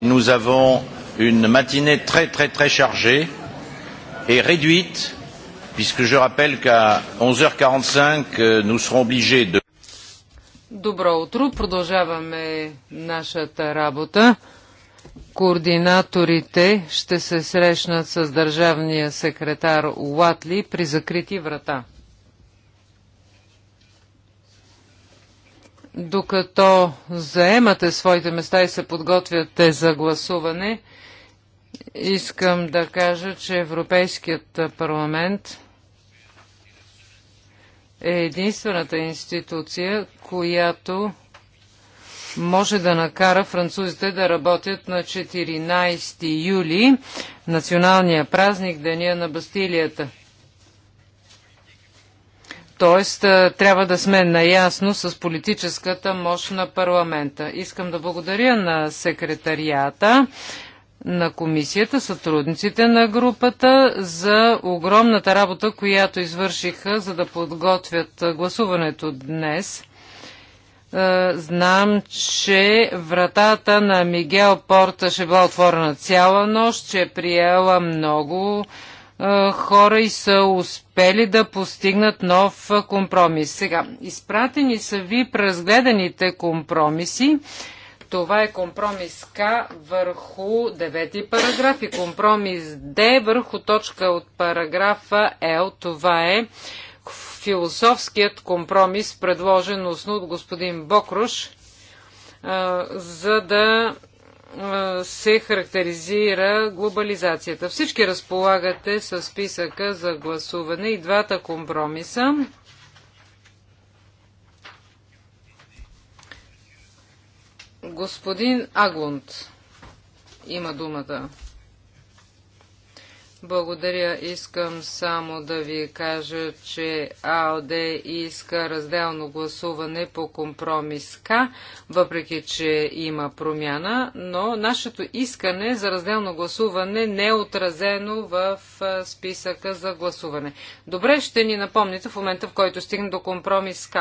Nous avons une matinée très très très chargée et réduite, puisque je rappelle qu'à 11h45, euh, nous serons obligés de... Добро утро! Продължаваме нашата работа. Координаторите ще се срещнат с държавния секретар Уатли при закрити врата. докато заемате своите места и се подготвяте за гласуване, искам да кажа, че Европейският парламент е единствената институция, която може да накара французите да работят на 14 юли, националния празник, деня на Бастилията. Тоест, трябва да сме наясно с политическата мощ на парламента. Искам да благодаря на секретарията на комисията, сътрудниците на групата за огромната работа, която извършиха, за да подготвят гласуването днес. Знам, че вратата на Мигел Порта ще била отворена цяла нощ, че е приела много е, хора и са успели да постигнат нов е, компромис. Сега, изпратени са ви преразгледаните компромиси. Това е компромис К върху девети параграф и компромис Д върху точка от параграфа Л. Е. Това е философският компромис, предложен от господин Бокруш, за да се характеризира глобализацията. Всички разполагате с списъка за гласуване и двата компромиса. Господин Аглунд има думата. Благодаря. Искам само да ви кажа, че АОД иска разделно гласуване по компромис К, въпреки че има промяна, но нашето искане за разделно гласуване не е отразено в списъка за гласуване. Добре, ще ни напомните в момента, в който стигне до компромис К.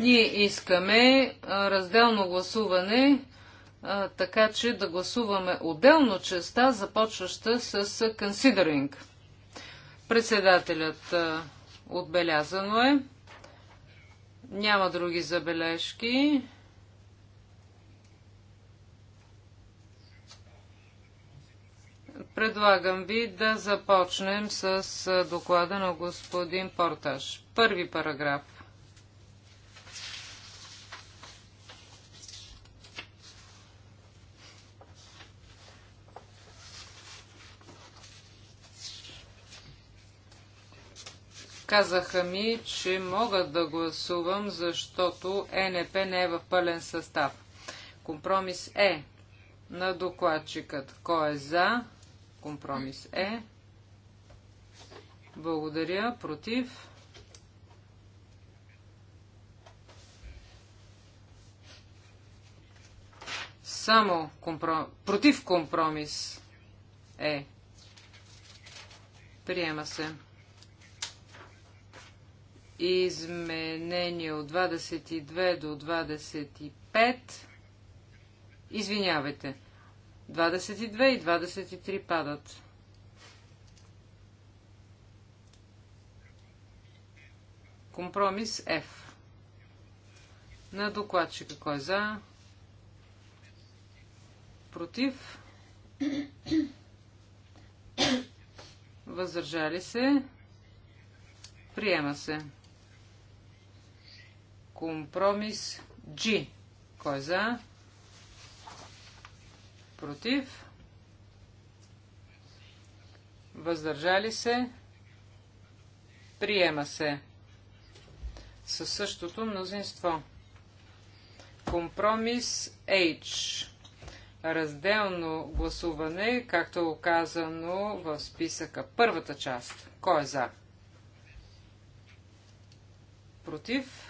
Ние искаме разделно гласуване, така че да гласуваме отделно частта, започваща с considering. Председателят отбелязано е. Няма други забележки. Предлагам ви да започнем с доклада на господин Порташ. Първи параграф. Казаха ми, че мога да гласувам, защото ЕНП не е в пълен състав. Компромис Е на докладчикът. Кой е за? Компромис Е. Благодаря. Против? Само компромис. Против компромис е. Приема се. Изменение от 22 до 25. Извинявайте. 22 и 23 падат. Компромис F. На докладчика кой е за? Против? Въздържали се? Приема се. Компромис G. Кой е за? Против? Въздържали се? Приема се. Със същото мнозинство. Компромис H. Разделно гласуване, както е оказано в списъка. Първата част. Кой е за? Против?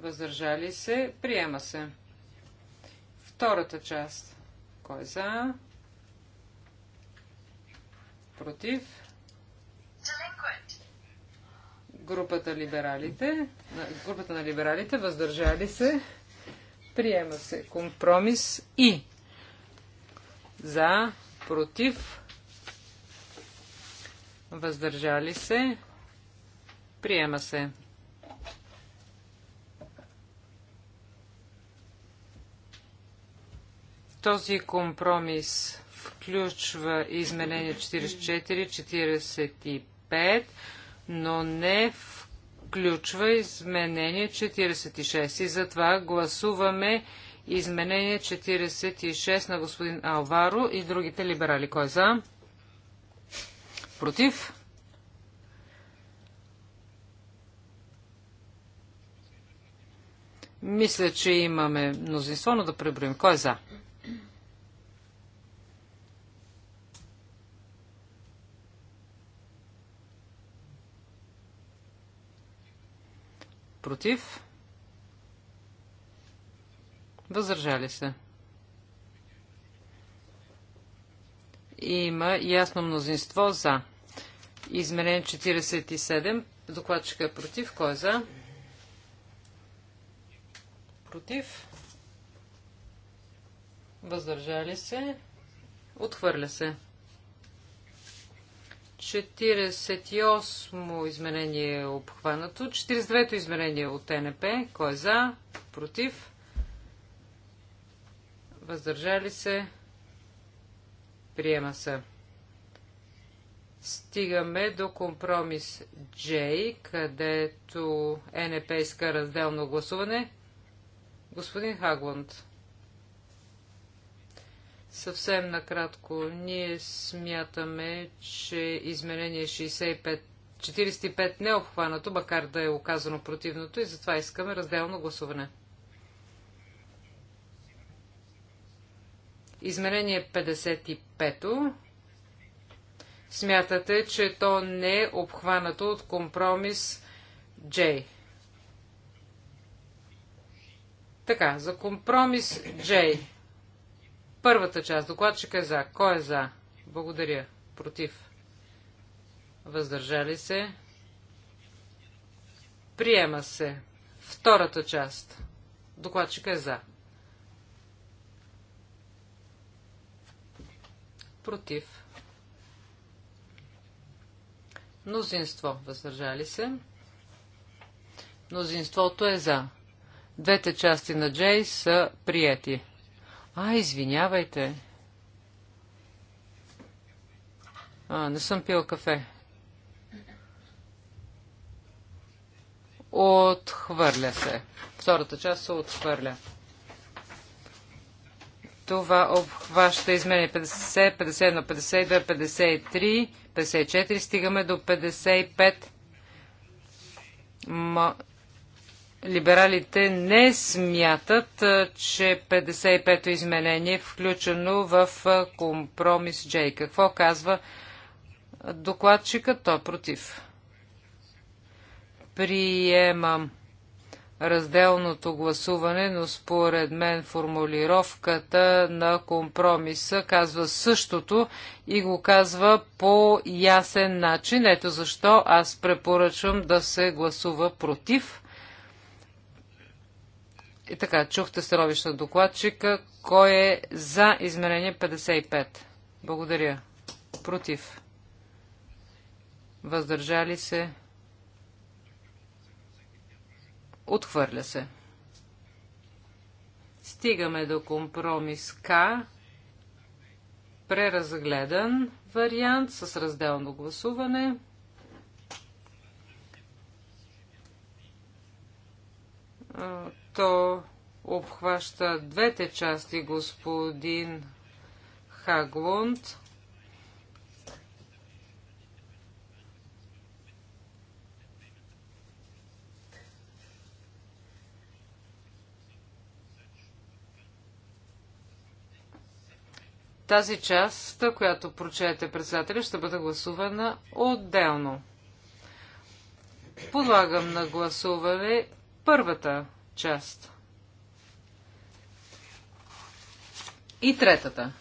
въздържали се, приема се. Втората част. Кой е за? Против? Групата, либералите, групата на либералите въздържали се. Приема се компромис и за, против, въздържали се, приема се. Този компромис включва изменение 44-45, но не включва изменение 46. И затова гласуваме изменение 46 на господин Алваро и другите либерали. Кой е за? Против? Мисля, че имаме мнозинство, но да преброим. Кой е за? против, въздържали се. Има ясно мнозинство за. Изменен 47. Докладчика е против. Кой е за? Против. Въздържали се. Отхвърля се. 48-мо изменение е обхванато. 49-то изменение от НП. Кой е за? Против? Въздържали се? Приема се. Стигаме до компромис J, където НП иска разделно гласуване. Господин Хагланд. Съвсем накратко, ние смятаме, че изменение 65, 45 не е обхванато, макар да е оказано противното и затова искаме разделно гласуване. Изменение 55 смятате, че то не е обхванато от компромис J. Така, за компромис J. Първата част. Докладчик е за. Кой е за? Благодаря. Против. Въздържали се. Приема се. Втората част. Докладчик е за. Против. Мнозинство. Въздържали се. Мнозинството е за. Двете части на Джей са приети. А, извинявайте. А, не съм пил кафе. Отхвърля се. Втората част се отхвърля. Това обхваща измени 50, 51, 52, 53, 54. Стигаме до 55. М Либералите не смятат, че 55-то изменение е включено в компромис Джей. Какво казва докладчика? Той е против. Приемам разделното гласуване, но според мен формулировката на компромиса казва същото и го казва по ясен начин. Ето защо аз препоръчвам да се гласува против и така, чухте становище на докладчика. Кой е за изменение 55? Благодаря. Против. Въздържали се. Отхвърля се. Стигаме до компромис К. Преразгледан вариант с разделно гласуване. То обхваща двете части, господин Хаглунд. Тази част, която прочете председателя, ще бъде гласувана отделно. Подлагам на гласуване първата част. И третата.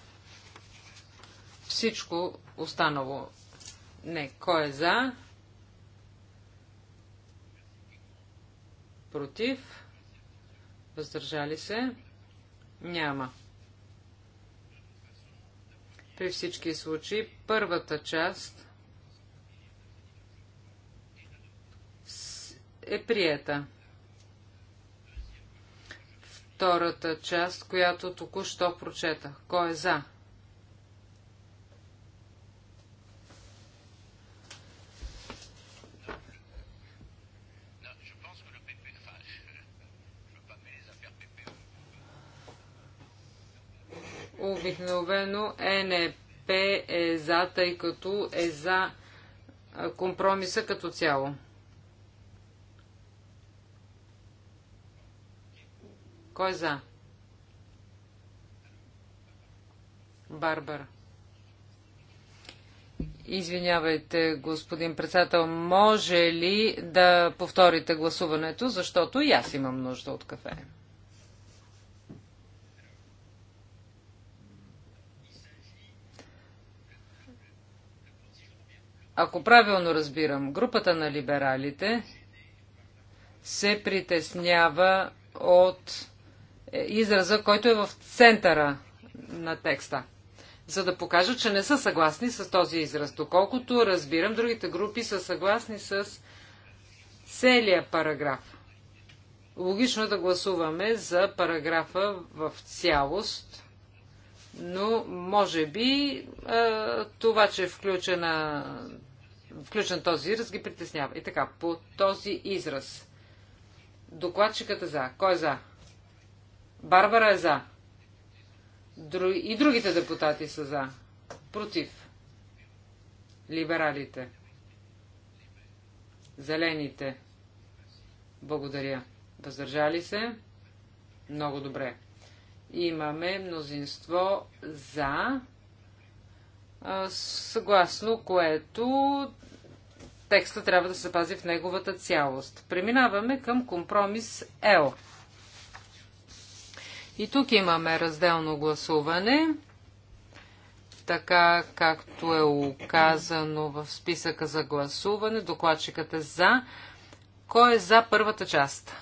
Всичко останало. Не, кой е за? Против? Въздържали се? Няма. При всички случаи, първата част е приета втората част, която току-що прочетах. Кой е за? Обикновено НП е за, тъй като е за компромиса като цяло. Кой е за? Барбара. Извинявайте, господин председател, може ли да повторите гласуването, защото и аз имам нужда от кафе. Ако правилно разбирам, групата на либералите се притеснява от е, израза, който е в центъра на текста, за да покажа, че не са съгласни с този израз. Доколкото разбирам, другите групи са съгласни с целият параграф. Логично е да гласуваме за параграфа в цялост, но може би това, че е включена, включен този израз, ги притеснява. И така, по този израз. Докладчикът е за. Кой е за? Барбара е за. Дру... И другите депутати са за. Против. Либералите. Зелените. Благодаря. Въздържали се? Много добре. Имаме мнозинство за, съгласно което текста трябва да се пази в неговата цялост. Преминаваме към компромис L. И тук имаме разделно гласуване, така както е указано в списъка за гласуване. Докладчикът е за. Кой е за първата част?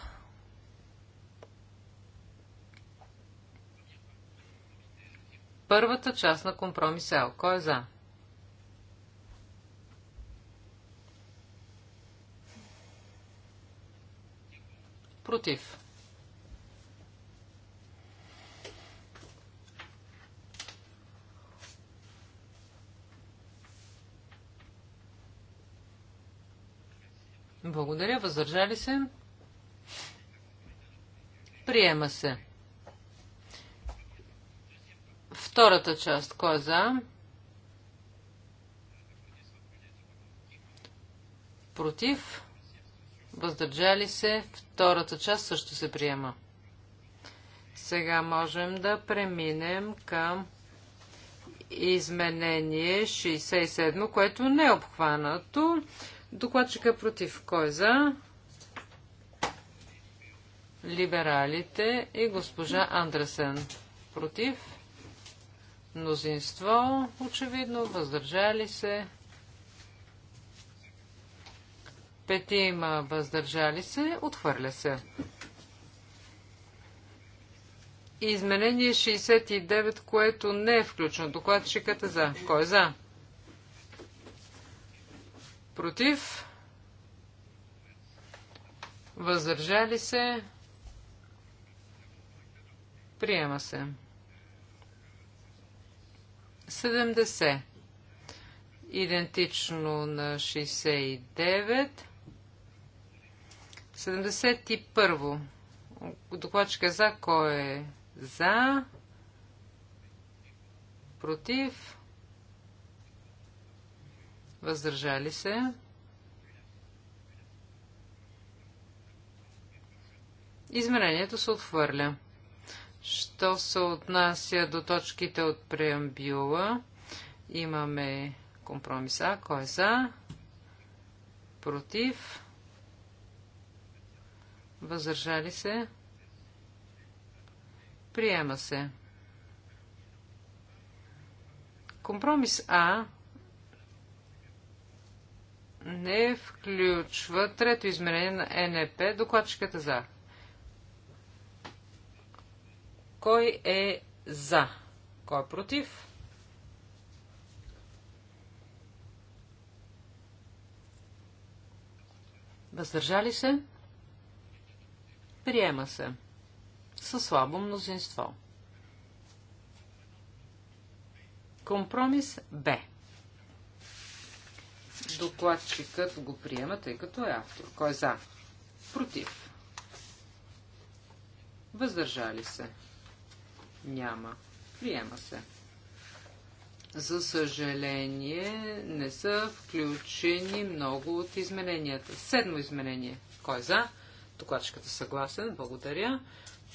Първата част на компромис Ел. Кой е за? Против. Благодаря. Въздържали се? Приема се. Втората част. Кой е за? Против? Въздържали се? Втората част също се приема. Сега можем да преминем към изменение 67, което не е обхванато. Докладчика против. Кой е за? Либералите и госпожа Андресен. Против. Мнозинство, очевидно, въздържали се. Петима въздържали се, отхвърля се. Изменение 69, което не е включено. Докладчиката е за. Кой е за? против, въздържали се, приема се. 70. Идентично на 69. 71. Докладчика е за. Кой е за? Против? въздържали се. Измерението се отвърля. Що се отнася до точките от преамбюла, имаме компромиса. Кой е за? Против? Въздържали се? Приема се. Компромис А не включва трето измерение на НЕП. Докладчиката за. Кой е за? Кой е против? Въздържали се? Приема се. Със слабо мнозинство. Компромис Б. Докладчикът го приема, тъй като е автор. Кой е за? Против. Въздържали се. Няма. Приема се. За съжаление, не са включени много от измененията. Седмо изменение. Кой е за? Докладчиката е съгласен. Благодаря.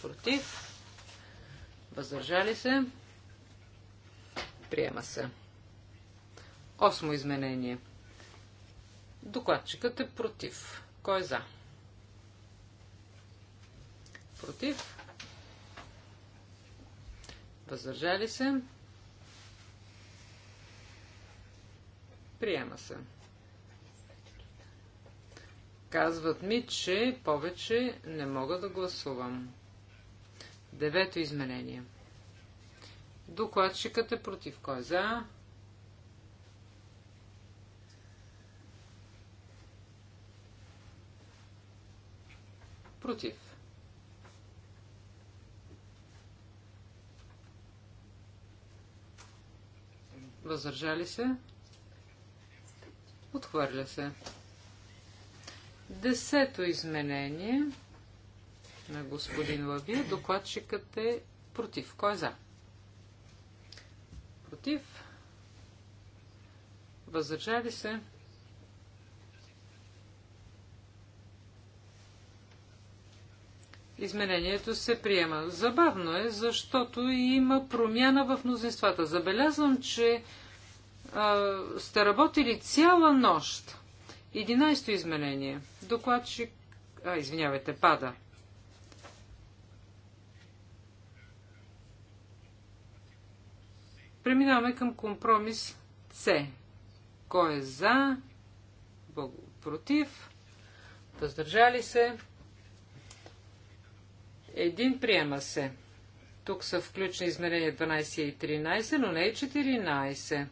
Против. Въздържали се. Приема се. Осмо изменение. Докладчикът е против. Кой е за? Против. Въздържали се. Приема се. Казват ми, че повече не мога да гласувам. Девето изменение. Докладчикът е против. Кой е за? напротив. Въздържали се. Отхвърля се. Десето изменение на господин Лавия. Докладчикът е против. Кой е за? Против. Въздържали се. Изменението се приема. Забавно е, защото има промяна в мнозинствата. Забелязвам, че а, сте работили цяла нощ. 11-то изменение. Докладчик... А, извинявайте, пада. Преминаваме към компромис С. Кой е за? Против? Въздържали се? Един приема се. Тук са включени изменения 12 и 13, но не и 14.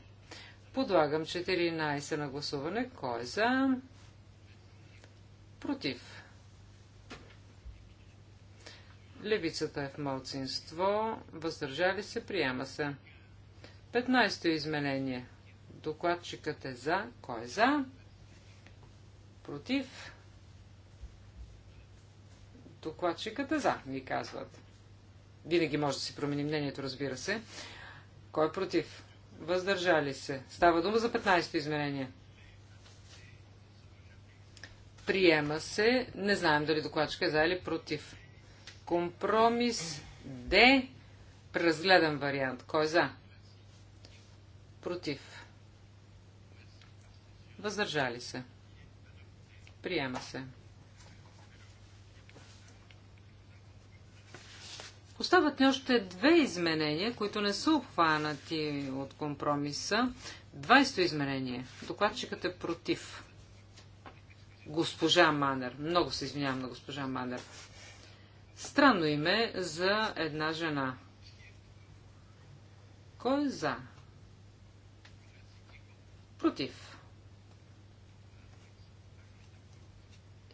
Подлагам 14 на гласуване. Кой е за? Против. Левицата е в малцинство. Въздържали се. Приема се. 15-то изменение. Докладчикът е за. Кой е за? Против докладчиката е за, ми казват. Винаги може да си промени мнението, разбира се. Кой е против? Въздържали се. Става дума за 15-то измерение. Приема се. Не знаем дали докладчика е за или против. Компромис Д. Преразгледан вариант. Кой е за? Против. Въздържали се. Приема се. Остават ни още две изменения, които не са обхванати от компромиса. 20-то изменение. Докладчикът е против. Госпожа Манер. Много се извинявам на госпожа Манер. Странно име за една жена. Кой е за? Против.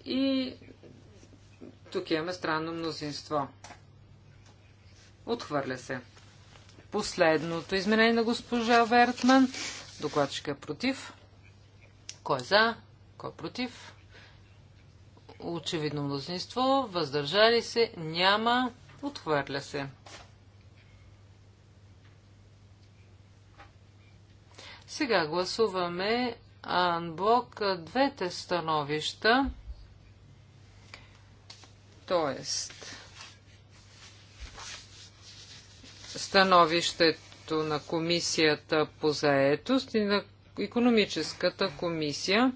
И тук имаме странно мнозинство. Отхвърля се. Последното изменение на госпожа Вертман. Докладчика е против. Кой е за? Кой е против? Очевидно мнозинство. Въздържали се? Няма. Отхвърля се. Сега гласуваме анблок двете становища. Тоест, становището на комисията по заетост и на економическата комисия,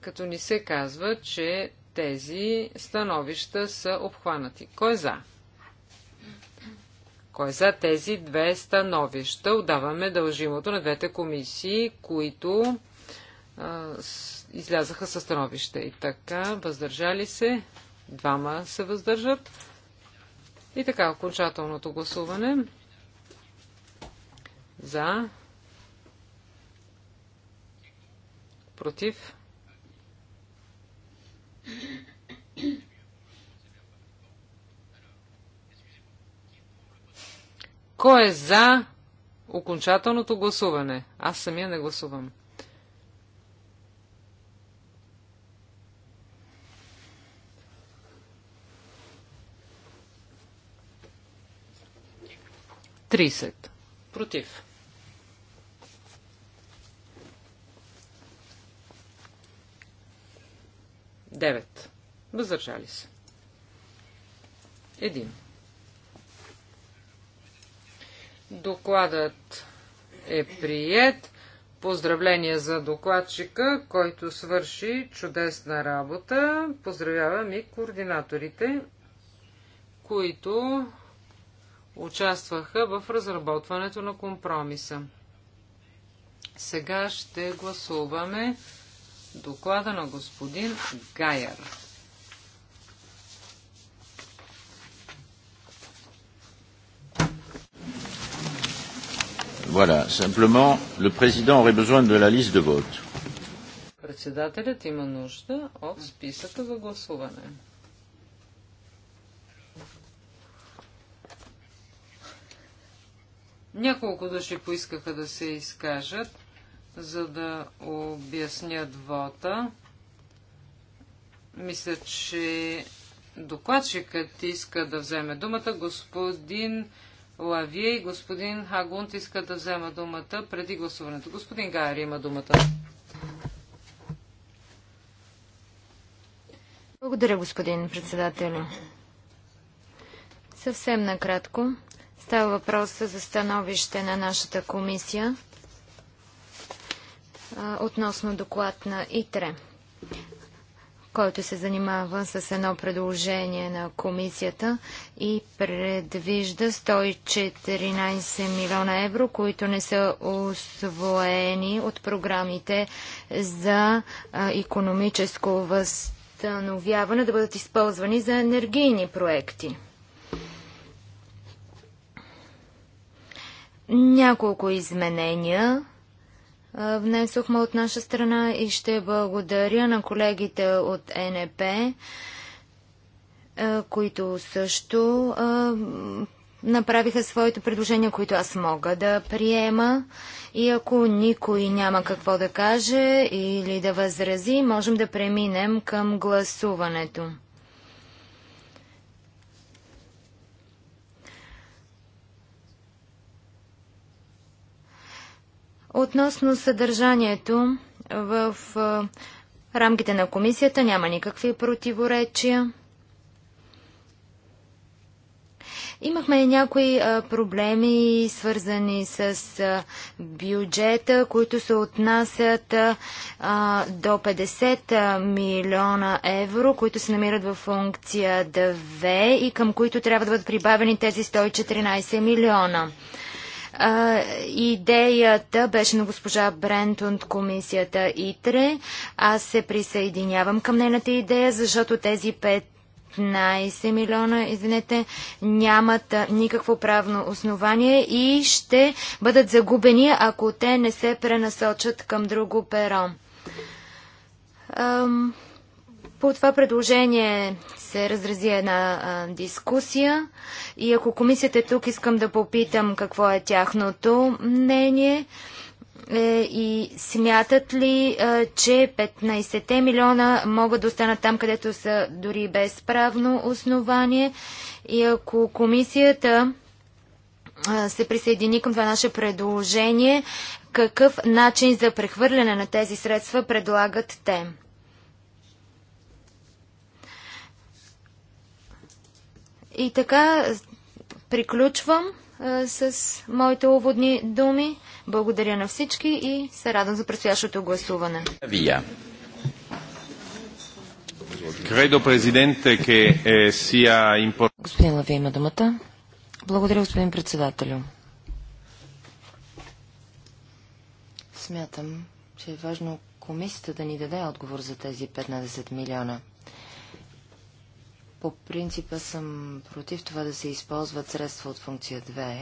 като ни се казва, че тези становища са обхванати. Кой е за? Кой е за тези две становища? Отдаваме дължимото на двете комисии, които а, с, излязаха със становище. И така, въздържали се, двама се въздържат. И така, окончателното гласуване. За. Против. Кой е за окончателното гласуване? Аз самия не гласувам. 30. Против. Девет. Въздържали се. Един. Докладът е прият. Поздравления за докладчика, който свърши чудесна работа. Поздравявам и координаторите, които участваха в разработването на компромиса. Сега ще гласуваме доклада на господин Гайер. Voilà, simplement, le président aurait besoin de la liste de vote. Председателят има нужда от списъка за гласуване. Няколко души поискаха да се изкажат, за да обяснят вота. Мисля, че докладчикът иска да вземе думата. Господин Лавие и господин Хагунт иска да взема думата преди гласуването. Господин Гайер има думата. Благодаря, господин председател. Съвсем накратко Става въпрос за становище на нашата комисия относно доклад на ИТРЕ, който се занимава с едно предложение на комисията и предвижда 114 милиона евро, които не са освоени от програмите за економическо възстановяване, да бъдат използвани за енергийни проекти. Няколко изменения внесохме от наша страна и ще благодаря на колегите от НП, които също направиха своите предложения, които аз мога да приема. И ако никой няма какво да каже или да възрази, можем да преминем към гласуването. Относно съдържанието в рамките на комисията няма никакви противоречия. Имахме и някои проблеми, свързани с бюджета, които се отнасят до 50 милиона евро, които се намират в функция 2 и към които трябва да бъдат прибавени тези 114 милиона. А, идеята беше на госпожа Брент от комисията ИТРЕ. Аз се присъединявам към нейната идея, защото тези пет 15 милиона, извинете, нямат никакво правно основание и ще бъдат загубени, ако те не се пренасочат към друго перо. По това предложение се разрази една а, дискусия и ако комисията е тук, искам да попитам какво е тяхното мнение е, и смятат ли, а, че 15 милиона могат да останат там, където са дори безправно основание и ако комисията а, се присъедини към това наше предложение, какъв начин за прехвърляне на тези средства предлагат те? И така приключвам а, с моите уводни думи. Благодаря на всички и се радвам за предстоящото гласуване. Credo, Presidente, che eh, sia importante. Господин Лави има думата. Благодаря, господин председателю. Смятам, че е важно комисията да ни даде отговор за тези 15 милиона – по принципа съм против това да се използват средства от функция 2.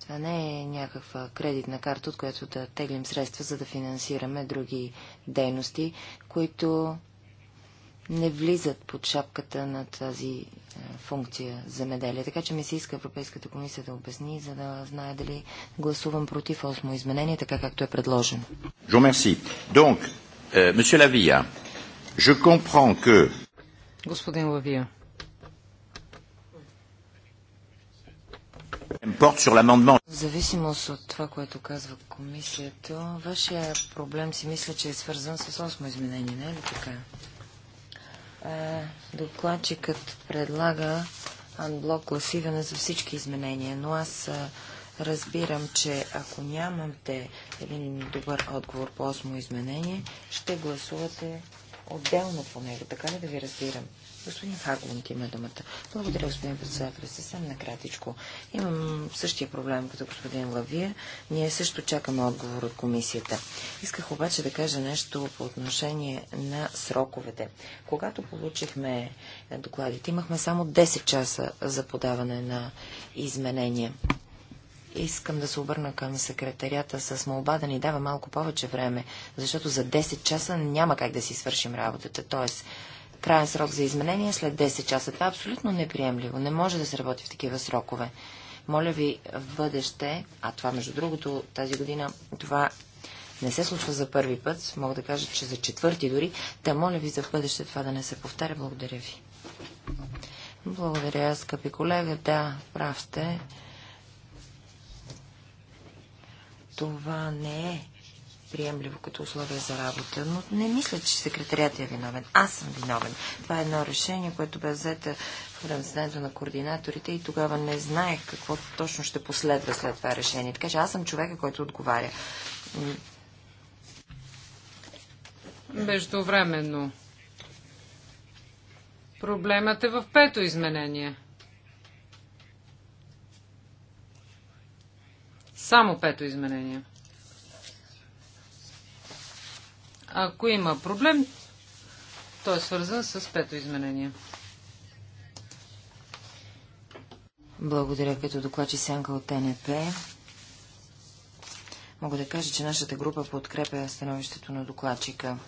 Това не е някаква кредитна карта, от която да теглим средства, за да финансираме други дейности, които не влизат под шапката на тази е, функция земеделие. Така че ми се иска Европейската комисия да обясни, за да знае дали гласувам против 8 изменение, така както е предложено. je euh, comprends que... Господин Лавия, В зависимост от това, което казва комисията, вашия проблем си мисля, че е свързан с осмо изменение, не е ли така? Е, докладчикът предлага анблок гласиване за всички изменения, но аз е, разбирам, че ако нямате един добър отговор по осмо изменение, ще гласувате отделно по него. Така ли да ви разбирам? Господин Хаглунд има думата. Благодаря, господин председател. Съвсем накратичко. Имам същия проблем като господин Лавия. Ние също чакаме отговор от комисията. Исках обаче да кажа нещо по отношение на сроковете. Когато получихме докладите, имахме само 10 часа за подаване на изменения. Искам да се обърна към секретарията с молба да ни дава малко повече време, защото за 10 часа няма как да си свършим работата. Тоест, Крайен срок за изменение е след 10 часа. Това е абсолютно неприемливо. Не може да се работи в такива срокове. Моля ви в бъдеще, а това между другото тази година, това не се случва за първи път, мога да кажа, че за четвърти дори, да моля ви за в бъдеще това да не се повтаря. Благодаря ви. Благодаря, скъпи колега. Да, прав сте. Това не е приемливо като условие за работа, но не мисля, че секретарията е виновен. Аз съм виновен. Това е едно решение, което бе взето в заседанието на координаторите и тогава не знаех какво точно ще последва след това решение. Така че аз съм човека, който отговаря. Междувременно. Проблемът е в пето изменение. Само пето изменение. Ако има проблем, той е свързан с пето изменение. Благодаря като докладчи Сянка от ТНП. Мога да кажа, че нашата група подкрепя становището на докладчика.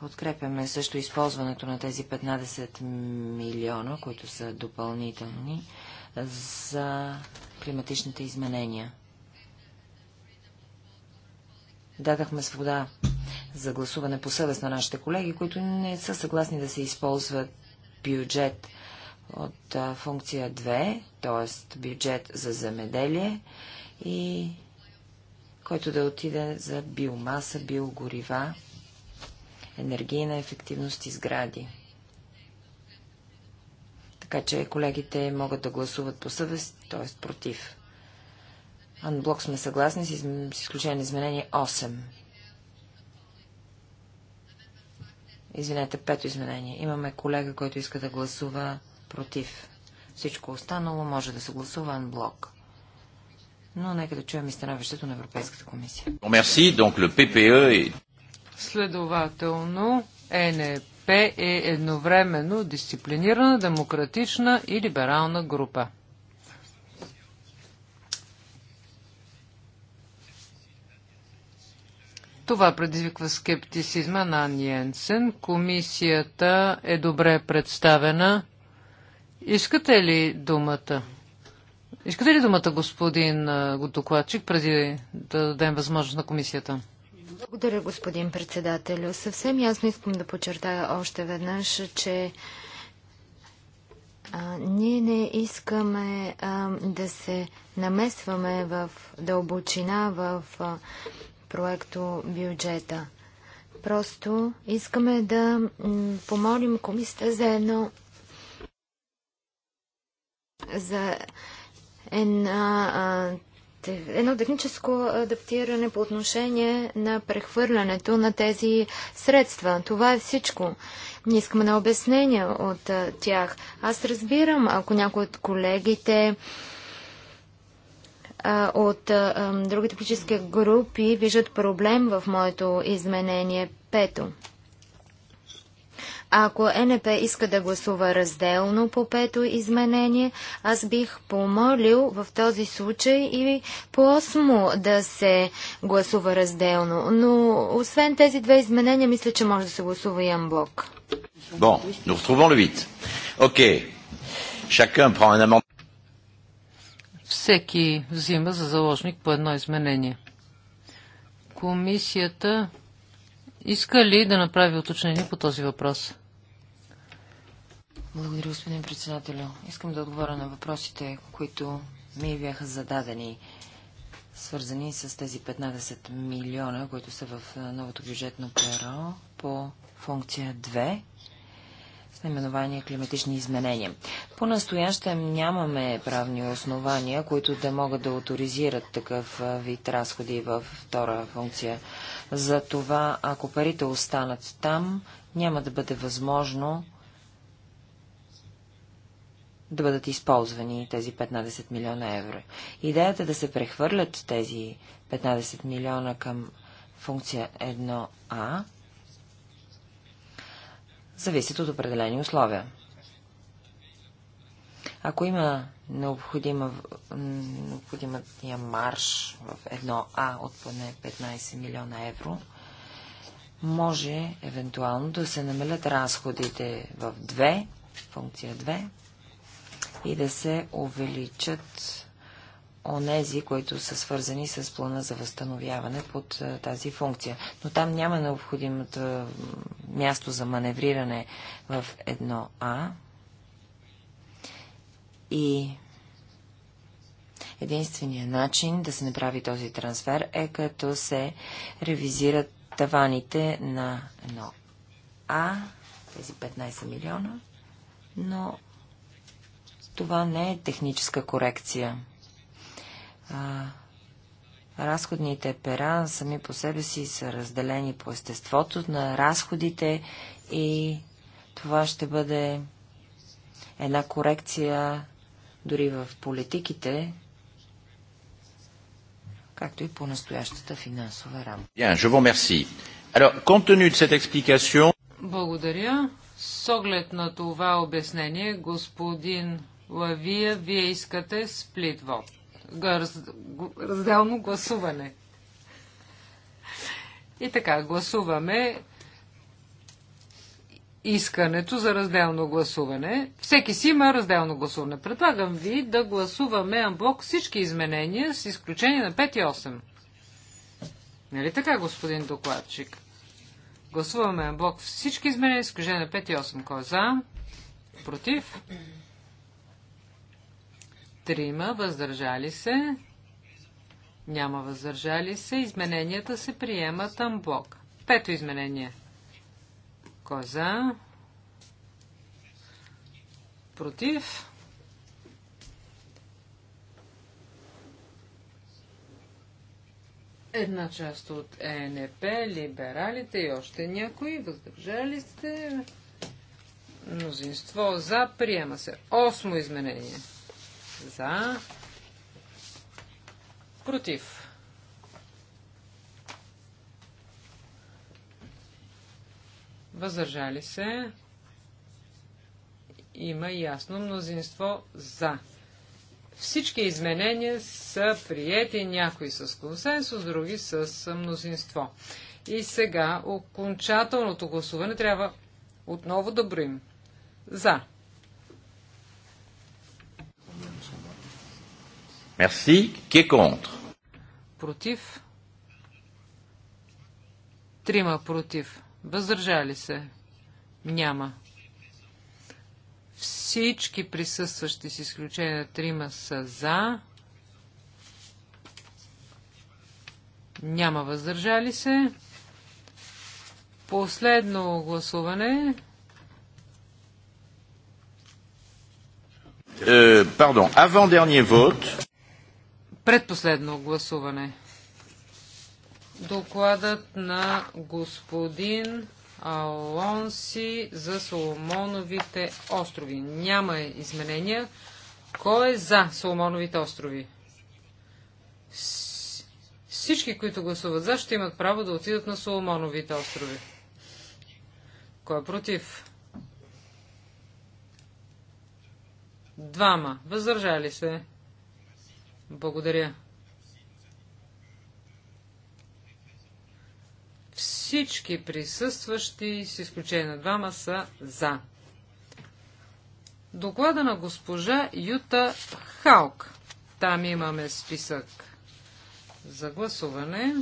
Подкрепяме също използването на тези 15 милиона, които са допълнителни, за климатичните изменения. Дадахме свобода за гласуване по съвест на нашите колеги, които не са съгласни да се използват бюджет от функция 2, т.е. бюджет за земеделие и който да отиде за биомаса, биогорива, енергийна ефективност и сгради. Така че колегите могат да гласуват по съвест, т.е. против. Анблок сме съгласни с изключение на изменение 8. Извинете, пето изменение. Имаме колега, който иска да гласува против. Всичко останало може да се гласува блок. Но нека да чуем и становището на Европейската комисия. E Следователно, ЕНП е едновременно дисциплинирана, демократична и либерална група. Това предизвиква скептицизма на Ан Комисията е добре представена. Искате ли думата? Искате ли думата, господин докладчик, преди да дадем възможност на комисията? Благодаря, господин председателю. Съвсем ясно искам да подчертая още веднъж, че а, ние не искаме а, да се намесваме в дълбочина в а, проекто бюджета. Просто искаме да помолим комисията за едно за една, едно техническо адаптиране по отношение на прехвърлянето на тези средства. Това е всичко. Не искаме на обяснения от тях. Аз разбирам, ако някой от колегите от другите политически групи виждат проблем в моето изменение пето. Ако НП иска да гласува разделно по пето изменение, аз бих помолил в този случай и по осмо да се гласува разделно. Но освен тези две изменения, мисля, че може да се гласува и амблок. Bon, nous retrouvons Окей. 8. Всеки взима за заложник по едно изменение. Комисията иска ли да направи уточнение по този въпрос? Благодаря, господин председателю. Искам да отговоря на въпросите, които ми бяха зададени, свързани с тези 15 милиона, които са в новото бюджетно перо по функция наименование климатични изменения. По-настоящем нямаме правни основания, които да могат да авторизират такъв вид разходи във втора функция. За това, ако парите останат там, няма да бъде възможно да бъдат използвани тези 15 милиона евро. Идеята да се прехвърлят тези 15 милиона към функция 1А зависят от определени условия. Ако има необходима, необходимия марш в едно А от поне 15 милиона евро, може евентуално да се намалят разходите в 2, функция 2, и да се увеличат онези, които са свързани с плана за възстановяване под тази функция. Но там няма необходимото място за маневриране в едно а И единственият начин да се направи този трансфер е като се ревизират таваните на едно а тези 15 милиона, но това не е техническа корекция а, разходните пера сами по себе си са разделени по естеството на разходите и това ще бъде една корекция дори в политиките, както и по настоящата финансова рамка. Благодаря. С оглед на това обяснение, господин Лавия, вие искате сплитвод разделно гласуване. И така, гласуваме искането за разделно гласуване. Всеки си има разделно гласуване. Предлагам ви да гласуваме анблок всички изменения с изключение на 5 и 8. Нали така, господин докладчик? Гласуваме анблок всички изменения с изключение на 5 и 8. Кой е за? Против? Трима. Въздържали се. Няма въздържали се. Измененията се приемат амблок. Пето изменение. Кой е за? Против? Една част от ЕНП, либералите и още някои въздържали сте. Мнозинство за приема се. Осмо изменение за, против. Въздържали се. Има ясно мнозинство за. Всички изменения са приети, някои с консенсус, други с мнозинство. И сега окончателното гласуване трябва отново да броим. За Merci. Qui est contre? Против. Трима против. Въздържали се. Няма. Всички присъстващи с изключение на трима са за. Няма въздържали се. Последно гласуване. Е, пардон, avant-dernier vote. Предпоследно гласуване. Докладът на господин Алонси за Соломоновите острови. Няма изменения. Кой е за Соломоновите острови? Всички, които гласуват за, ще имат право да отидат на Соломоновите острови. Кой е против? Двама. Въздържали се. Благодаря. Всички присъстващи, с изключение на двама, са за. Доклада на госпожа Юта Халк. Там имаме списък за гласуване.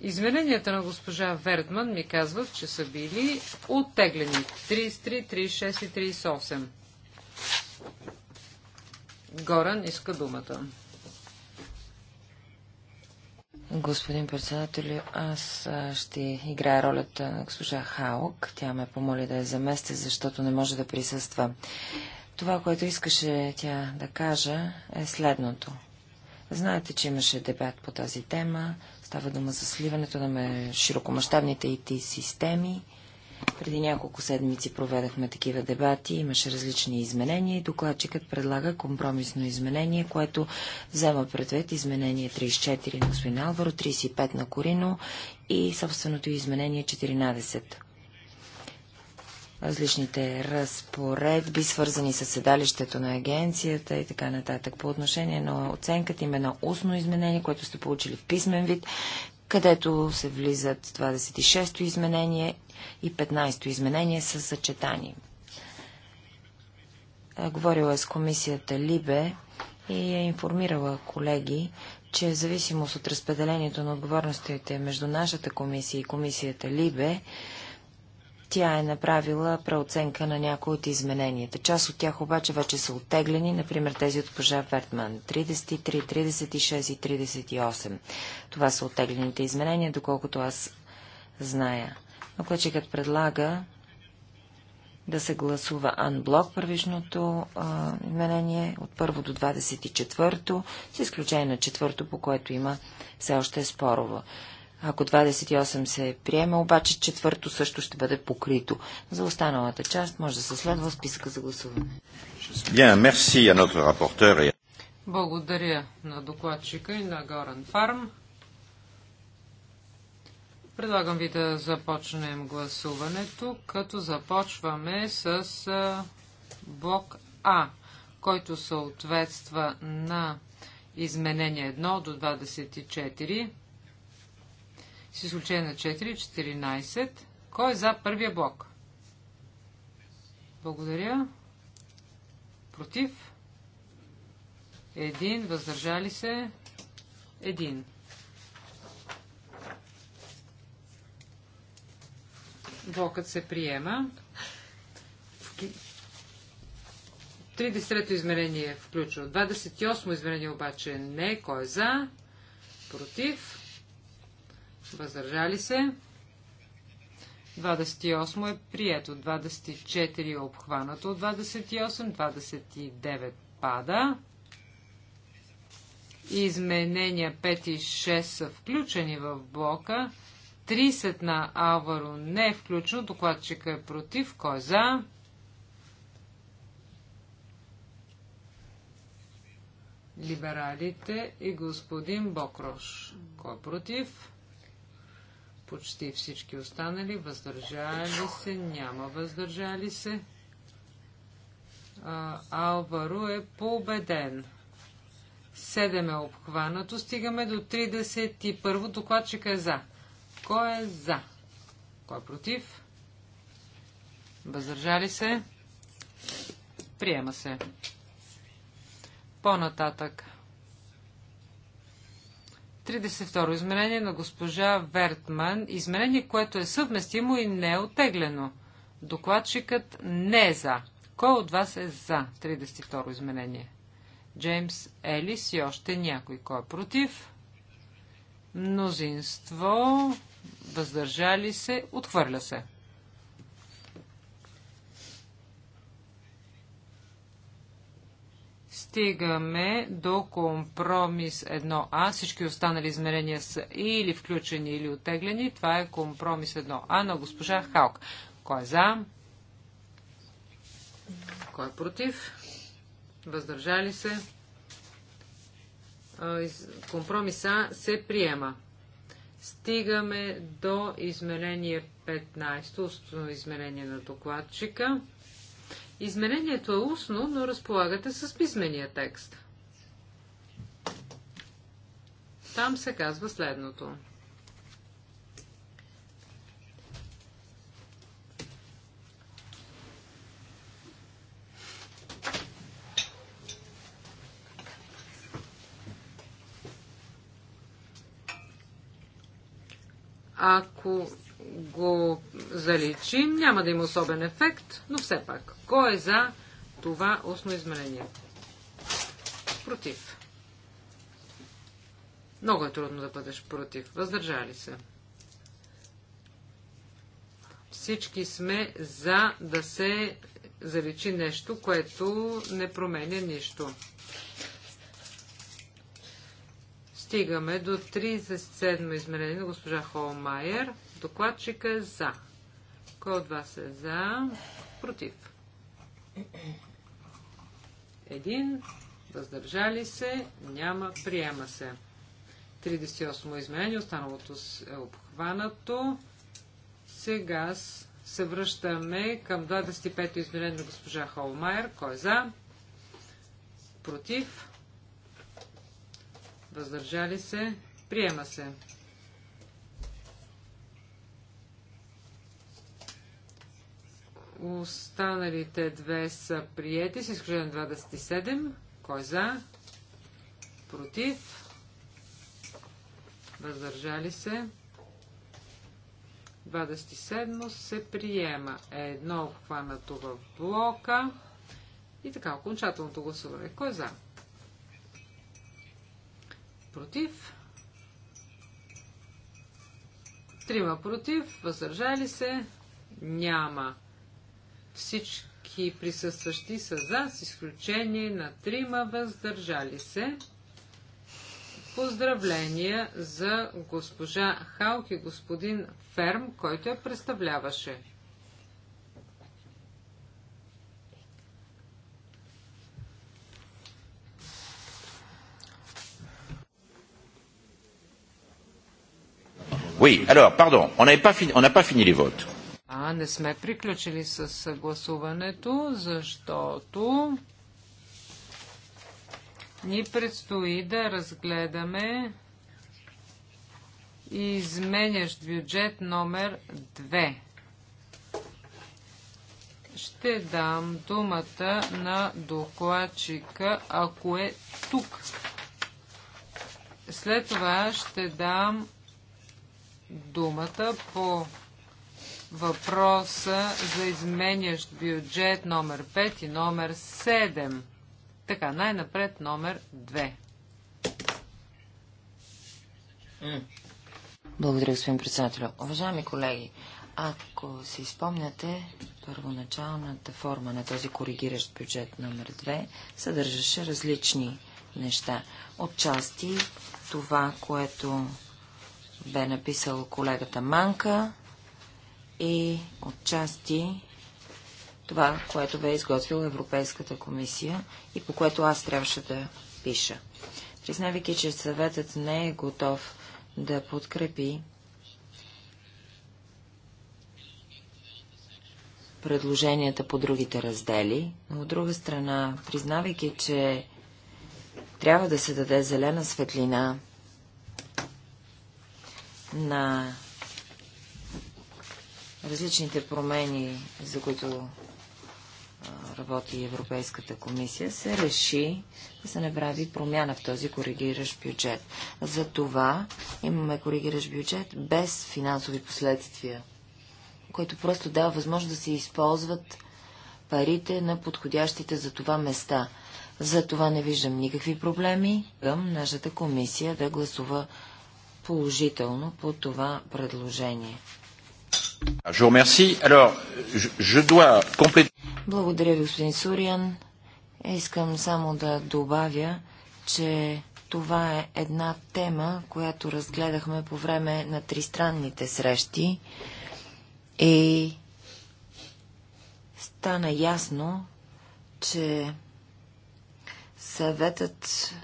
Измеренията на госпожа Вердман ми казват, че са били оттеглени 33, 36 и 38. Горан иска думата. Господин председател, аз ще играя ролята на госпожа Хаук. Тя ме помоли да я замести, защото не може да присъства. Това, което искаше тя да кажа, е следното. Знаете, че имаше дебат по тази тема. Става дума за сливането на широкомащабните IT системи преди няколко седмици проведахме такива дебати, имаше различни изменения и докладчикът предлага компромисно изменение, което взема предвид изменение 34 на господин Алваро, 35 на Корино и собственото изменение 14 различните разпоредби, свързани с седалището на агенцията и така нататък. По отношение на оценката има едно устно изменение, което сте получили в писмен вид където се влизат 26-то изменение и 15-то изменение са съчетани. Говорила е с комисията Либе и е информирала колеги, че в зависимост от разпределението на отговорностите между нашата комисия и комисията Либе, тя е направила преоценка на някои от измененията. Част от тях обаче вече са оттеглени, например тези от пожа Вертман 33, 36 и 38. Това са оттеглените изменения, доколкото аз зная. Но Клачикът предлага да се гласува анблок първичното а, изменение от първо до 24, с изключение на четвърто, по което има все още е спорово. Ако 28 се приема, обаче четвърто също ще бъде покрито. За останалата част може да се следва списъка за гласуване. Благодаря на докладчика и на Горан Фарм. Предлагам ви да започнем гласуването, като започваме с блок А, който съответства на изменение 1 до 24. С изключение на 4, 14. Кой е за първия блок? Благодаря. Против? Един. Въздържали се? Един. Блокът се приема. 33-то измерение включва. 28 то измерение обаче не. Кой е за? Против? Въздържали се. 28 е прието. 24 е обхванато от 28. 29 пада. Изменения 5 и 6 са включени в блока. 30 на Аваро не е включено. Докладчика е против. Кой е за? Либералите и господин Бокрош. Кой е против? почти всички останали, въздържали се, няма въздържали се. Алвару Алваро е победен. 7 е обхванато, стигаме до 31. Докладчик е за. Кой е за? Кой е против? Въздържали се? Приема се. По-нататък. 32 изменение на госпожа Вертман, изменение, което е съвместимо и не е отеглено. Докладчикът не е за. Кой от вас е за 32 изменение? Джеймс Елис и още някой. Кой е против? Мнозинство. Въздържали се. Отхвърля се. стигаме до компромис 1А. Всички останали измерения са или включени, или отеглени. Това е компромис 1А на госпожа Халк. Кой е за? Кой е против? Въздържали се? Компромиса се приема. Стигаме до измерение 15, измерение на докладчика. Изменението е устно, но разполагате с писмения текст. Там се казва следното. Ако го заличи. Няма да има особен ефект, но все пак. Кой е за това устно изменение? Против. Много е трудно да бъдеш против. Въздържали се. Всички сме за да се заличи нещо, което не променя нищо. Стигаме до 37 изменение на госпожа Холмайер докладчика е за. Кой от вас е за? Против. Един. Въздържали се. Няма. Приема се. 38 изменение. Останалото е обхванато. Сега се връщаме към 25-то изменение на госпожа Холмайер. Кой е за? Против. Въздържали се. Приема се. Останалите две са приети, с изключение 27. Кой за? Против? Въздържали се? 27 се приема. Едно обхванато в блока. И така, окончателното гласуване. Кой за? Против? Трима против, въздържали се? Няма. Всички присъстващи са за, с изключение на трима въздържали се. Поздравления за госпожа Халк и господин Ферм, който я представляваше. Oui, alors, pardon, on n'a pas, pas fini les votes. А, не сме приключили с гласуването, защото ни предстои да разгледаме изменящ бюджет номер 2. Ще дам думата на докладчика, ако е тук. След това ще дам думата по въпроса за изменящ бюджет номер 5 и номер 7. Така, най-напред номер 2. Благодаря, господин председател. Уважаеми колеги, ако си спомняте, първоначалната форма на този коригиращ бюджет номер 2 съдържаше различни неща. Отчасти това, което бе написал колегата Манка, и отчасти това, което бе изготвила Европейската комисия и по което аз трябваше да пиша. Признавайки, че съветът не е готов да подкрепи предложенията по другите раздели, но от друга страна, признавайки, че трябва да се даде зелена светлина на Различните промени, за които работи Европейската комисия, се реши да се направи промяна в този коригиращ бюджет. За това имаме коригиращ бюджет без финансови последствия, който просто дава възможност да се използват парите на подходящите за това места. За това не виждам никакви проблеми към нашата комисия да гласува положително по това предложение. Благодаря ви, господин Суриан. Искам само да добавя, че това е една тема, която разгледахме по време на тристранните срещи и стана ясно, че съветът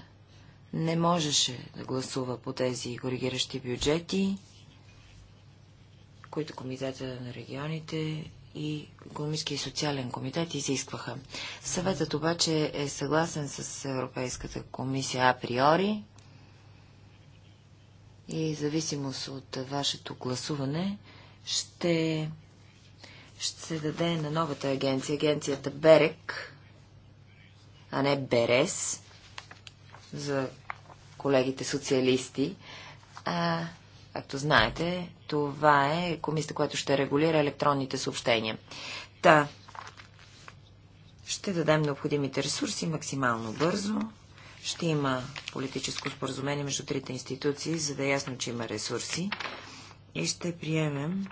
не можеше да гласува по тези коригиращи бюджети които комитета на регионите и Економически и социален комитет изискваха. Съветът обаче е съгласен с Европейската комисия априори и зависимост от вашето гласуване ще, ще се даде на новата агенция, агенцията БЕРЕК, а не БЕРЕС, за колегите социалисти. А, както знаете, това е комисията, която ще регулира електронните съобщения. Та, ще дадем необходимите ресурси максимално бързо. Ще има политическо споразумение между трите институции, за да е ясно, че има ресурси. И ще приемем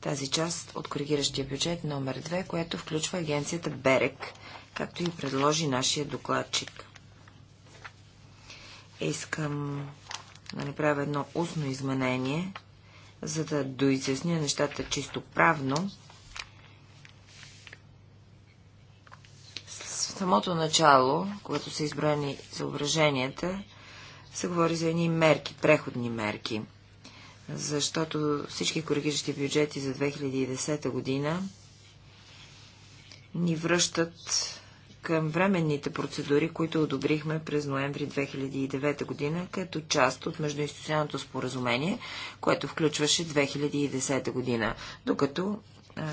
тази част от коригиращия бюджет номер 2, което включва агенцията БЕРЕК, както и предложи нашия докладчик. Искам да направя едно устно изменение, за да доизясня нещата чисто правно. В самото начало, когато са изброени съображенията, се говори за едни мерки, преходни мерки, защото всички коригиращи бюджети за 2010 година ни връщат към временните процедури, които одобрихме през ноември 2009 година, като част от междуинституционалното споразумение, което включваше 2010 година, докато а,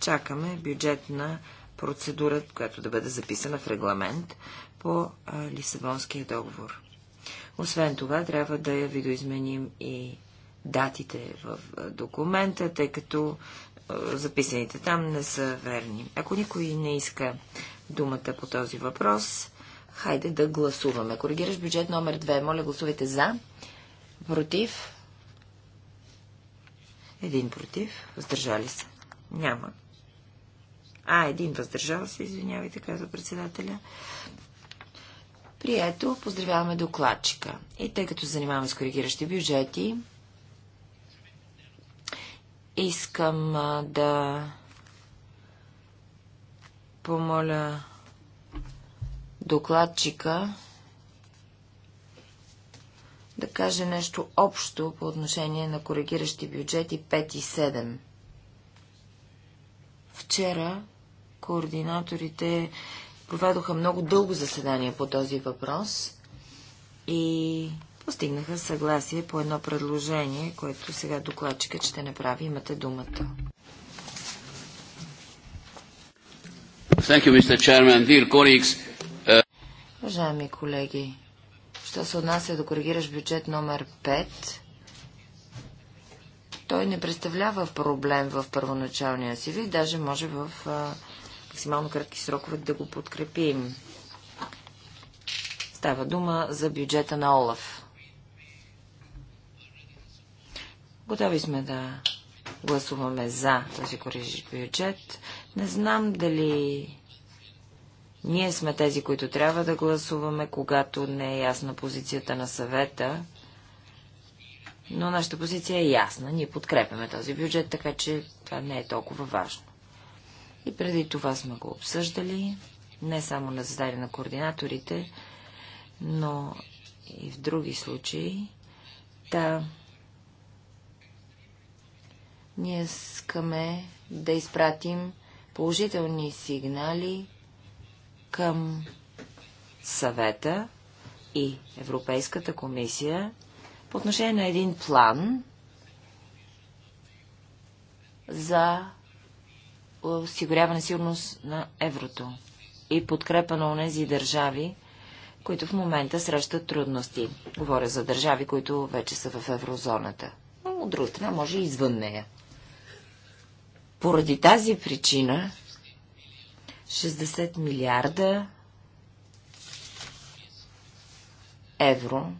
чакаме бюджетна процедура, която да бъде записана в регламент по а, Лисабонския договор. Освен това, трябва да я видоизменим и датите в документа, тъй като записаните там не са верни. Ако никой не иска думата по този въпрос. Хайде да гласуваме. Коригираш бюджет номер 2. Моля, гласувайте за. Против. Един против. Въздържали се. Няма. А, един въздържал се, извинявайте, казва председателя. Прието, поздравяваме докладчика. И тъй като се занимаваме с коригиращи бюджети, искам да помоля докладчика да каже нещо общо по отношение на коригиращи бюджети 5 и 7. Вчера координаторите проведоха много дълго заседание по този въпрос и постигнаха съгласие по едно предложение, което сега докладчика ще направи. Имате думата. You, Chairman, uh, Уважаеми колеги, що се отнася до коригираш бюджет номер 5, той не представлява проблем в първоначалния си вид, даже може в а, максимално кратки срокове да го подкрепим. Става дума за бюджета на Олаф. Готови сме да гласуваме за този коригираш бюджет. Не знам дали ние сме тези, които трябва да гласуваме, когато не е ясна позицията на съвета, но нашата позиция е ясна. Ние подкрепяме този бюджет, така че това не е толкова важно. И преди това сме го обсъждали, не само на заседание на координаторите, но и в други случаи. Та ние искаме да изпратим положителни сигнали към съвета и Европейската комисия по отношение на един план за осигуряване сигурност на еврото и подкрепа на тези държави, които в момента срещат трудности. Говоря за държави, които вече са в еврозоната. Но от друга страна, може и извън нея. Поради тази причина 60 милиарда евро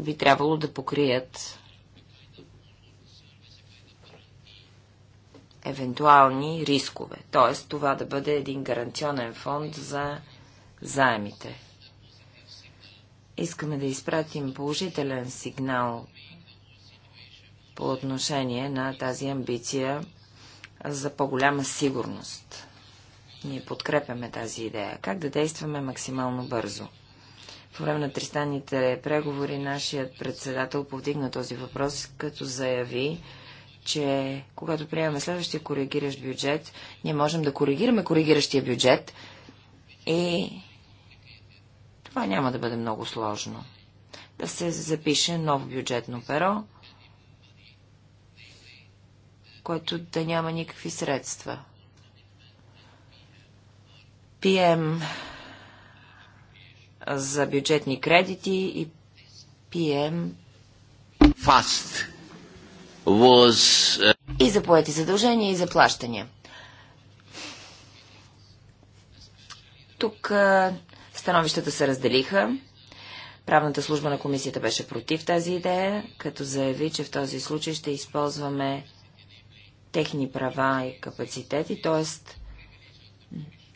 би трябвало да покрият евентуални рискове. Т.е. това да бъде един гаранционен фонд за заемите. Искаме да изпратим положителен сигнал по отношение на тази амбиция за по-голяма сигурност. Ние подкрепяме тази идея. Как да действаме максимално бързо? По време на тристанните преговори нашият председател повдигна този въпрос, като заяви, че когато приемаме следващия коригиращ бюджет, ние можем да коригираме коригиращия бюджет и това няма да бъде много сложно. Да се запише ново бюджетно перо, който да няма никакви средства. Пием за бюджетни кредити и пием. Fast was... и за поети задължения и за плащания. Тук становищата се разделиха. Правната служба на комисията беше против тази идея, като заяви, че в този случай ще използваме техни права и капацитети, т.е.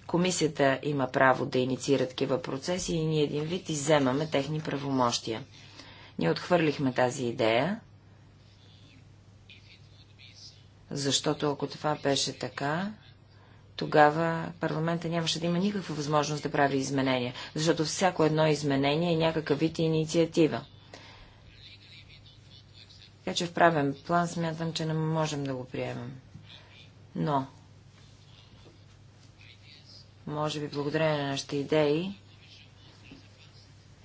комисията има право да инициира такива процеси и ние един вид иземаме техни правомощия. Ние отхвърлихме тази идея, защото ако това беше така, тогава парламента нямаше да има никаква възможност да прави изменения, защото всяко едно изменение е някакъв вид инициатива. Така че в правен план смятам, че не можем да го приемем. Но, може би благодарение на нашите идеи,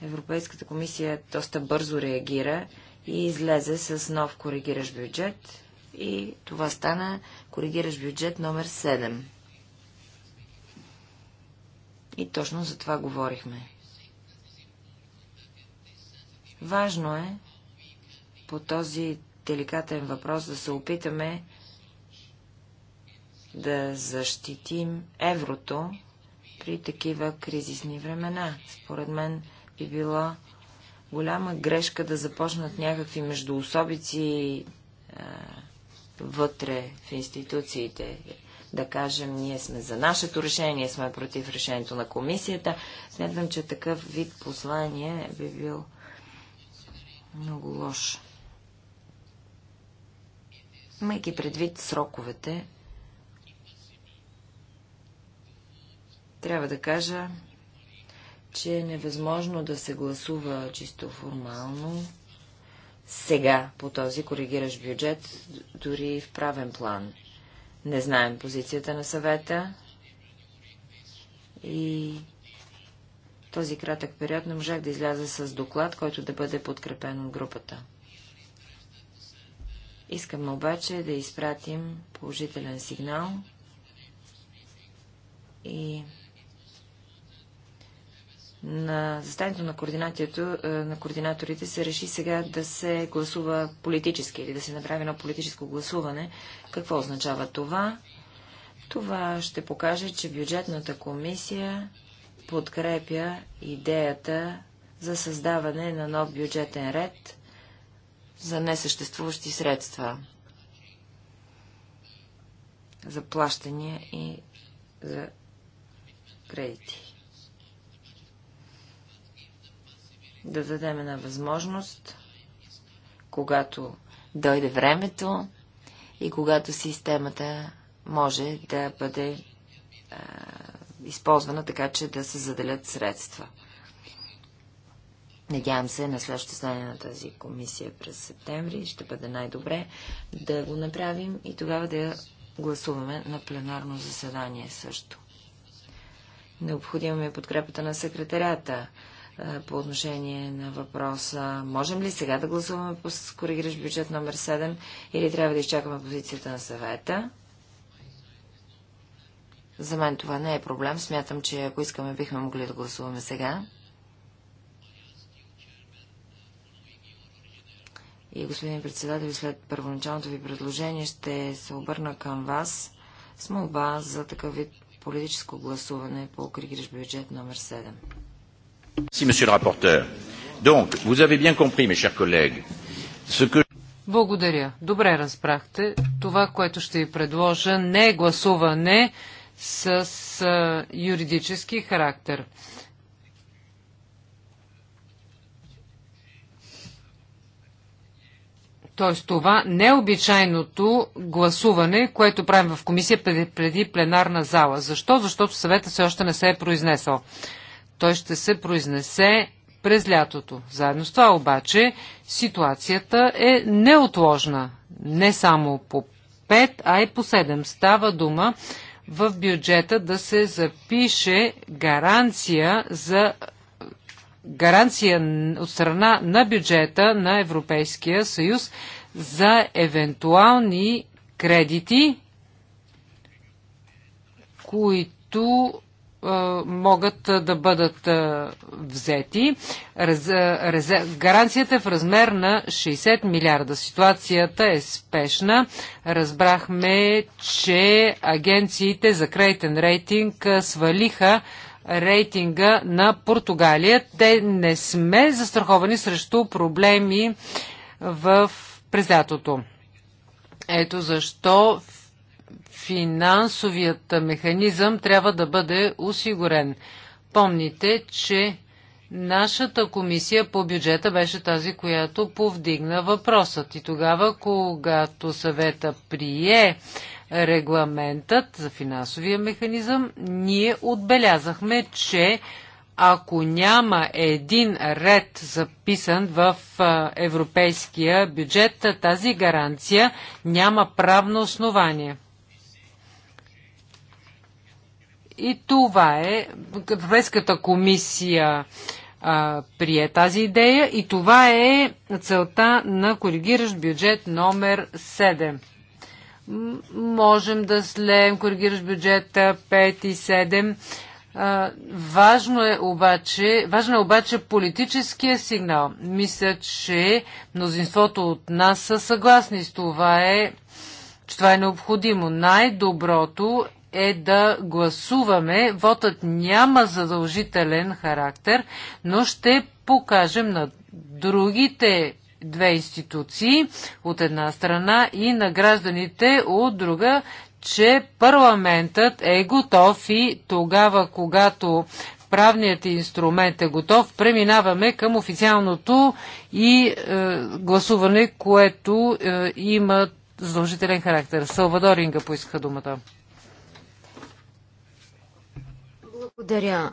Европейската комисия доста бързо реагира и излезе с нов коригираш бюджет и това стана коригиращ бюджет номер 7. И точно за това говорихме. Важно е по този деликатен въпрос да се опитаме да защитим еврото при такива кризисни времена. Според мен би била голяма грешка да започнат някакви междуособици а, е, вътре в институциите. Да кажем, ние сме за нашето решение, ние сме против решението на комисията. Смятам, че такъв вид послание би бил много лошо. Имайки предвид сроковете, трябва да кажа, че е невъзможно да се гласува чисто формално сега по този коригиращ бюджет, дори в правен план. Не знаем позицията на съвета и този кратък период не можах да изляза с доклад, който да бъде подкрепен от групата. Искам обаче да изпратим положителен сигнал и на застанието на, е, на координаторите се реши сега да се гласува политически или да се направи едно политическо гласуване. Какво означава това? Това ще покаже, че бюджетната комисия подкрепя идеята за създаване на нов бюджетен ред за несъществуващи средства, за плащания и за кредити. Да дадем една възможност, когато дойде времето и когато системата може да бъде а, използвана така, че да се заделят средства. Надявам се на следващото стане на тази комисия през септември. Ще бъде най-добре да го направим и тогава да гласуваме на пленарно заседание също. Необходима е подкрепата на секретарята по отношение на въпроса можем ли сега да гласуваме по коригираш бюджет номер 7 или трябва да изчакаме позицията на съвета. За мен това не е проблем. Смятам, че ако искаме, бихме могли да гласуваме сега. господин председател, след първоначалното ви предложение ще се обърна към вас с молба за такъв вид политическо гласуване по Кригриш бюджет номер 7. Си, месье рапортер. Donc, vous avez bien compris, mes chers collègues, ce que... Благодаря. Добре разбрахте. Това, което ще ви предложа, не е гласуване с юридически характер. Т.е. това необичайното гласуване, което правим в комисия преди, преди пленарна зала. Защо? Защото съветът все още не се е произнесъл. Той ще се произнесе през лятото. Заедно с това обаче ситуацията е неотложна. Не само по 5, а и по 7. Става дума в бюджета да се запише гаранция за гаранция от страна на бюджета на Европейския съюз за евентуални кредити, които могат да бъдат взети. Рез, рез, гаранцията е в размер на 60 милиарда. Ситуацията е спешна. Разбрахме, че агенциите за кредитен рейтинг свалиха рейтинга на Португалия. Те не сме застраховани срещу проблеми в през лятото. Ето защо финансовият механизъм трябва да бъде осигурен. Помните, че нашата комисия по бюджета беше тази, която повдигна въпросът. И тогава, когато съвета прие регламентът за финансовия механизъм, ние отбелязахме, че ако няма един ред записан в европейския бюджет, тази гаранция няма правно основание. И това е, Европейската комисия а, прие тази идея и това е целта на коригиращ бюджет номер 7 можем да слеем коригираш бюджета 5 и 7. Важно е, обаче, важно е обаче политическия сигнал. Мисля, че мнозинството от нас са съгласни с това, е, че това е необходимо. Най-доброто е да гласуваме. Вотът няма задължителен характер, но ще покажем на другите две институции от една страна и на гражданите от друга, че парламентът е готов и тогава, когато правният инструмент е готов, преминаваме към официалното и е, гласуване, което е, има задължителен характер. Салвадор Инга поиска думата. Благодаря.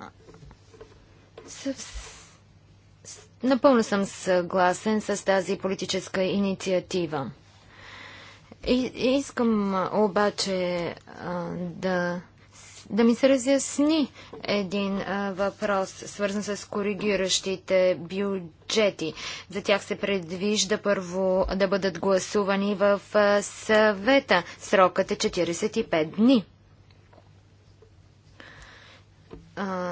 Съвсем Напълно съм съгласен с тази политическа инициатива. И, искам обаче а, да, да ми се разясни един а, въпрос, свързан с коригиращите бюджети. За тях се предвижда първо да бъдат гласувани в а, съвета. Срокът е 45 дни.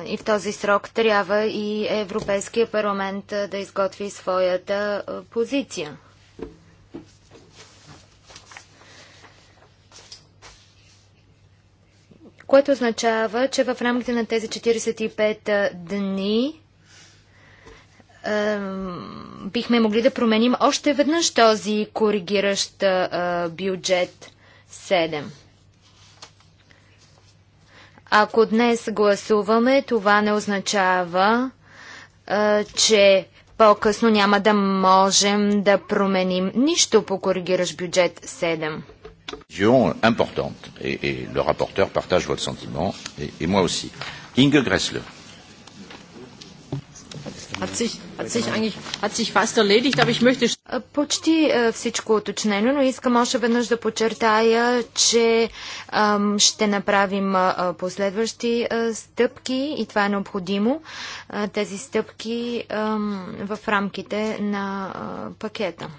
И в този срок трябва и Европейския парламент да изготви своята позиция. Което означава, че в рамките на тези 45 дни е, бихме могли да променим още веднъж този коригиращ е, бюджет 7. Ако днес гласуваме, това не означава, че по-късно няма да можем да променим нищо по коригираш бюджет 7. Importante et, et le rapporteur partage votre sentiment et, et moi aussi. Inge Gressler. Почти всичко уточнено, но искам още веднъж да подчертая, че ще направим е, е, последващи е, стъпки и това е необходимо. Тези стъпки в рамките на пакета.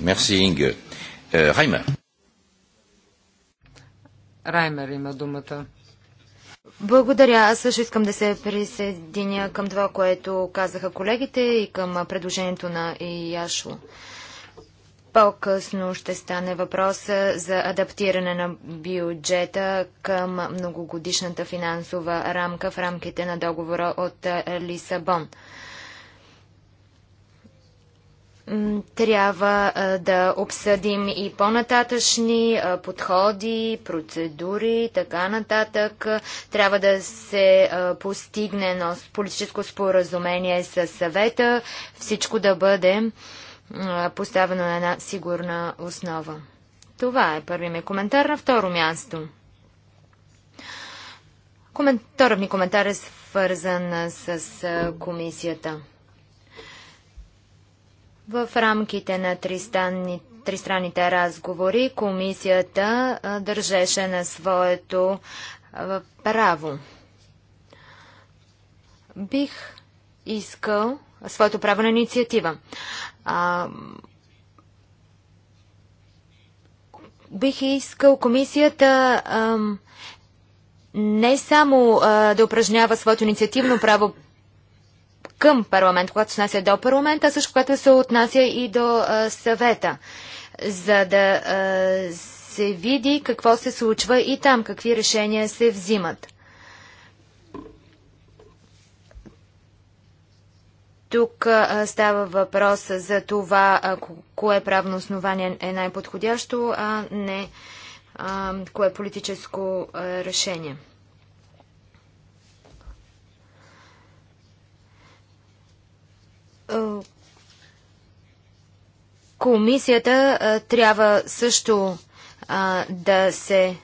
Мерси, Инге. Раймер. Раймер има думата. Благодаря. Аз също искам да се присъединя към това, което казаха колегите и към предложението на Яшо. По-късно ще стане въпрос за адаптиране на бюджета към многогодишната финансова рамка в рамките на договора от Лисабон. Трябва да обсъдим и по-нататъчни подходи, процедури, така нататък. Трябва да се постигне едно политическо споразумение с съвета, всичко да бъде поставено на една сигурна основа. Това е първи ми коментар. На второ място. Коментарът ми коментар е свързан с комисията. В рамките на тристранните тристранните разговори комисията държеше на своето право. Бих искал своето право на инициатива. А, бих искал комисията не само да упражнява своето инициативно право към парламент, когато се отнася до парламента, а също когато се отнася и до а, съвета, за да а, се види какво се случва и там, какви решения се взимат. Тук а, става въпрос за това, а, кое правно основание е най-подходящо, а не а, кое политическо а, решение. Е, комисията е, трябва също е, да се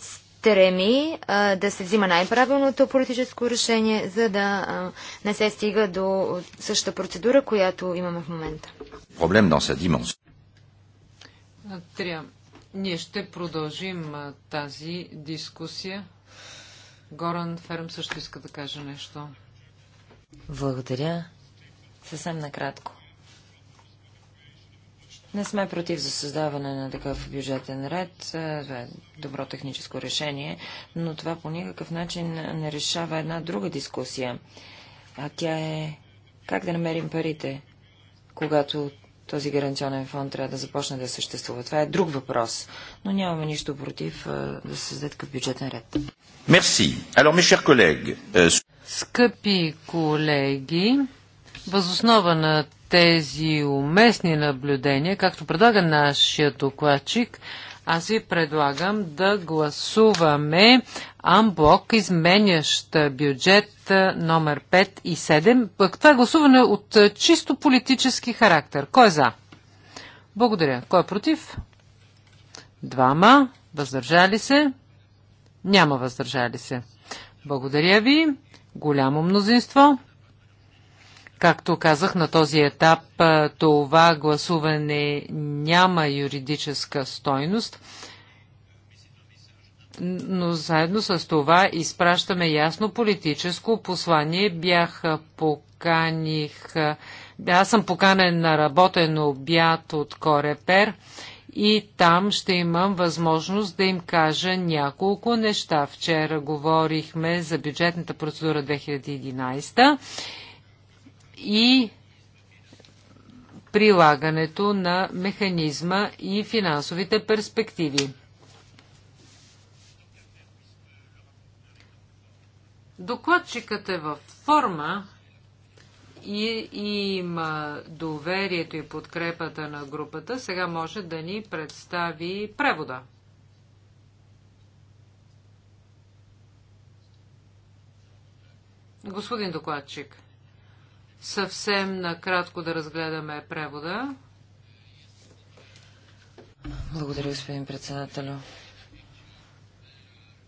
стреми да се взима най-правилното политическо решение, за да не се стига до същата процедура, която имаме в момента. Проблем на са Трябва. Ние ще продължим тази дискусия. Горан Ферм също иска да каже нещо. Благодаря. Съвсем накратко. Не сме против за създаване на такъв бюджетен ред. Е, това е добро техническо решение, но това по никакъв начин не решава една друга дискусия. А тя е как да намерим парите, когато този гаранционен фонд трябва да започне да съществува. Това е друг въпрос, но нямаме нищо против е, да се създаде такъв бюджетен ред. Мерси. Alors, mes chers euh, Скъпи колеги, Възоснова на тези уместни наблюдения, както предлага нашия докладчик, аз ви предлагам да гласуваме амблок, изменящ бюджет номер 5 и 7. Това е гласуване от чисто политически характер. Кой е за? Благодаря. Кой е против? Двама. Въздържали се? Няма въздържали се. Благодаря ви. Голямо мнозинство. Както казах, на този етап това гласуване няма юридическа стойност, но заедно с това изпращаме ясно политическо послание. Бях поканих... Аз съм поканен на работен обяд от Корепер и там ще имам възможност да им кажа няколко неща. Вчера говорихме за бюджетната процедура 2011 и прилагането на механизма и финансовите перспективи. Докладчикът е във форма и има доверието и подкрепата на групата, сега може да ни представи превода. Господин докладчик съвсем накратко да разгледаме превода. Благодаря, господин председателю.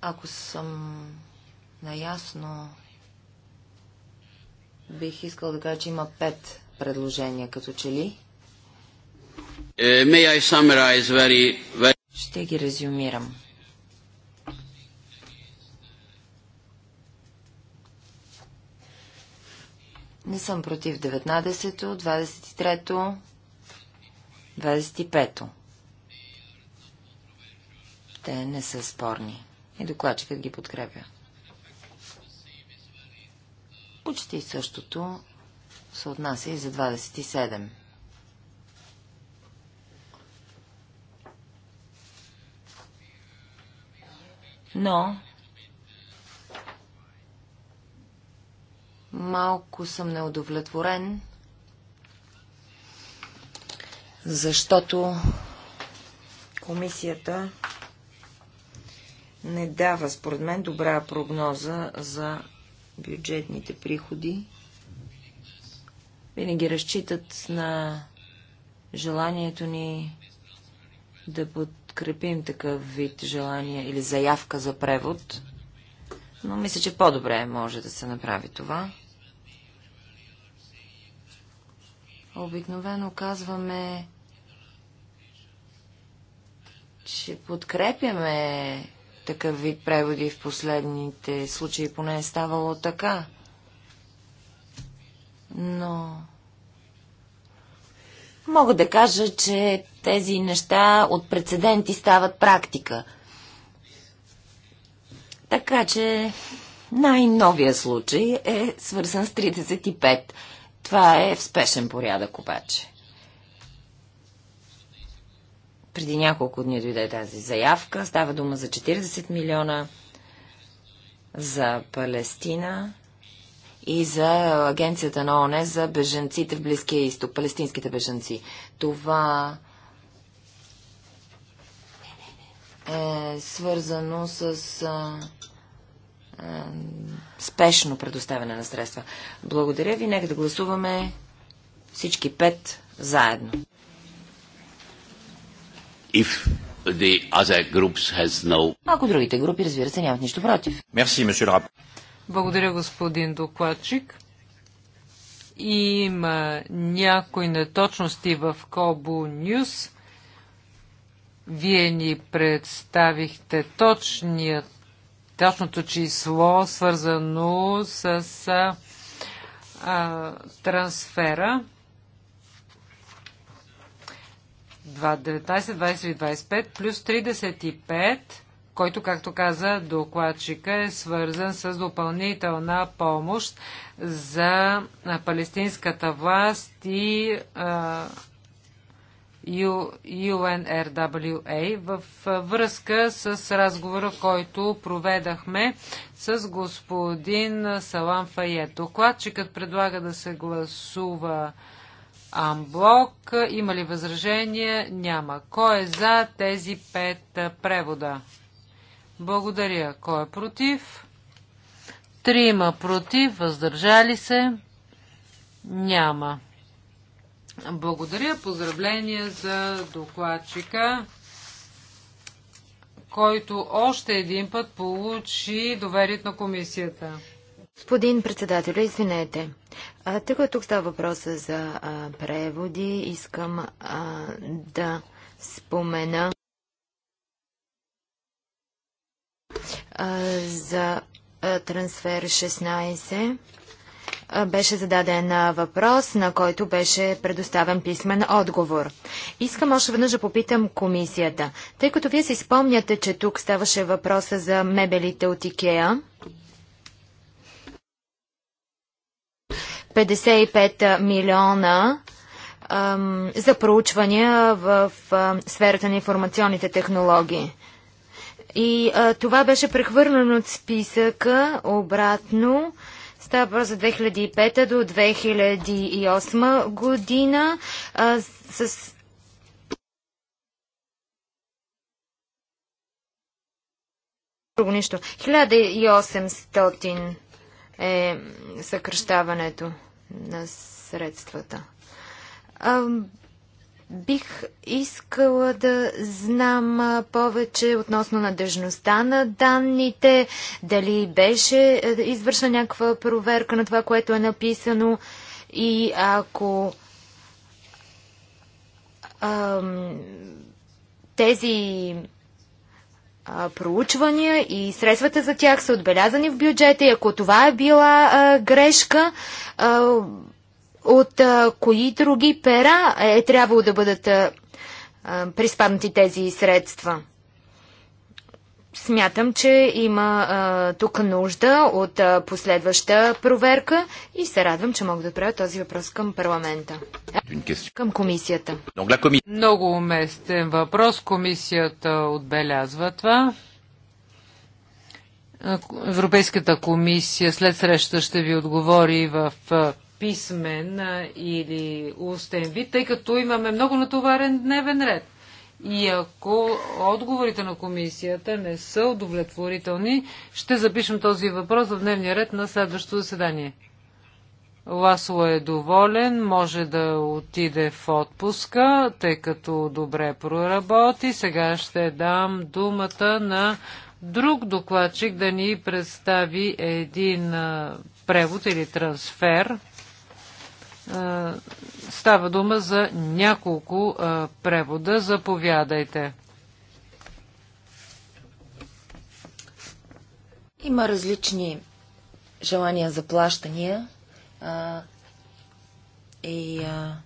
Ако съм наясно, бих искал да кажа, че има пет предложения като че ли. Е, very, very... Ще ги резюмирам. Не съм против 19-то, 23-то, 25-то. Те не са спорни. И докладчикът ги подкрепя. Почти същото се отнася и за 27. Но Малко съм неудовлетворен, защото комисията не дава, според мен, добра прогноза за бюджетните приходи. Винаги разчитат на желанието ни да подкрепим такъв вид желание или заявка за превод, но мисля, че по-добре може да се направи това. Обикновено казваме, че подкрепяме такъв вид преводи в последните случаи, поне е ставало така. Но мога да кажа, че тези неща от прецеденти стават практика. Така че най-новия случай е свързан с 35. Това е в спешен порядък обаче. Преди няколко дни дойде тази заявка. Става дума за 40 милиона за Палестина и за агенцията на ОНЕ за беженците в Близкия изток, палестинските беженци. Това е свързано с спешно предоставяне на средства. Благодаря ви. Нека да гласуваме всички пет заедно. If the other groups has no... Ако другите групи, разбира се, нямат нищо против. Merci, Благодаря, господин докладчик. Има някои неточности в Кобо Нюс. Вие ни представихте точният точното число, свързано с а, трансфера. 19, 20 и 25 плюс 35, който, както каза докладчика, е свързан с допълнителна помощ за палестинската власт и а, UNRWA в връзка с разговора, който проведахме с господин Салам Файет. Докладчикът предлага да се гласува Амблок. Има ли възражения? Няма. Кой е за тези пет превода? Благодаря. Кой е против? Трима против, въздържали се? Няма. Благодаря. Поздравления за докладчика, който още един път получи доверието на комисията. Господин председател, извинете. Тъй като тук става въпроса за а, преводи, искам а, да спомена а, за трансфер 16 беше зададен въпрос, на който беше предоставен писмен отговор. Искам още веднъж да попитам комисията. Тъй като вие си спомняте, че тук ставаше въпроса за мебелите от Икеа, 55 милиона ам, за проучвания в ам, сферата на информационните технологии. И а, това беше прехвърлено от списъка обратно Става за 2005 до 2008 година а, с друго нищо. 1800 е съкръщаването на средствата. Бих искала да знам повече относно надежността на данните, дали беше извършена някаква проверка на това, което е написано и ако ам, тези а, проучвания и средствата за тях са отбелязани в бюджета и ако това е била а, грешка, а, от а, кои други пера е трябвало да бъдат а, приспаднати тези средства? Смятам, че има а, тук нужда от а, последваща проверка и се радвам, че мога да отправя този въпрос към парламента. Към комисията. Много уместен въпрос. Комисията отбелязва това. Европейската комисия след среща ще ви отговори в писмен или устен вид, тъй като имаме много натоварен дневен ред. И ако отговорите на комисията не са удовлетворителни, ще запишем този въпрос в дневния ред на следващото заседание. Ласло е доволен, може да отиде в отпуска, тъй като добре проработи. Сега ще дам думата на друг докладчик да ни представи един превод или трансфер. Става дума за няколко превода. Заповядайте. Има различни желания за плащания. А, и а,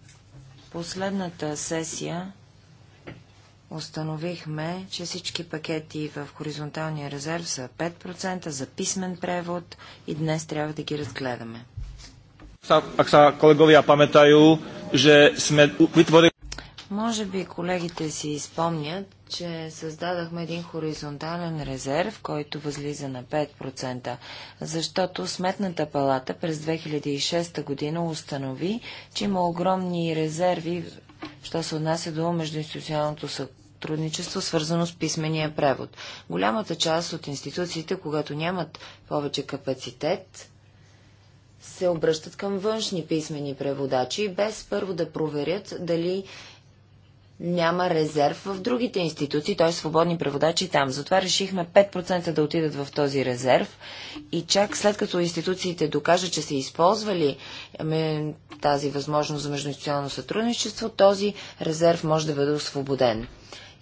последната сесия установихме, че всички пакети в хоризонталния резерв са 5% за писмен превод и днес трябва да ги разгледаме. Ak sa kolegovia pamätajú, že sme vytvorili... Може би колегите си спомнят, че създадахме един хоризонтален резерв, който възлиза на 5%, защото Сметната палата през 2006 година установи, че има огромни резерви, що се отнася до междуинституционалното сътрудничество, свързано с писмения превод. Голямата част от институциите, когато нямат повече капацитет, се обръщат към външни писмени преводачи, без първо да проверят дали няма резерв в другите институции, т.е. свободни преводачи там. Затова решихме 5% да отидат в този резерв и чак след като институциите докажат, че са използвали ами, тази възможност за междуинституционално сътрудничество, този резерв може да бъде освободен.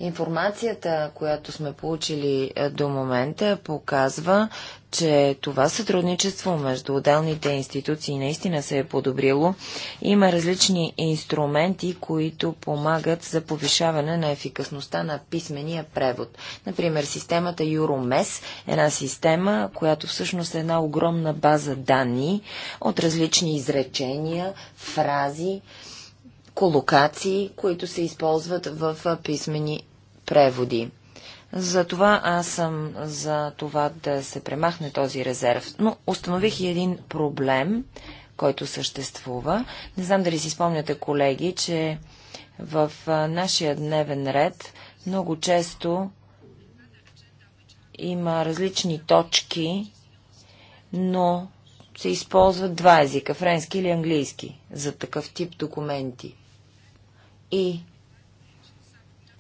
Информацията, която сме получили е, до момента, показва, че това сътрудничество между отделните институции наистина се е подобрило. Има различни инструменти, които помагат за повишаване на ефикасността на писмения превод. Например, системата EuroMES, една система, която всъщност е една огромна база данни от различни изречения, фрази, колокации, които се използват в писмени преводи. Затова аз съм за това да се премахне този резерв. Но установих и един проблем, който съществува. Не знам дали си спомняте, колеги, че в нашия дневен ред много често има различни точки, но се използват два езика френски или английски за такъв тип документи. И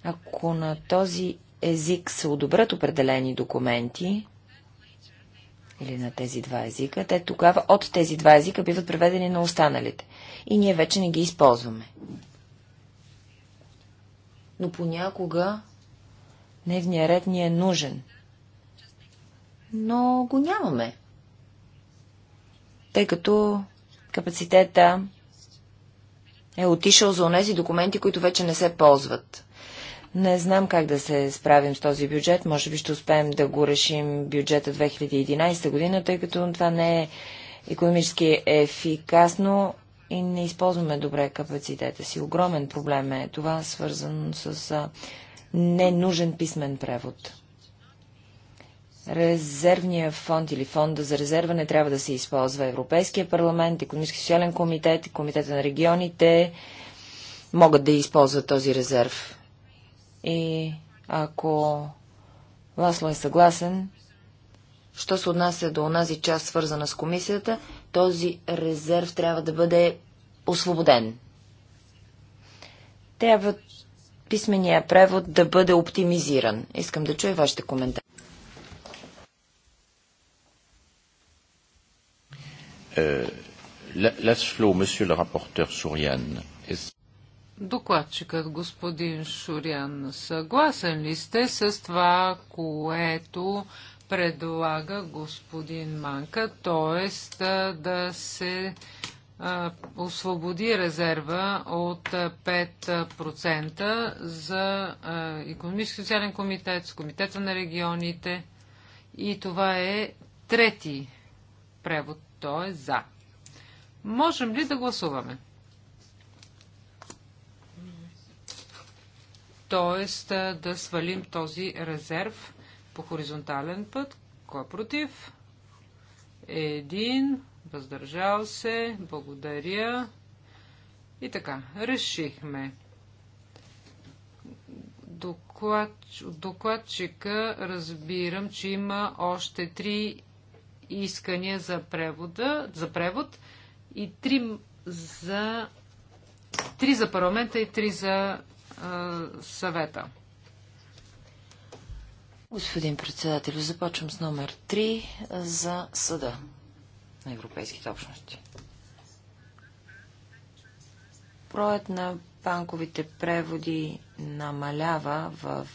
ако на този език се одобрят определени документи, или на тези два езика, те тогава от тези два езика биват преведени на останалите. И ние вече не ги използваме. Но понякога дневния ред ни е нужен. Но го нямаме. Тъй като капацитета е отишъл за онези документи, които вече не се ползват. Не знам как да се справим с този бюджет. Може би ще успеем да го решим бюджета 2011 година, тъй като това не е економически ефикасно и не използваме добре капацитета си. Огромен проблем е това, свързан с ненужен писмен превод. Резервния фонд или фонда за резерване трябва да се използва Европейския парламент, Економически социален комитет и Комитета на регионите могат да използват този резерв. И ако Ласло е съгласен, що се отнася до онази част, свързана с комисията, този резерв трябва да бъде освободен. Трябва писмения превод да бъде оптимизиран. Искам да чуя вашите коментари. Лесло, месье ле рапортер Сурян. Докладчикът господин Шурян, съгласен ли сте с това, което предлага господин Манка, т.е. да се освободи резерва от 5% за економически социален комитет, с комитета на регионите и това е трети превод. Той е за. Можем ли да гласуваме? Тоест да свалим този резерв по хоризонтален път. Кой е против? Един. Въздържал се. Благодаря. И така, решихме. докладчика разбирам, че има още три искания за, превода, за превод и 3 за, три за парламента и 3 за а, съвета. Господин председател, започвам с номер 3 за съда на европейските общности. Проект на банковите преводи намалява в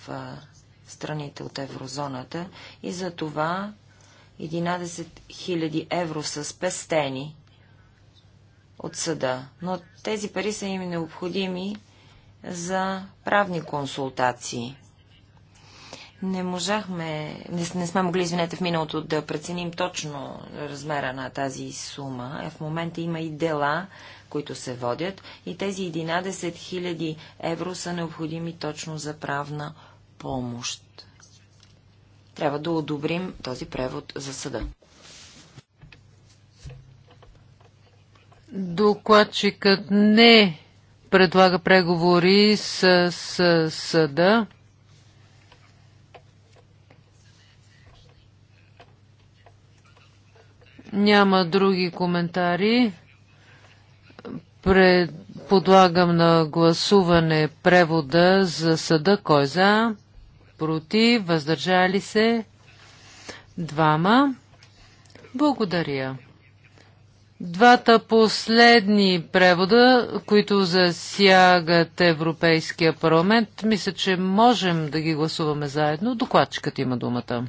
страните от еврозоната и за това 11 000 евро са спестени от съда, но тези пари са им необходими за правни консултации. Не можахме, не, не сме могли, извинете, в миналото да преценим точно размера на тази сума. Е, в момента има и дела, които се водят и тези 11 000 евро са необходими точно за правна помощ трябва да одобрим този превод за съда. Докладчикът не предлага преговори с, с съда. Няма други коментари. Пред, подлагам на гласуване превода за съда. Кой е за? против, въздържали се, двама. Благодаря. Двата последни превода, които засягат Европейския парламент, мисля, че можем да ги гласуваме заедно. Докладчикът има думата.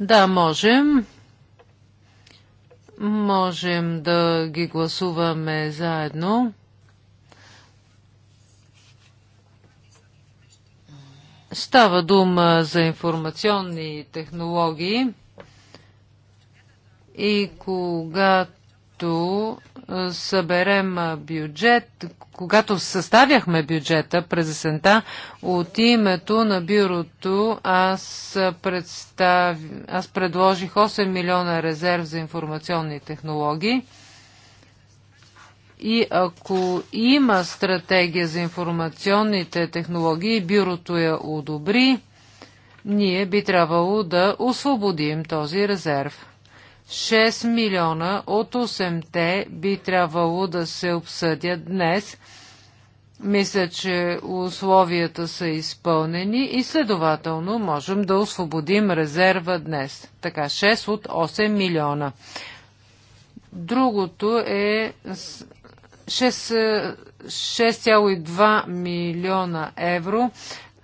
Да, можем. Можем да ги гласуваме заедно. Става дума за информационни технологии и когато съберем бюджет, когато съставяхме бюджета през есента, от името на бюрото аз, представ... аз предложих 8 милиона резерв за информационни технологии – и ако има стратегия за информационните технологии, бюрото я одобри, ние би трябвало да освободим този резерв. 6 милиона от 8-те би трябвало да се обсъдят днес. Мисля, че условията са изпълнени и следователно можем да освободим резерва днес. Така, 6 от 8 милиона. Другото е 6,2 е, милиона евро.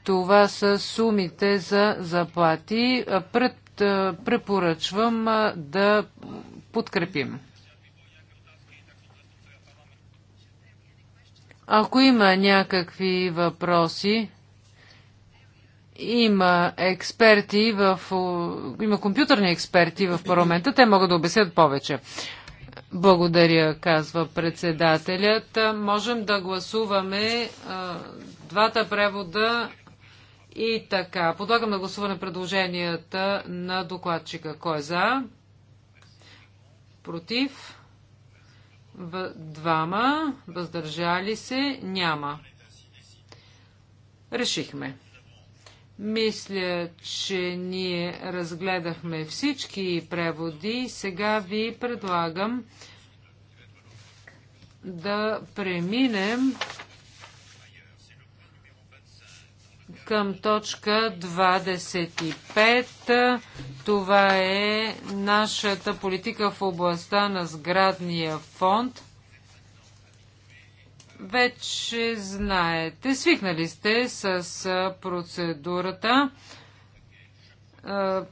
Това са сумите за заплати. Пред, е, препоръчвам е, да подкрепим. Ако има някакви въпроси, има експерти в, има компютърни експерти в парламента, те могат да обяснят повече. Благодаря, казва председателят. Можем да гласуваме а, двата превода и така. Подлагам на гласуване предложенията на докладчика. Кой е за? Против? В... Двама. Въздържали се? Няма. Решихме. Мисля, че ние разгледахме всички преводи. Сега ви предлагам да преминем към точка 25. Това е нашата политика в областта на сградния фонд – вече знаете, свикнали сте с процедурата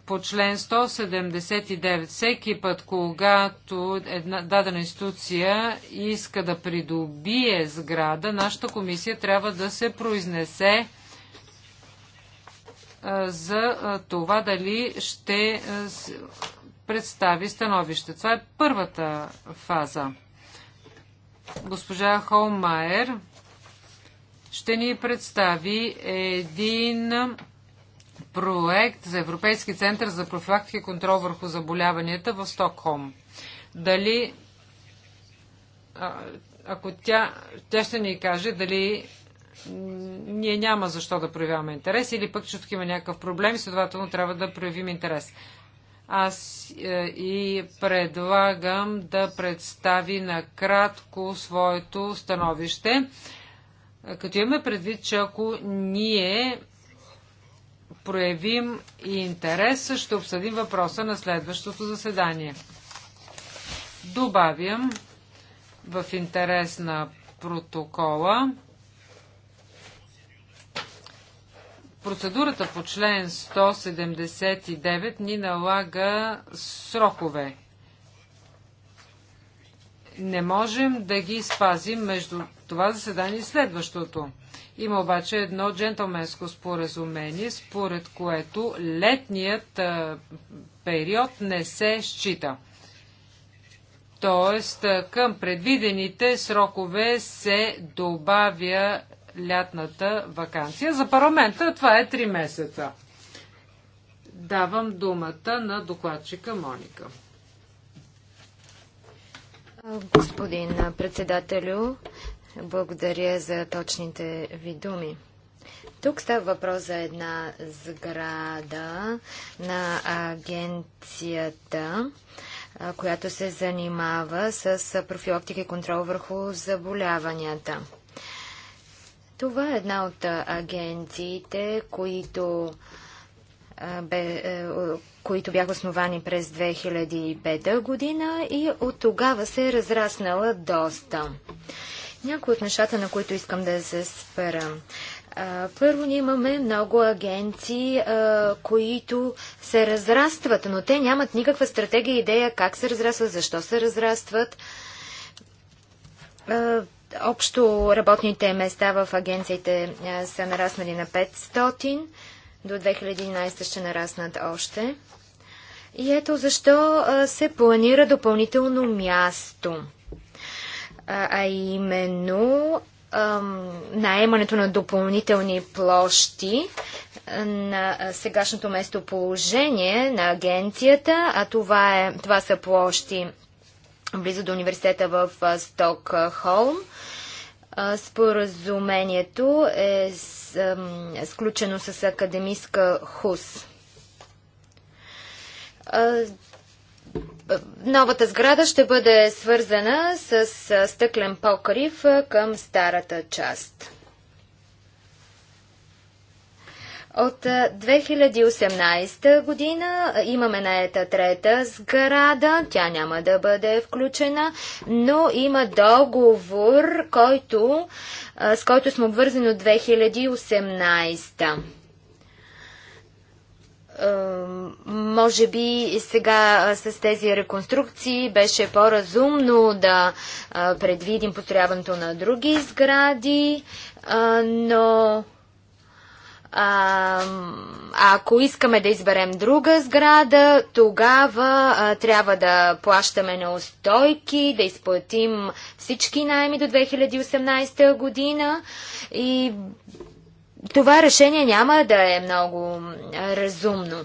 по член 179. Всеки път, когато една дадена институция иска да придобие сграда, нашата комисия трябва да се произнесе за това дали ще представи становище. Това е първата фаза. Госпожа Холмайер ще ни представи един проект за Европейски център за профилактика и контрол върху заболяванията в Стокхолм. Дали, ако тя, тя ще ни каже дали ние няма защо да проявяваме интерес или пък, че тук има някакъв проблем, следователно трябва да проявим интерес. Аз е, и предлагам да представи накратко своето становище, като имаме предвид, че ако ние проявим и интерес, ще обсъдим въпроса на следващото заседание. Добавям в интерес на протокола, Процедурата по член 179 ни налага срокове. Не можем да ги спазим между това заседание и следващото. Има обаче едно джентлменско споразумение, според което летният период не се счита. Тоест, към предвидените срокове се добавя лятната вакансия. За парламента това е 3 месеца. Давам думата на докладчика Моника. Господин председателю, благодаря за точните ви думи. Тук става въпрос за една сграда на агенцията, която се занимава с профилактика и контрол върху заболяванията. Това е една от агенциите, които, бе, е, които бяха основани през 2005 година и от тогава се е разраснала доста. Някои от нещата, на които искам да се спера. Първо, ние имаме много агенции, които се разрастват, но те нямат никаква стратегия и идея как се разрастват, защо се разрастват. Общо работните места в агенциите е, са нараснали на 500. До 2011 ще нараснат още. И ето защо е, се планира допълнително място. Е, а именно наемането на допълнителни площи на сегашното местоположение на агенцията, а това, е, това са площи близо до университета в Стокхолм. Споразумението е сключено с академиска ХУС. Новата сграда ще бъде свързана с стъклен покрив към старата част. От 2018 година имаме ета трета сграда, тя няма да бъде включена, но има договор, който, с който сме обвързани от 2018. Може би сега с тези реконструкции беше по-разумно да предвидим построяването на други сгради, но а, ако искаме да изберем друга сграда, тогава а, трябва да плащаме неустойки, да изплатим всички найми до 2018 година и това решение няма да е много а, разумно.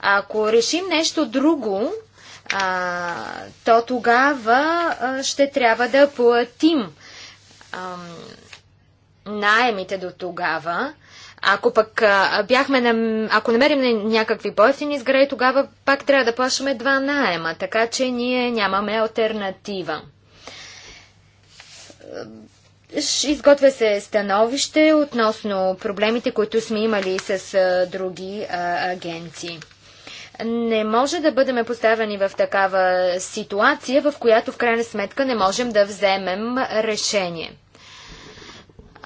Ако решим нещо друго, а, то тогава а, ще трябва да платим а, найемите до тогава ако пък а, бяхме, на, ако намерим някакви по-ефтини сгради, тогава пак трябва да плащаме два найема, така че ние нямаме альтернатива. Е, изготвя се становище относно проблемите, които сме имали с а, други а, агенции. Не може да бъдем поставени в такава ситуация, в която в крайна сметка не можем да вземем решение.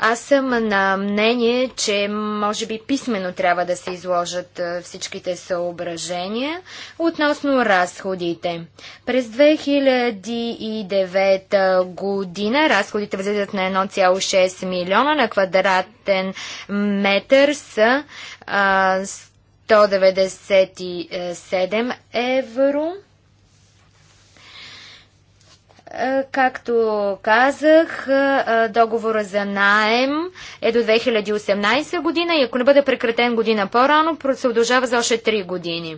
Аз съм на мнение, че може би писменно трябва да се изложат всичките съображения относно разходите. През 2009 година разходите възлизат на 1,6 милиона на квадратен метър с 197 евро. Е, както казах, е, е, договора за найем е до 2018 година и ако не бъде прекратен година по-рано, се удължава за още 3 години.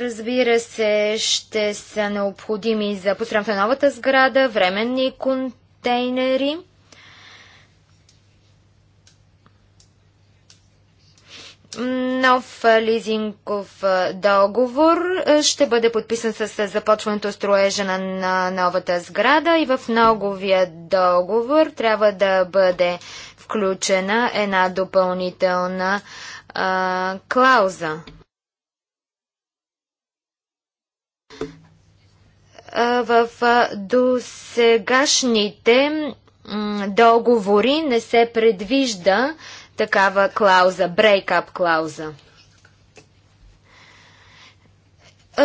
Разбира се, ще са необходими за построенето на новата сграда временни контейнери. Нов лизингов договор ще бъде подписан с започването строежа на новата сграда и в новия договор трябва да бъде включена една допълнителна а, клауза. В досегашните договори не се предвижда такава клауза, брейкап клауза. Е,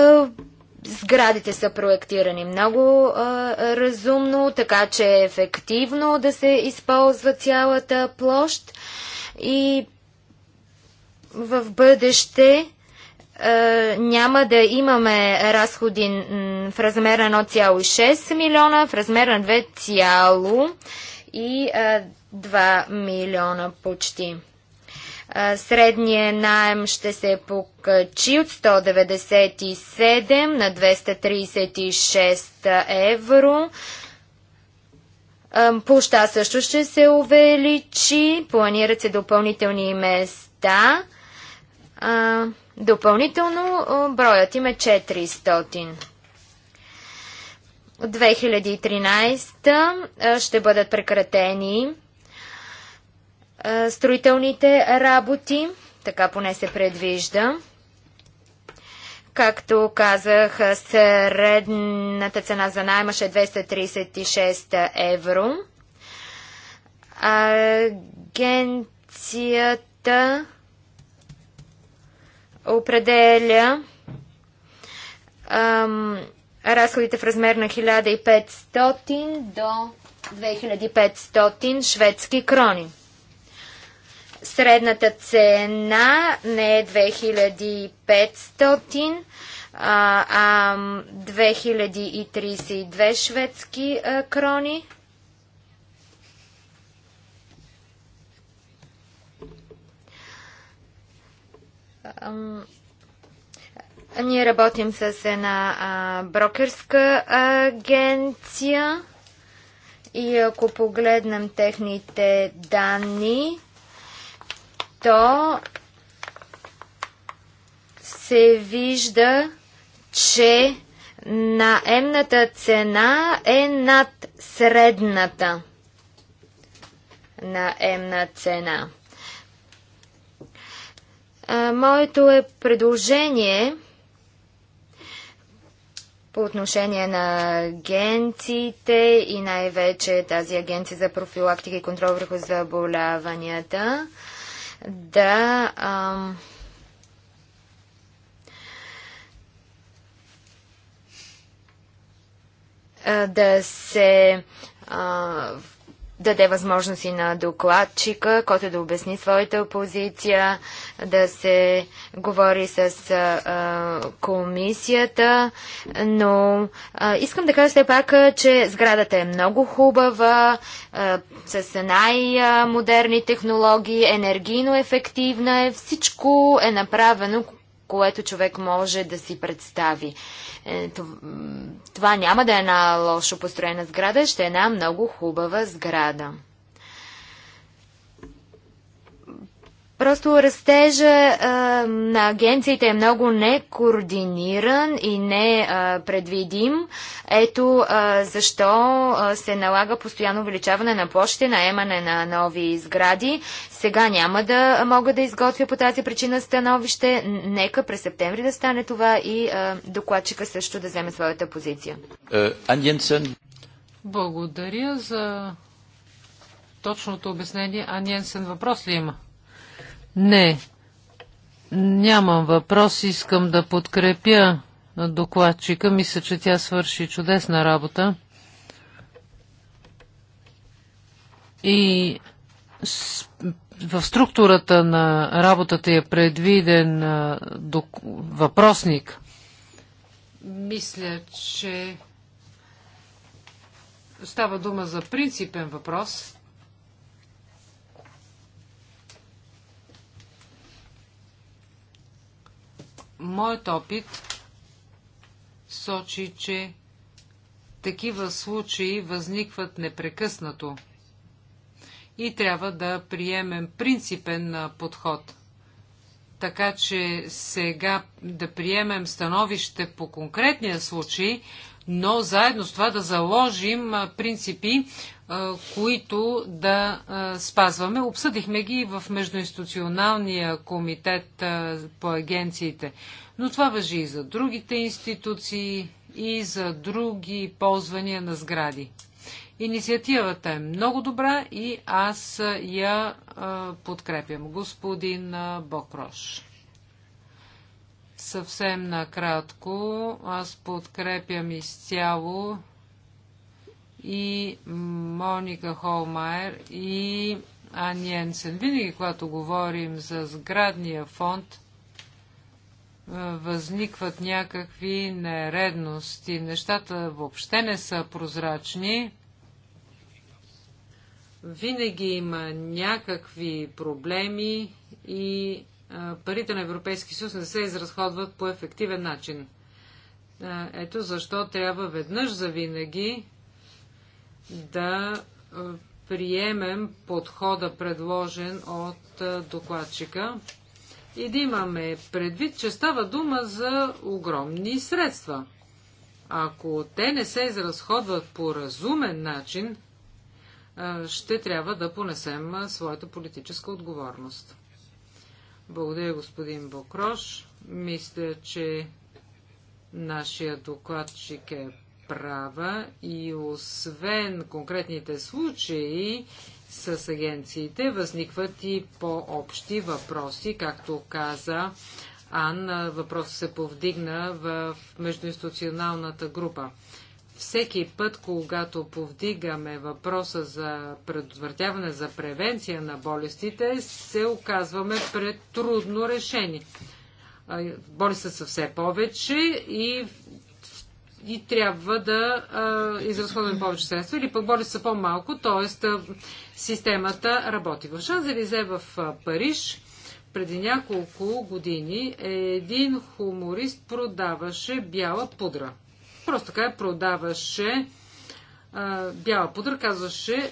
сградите са проектирани много а, е, разумно, така че е ефективно да се използва цялата площ и в бъдеще а, е, няма да имаме разходи в размер на 1,6 милиона, в размер на 2, и а, 2 милиона почти. Средният найем ще се покачи от 197 на 236 евро. Площа също ще се увеличи. Планират се допълнителни места. Допълнително броят им е 400. От 2013 ще бъдат прекратени строителните работи. Така поне се предвижда. Както казах, средната цена за найма ще е 236 евро. Агенцията определя ам, разходите в размер на 1500 до 2500 шведски крони. Средната цена не е 2500, а, 2032 шведски крони. Ние работим с една брокерска агенция и ако погледнем техните данни, то се вижда, че наемната цена е над средната наемна цена. Моето е предложение по отношение на агенциите и най-вече тази агенция за профилактика и контрол върху заболяванията да ам, да се а, даде възможност и на докладчика, който да обясни своята позиция, да се говори с а, комисията, но а, искам да кажа все пак, че сградата е много хубава, а, с най-модерни технологии, енергийно ефективна е, всичко е направено, което човек може да си представи. Е, това няма да е една лошо построена сграда, ще е една много хубава сграда. Просто растежа а, на агенциите е много некоординиран и непредвидим. Ето а, защо а, се налага постоянно увеличаване на площите, наемане на нови сгради. Сега няма да мога да изготвя по тази причина становище. Нека през септември да стане това и а, докладчика също да вземе своята позиция. Е, Аньенсен. Благодаря за точното обяснение. Аньенсен въпрос ли има? Не. Нямам въпрос. Искам да подкрепя докладчика. Мисля, че тя свърши чудесна работа. И в структурата на работата е предвиден въпросник. Мисля, че става дума за принципен въпрос. Моят опит сочи, че такива случаи възникват непрекъснато и трябва да приемем принципен подход. Така че сега да приемем становище по конкретния случай, но заедно с това да заложим принципи, които да спазваме. Обсъдихме ги в Междуинституционалния комитет по агенциите. Но това въжи и за другите институции, и за други ползвания на сгради. Инициативата е много добра и аз я подкрепям. Господин Бокрош. Съвсем накратко, аз подкрепям изцяло и Моника Холмайер и Ан Йенсен. Винаги, когато говорим за сградния фонд, е, възникват някакви нередности. Нещата въобще не са прозрачни. Винаги има някакви проблеми и е, парите на Европейски съюз не се изразходват по ефективен начин. Е, ето защо трябва веднъж за винаги да е, приемем подхода предложен от е, докладчика и да имаме предвид, че става дума за огромни средства. Ако те не се изразходват по разумен начин, е, ще трябва да понесем своята политическа отговорност. Благодаря, господин Бокрош. Мисля, че нашия докладчик е права и освен конкретните случаи с агенциите, възникват и по-общи въпроси, както каза Ан, въпрос се повдигна в междуинституционалната група. Всеки път, когато повдигаме въпроса за предотвратяване, за превенция на болестите, се оказваме пред трудно решение. Болестите са все повече и и трябва да изразходваме повече средства или пък борите са по-малко, т.е. системата работи. В Шанзелизе в Париж преди няколко години един хуморист продаваше бяла пудра. Просто така продаваше а, бяла пудра, казваше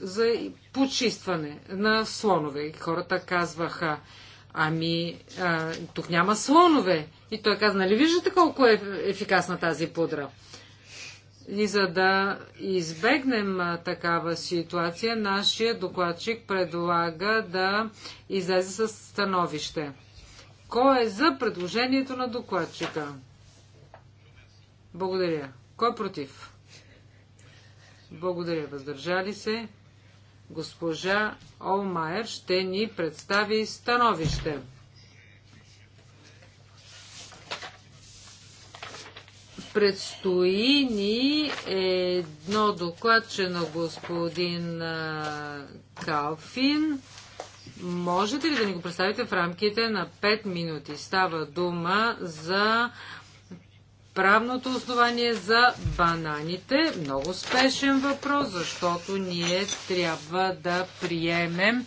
за почистване на слонове. Хората казваха, ами а, тук няма слонове. И той каза, нали виждате колко е ефикасна тази пудра? И за да избегнем такава ситуация, нашия докладчик предлага да излезе с становище. Кой е за предложението на докладчика? Благодаря. Кой е против? Благодаря. Въздържали се. Госпожа Олмайер ще ни представи становище. Предстои ни едно докладче на господин Калфин. Можете ли да ни го представите в рамките на 5 минути? Става дума за правното основание за бананите. Много спешен въпрос, защото ние трябва да приемем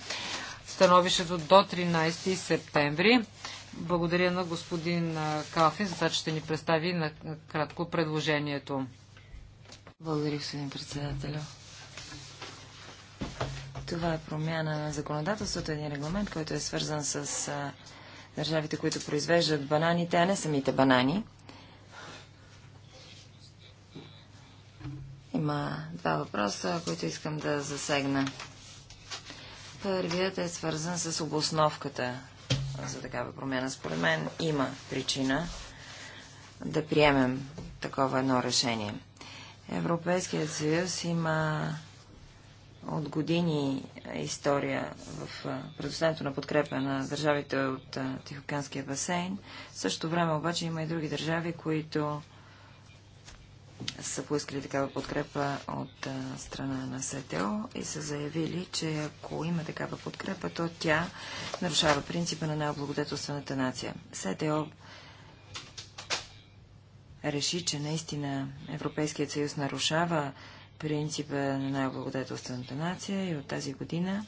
становището до 13 септември. Благодаря на господин Калфин за това, че ще ни представи на кратко предложението. Благодаря, господин председателю. Това е промяна на законодателството, един регламент, който е свързан с а, държавите, които произвеждат бананите, а не самите банани. Има два въпроса, които искам да засегна. Първият е свързан с обосновката за такава промяна. Според мен има причина да приемем такова едно решение. Европейският съюз има от години история в предоставянето на подкрепа на държавите от Тихоканския басейн. В същото време обаче има и други държави, които са поискали такава подкрепа от а, страна на СТО и са заявили, че ако има такава подкрепа, то тя нарушава принципа на най най-облагодетелствената нация. СТО реши, че наистина Европейският съюз нарушава принципа на най-благодетелствената нация и от тази година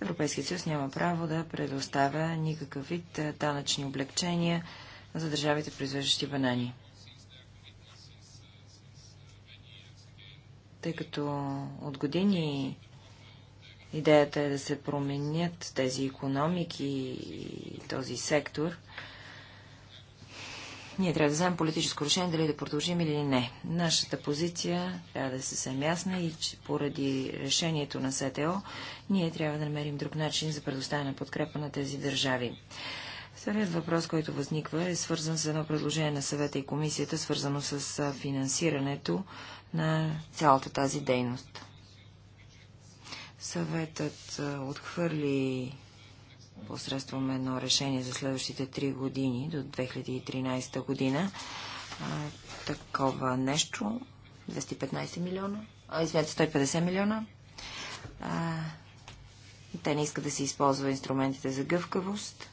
Европейският съюз няма право да предоставя никакъв вид данъчни облегчения за държавите, произвеждащи банани. Тъй като от години идеята е да се променят тези економики и този сектор, ние трябва да вземем политическо решение дали да продължим или не. Нашата позиция трябва да е съвсем ясна и че поради решението на СТО ние трябва да намерим друг начин за предоставяне подкрепа на тези държави. Вторият въпрос, който възниква, е свързан с едно предложение на съвета и комисията, свързано с финансирането на цялата тази дейност. Съветът отхвърли посредством едно решение за следващите 3 години до 2013 година а, такова нещо 215 милиона, а, извинете, 150 милиона. А, те не искат да се използва инструментите за гъвкавост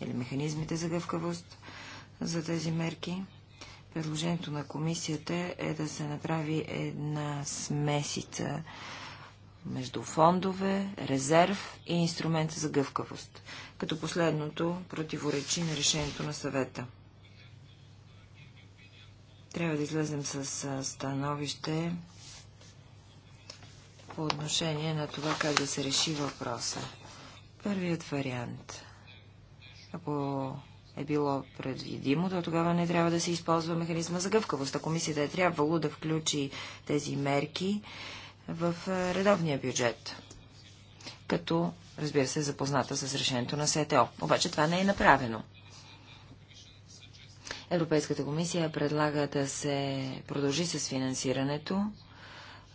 или механизмите за гъвкавост за тези мерки. Предложението на комисията е да се направи една смесица между фондове, резерв и инструмент за гъвкавост, като последното противоречи на решението на съвета. Трябва да излезем с становище по отношение на това как да се реши въпроса. Първият вариант. Ако е било предвидимо, то тогава не трябва да се използва механизма за гъвкавост. А комисията е трябвало да включи тези мерки в е, редовния бюджет, като, разбира се, запозната с решението на СТО. Обаче това не е направено. Европейската комисия предлага да се продължи с финансирането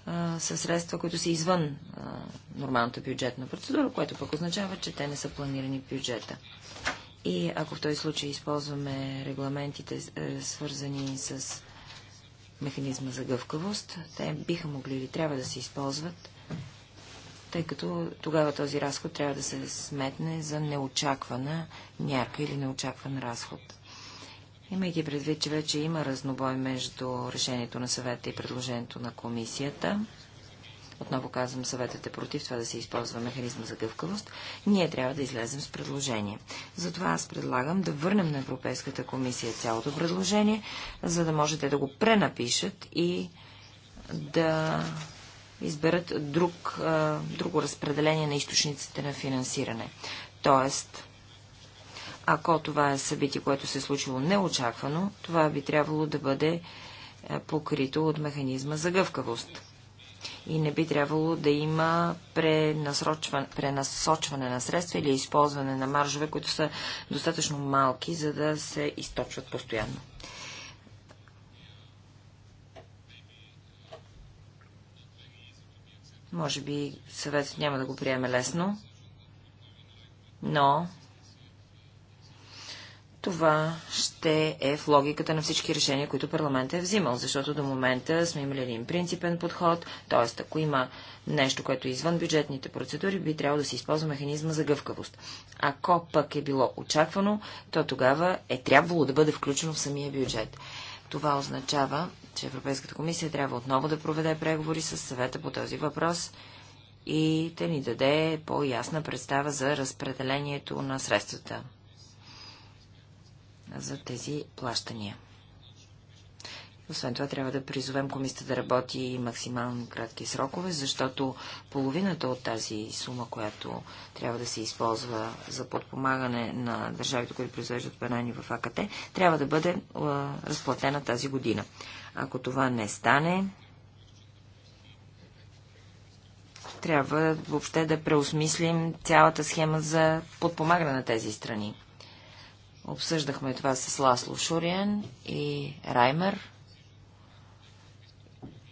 е, със средства, които са извън а, е, нормалната бюджетна процедура, което пък означава, че те не са планирани в бюджета. И ако в този случай използваме регламентите, е, свързани с механизма за гъвкавост, те биха могли или трябва да се използват, тъй като тогава този разход трябва да се сметне за неочаквана мярка или неочакван разход. Имайки предвид, че вече има разнобой между решението на съвета и предложението на комисията, отново казвам, съветът е против това да се използва механизма за гъвкавост, ние трябва да излезем с предложение. Затова аз предлагам да върнем на Европейската комисия цялото предложение, за да можете да го пренапишат и да изберат друг, друго разпределение на източниците на финансиране. Тоест, ако това е събитие, което се е случило неочаквано, това би трябвало да бъде покрито от механизма за гъвкавост и не би трябвало да има пренасочване на средства или използване на маржове, които са достатъчно малки, за да се източват постоянно. Може би съветът няма да го приеме лесно, но това ще е в логиката на всички решения, които парламентът е взимал, защото до момента сме имали един принципен подход, т.е. ако има нещо, което е извън бюджетните процедури, би трябвало да се използва механизма за гъвкавост. Ако пък е било очаквано, то тогава е трябвало да бъде включено в самия бюджет. Това означава, че Европейската комисия трябва отново да проведе преговори с съвета по този въпрос и да ни даде по-ясна представа за разпределението на средствата за тези плащания. Освен това, трябва да призовем комисията да работи максимално кратки срокове, защото половината от тази сума, която трябва да се използва за подпомагане на държавите, които произвеждат банани в АКТ, трябва да бъде разплатена тази година. Ако това не стане, трябва въобще да преосмислим цялата схема за подпомагане на тези страни. Обсъждахме това с Ласло Шуриен и Раймер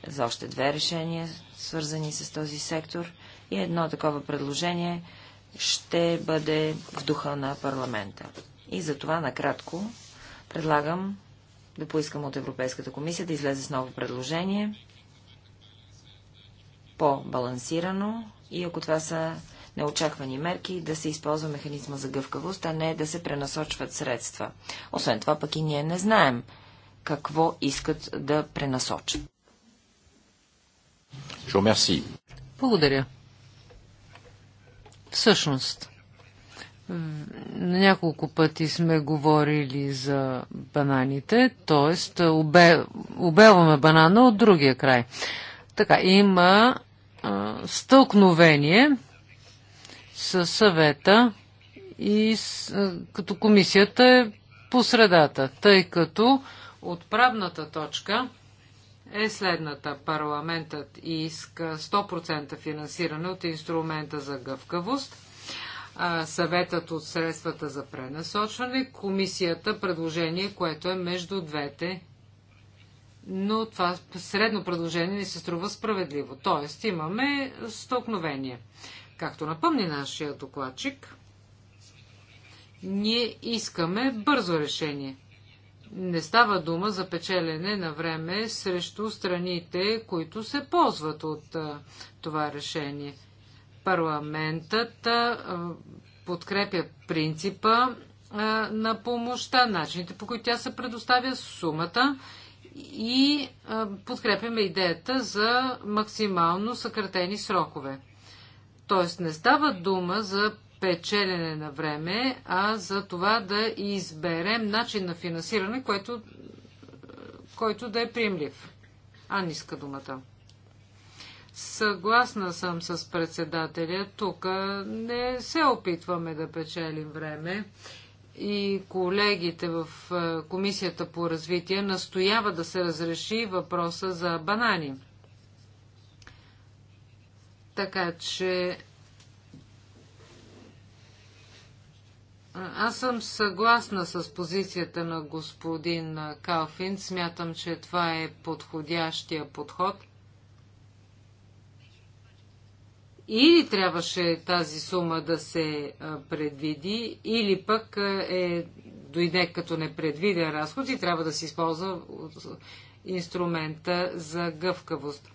за още две решения, свързани с този сектор. И едно такова предложение ще бъде в духа на парламента. И за това накратко предлагам да поискам от Европейската комисия да излезе с ново предложение, по-балансирано и ако това са неочаквани мерки да се използва механизма за гъвкавост, а не да се пренасочват средства. Освен това пък и ние не знаем какво искат да пренасочат. Благодаря. Всъщност, няколко пъти сме говорили за бананите, т.е. Обе, обелваме банана от другия край. Така, има а, стълкновение със съвета и с, като комисията е по средата, тъй като отправната точка е следната. Парламентът иска 100% финансиране от инструмента за гъвкавост, съветът от средствата за пренасочване, комисията предложение, което е между двете. Но това средно предложение не се струва справедливо. Тоест имаме столкновение. Както напомни нашия докладчик, ние искаме бързо решение. Не става дума за печелене на време срещу страните, които се ползват от а, това решение. Парламентът а, подкрепя принципа а, на помощта, начините по които тя се предоставя, сумата и подкрепяме идеята за максимално съкратени срокове. Тоест не става дума за печелене на време, а за това да изберем начин на финансиране, който, е, който да е приемлив. А ниска думата. Съгласна съм с председателя. Тук не се опитваме да печелим време и колегите в е, Комисията по развитие настоява да се разреши въпроса за банани. Така че аз съм съгласна с позицията на господин Калфин. Смятам, че това е подходящия подход. Или трябваше тази сума да се предвиди, или пък е, дойде като непредвиден разход и трябва да се използва инструмента за гъвкавост.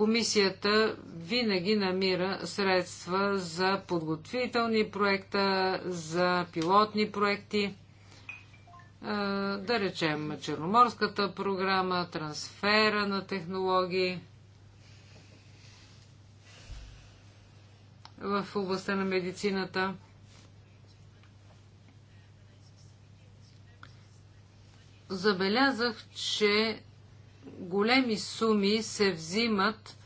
Комисията винаги намира средства за подготвителни проекта, за пилотни проекти, да речем Черноморската програма, трансфера на технологии. в областта на медицината. Забелязах, че големи суми се взимат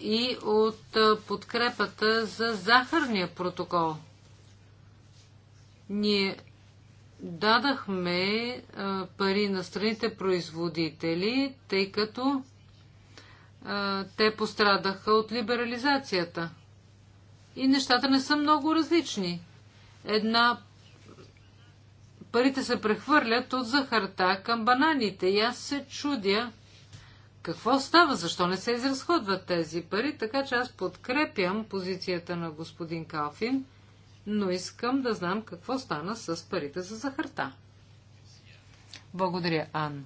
и от подкрепата за захарния протокол. Ние дадахме пари на страните производители, тъй като те пострадаха от либерализацията. И нещата не са много различни. Една парите се прехвърлят от захарта към бананите. И аз се чудя какво става, защо не се изразходват тези пари. Така че аз подкрепям позицията на господин Калфин, но искам да знам какво стана с парите за захарта. Благодаря, Ан.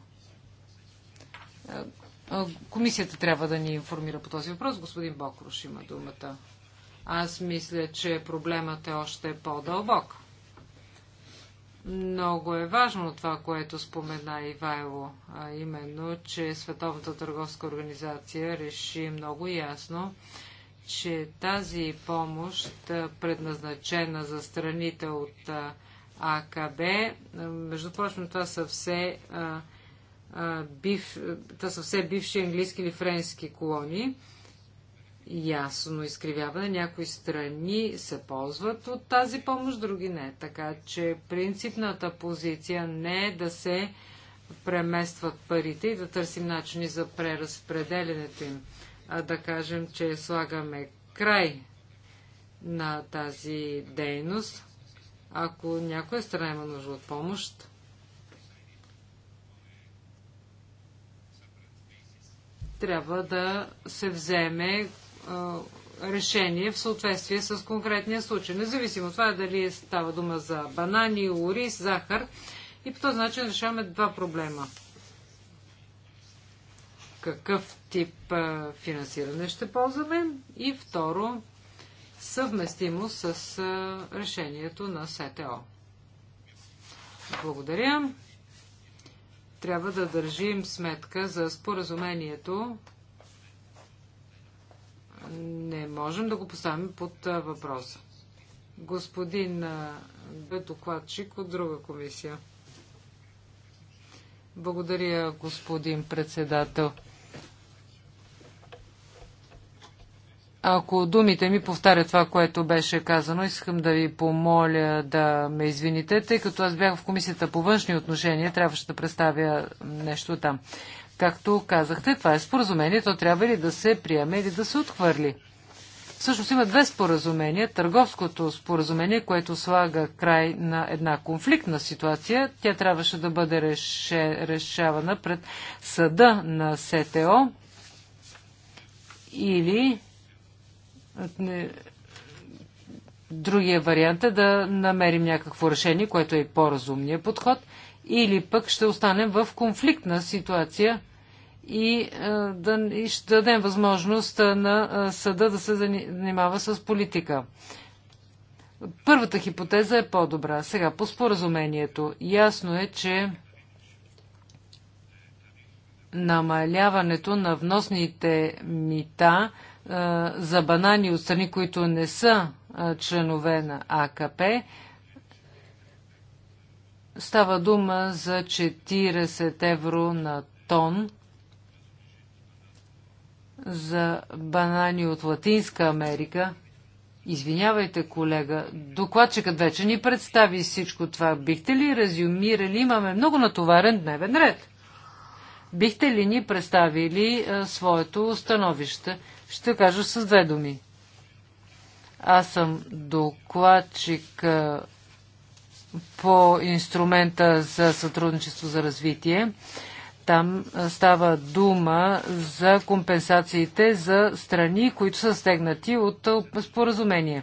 Е, е, комисията трябва да ни информира по този въпрос. Господин Бокруш има думата. Аз мисля, че проблемът е още по-дълбок. Много е важно това, което спомена Ивайло, а именно, че Световната търговска организация реши много ясно, че тази помощ, предназначена за страните от АКБ, между прочим, това са все, а, а, бив, това са все бивши английски или френски колонии, ясно изкривяване. Някои страни се ползват от тази помощ, други не. Така че принципната позиция не е да се преместват парите и да търсим начини за преразпределенето им, а да кажем, че слагаме край на тази дейност. Ако някоя страна има нужда от помощ, трябва да се вземе решение в съответствие с конкретния случай. Независимо от това дали е- става дума за банани, ориз, захар. И по този начин решаваме два проблема. Какъв тип финансиране ще ползваме? И второ, съвместимо с решението на СТО. Благодаря. Трябва да държим сметка за споразумението не можем да го поставим под въпроса. Господин Бетокладчик докладчик от друга комисия. Благодаря, господин председател. Ако думите ми повтарят това, което беше казано, искам да ви помоля да ме извините, тъй като аз бях в комисията по външни отношения, трябваше да представя нещо там. Както казахте, това е споразумение, то трябва ли да се приеме или да се отхвърли. Всъщност има две споразумения. Търговското споразумение, което слага край на една конфликтна ситуация, тя трябваше да бъде реше, решавана пред съда на СТО или другия вариант е да намерим някакво решение, което е по-разумния подход, или пък ще останем в конфликтна ситуация и е, да и ще дадем възможност е, на е, съда да се занимава с политика. Първата хипотеза е по-добра. Сега, по споразумението. Ясно е, че намаляването на вносните мита за банани от страни, които не са членове на АКП, става дума за 40 евро на тон за банани от Латинска Америка. Извинявайте, колега, докладчикът вече ни представи всичко това. Бихте ли резюмирали? Имаме много натоварен дневен ред. Бихте ли ни представили а, е, своето становище? Ще кажа с две думи. Аз съм докладчик а, е, по инструмента за сътрудничество за развитие. Там става дума за компенсациите за страни, които са стегнати от споразумение.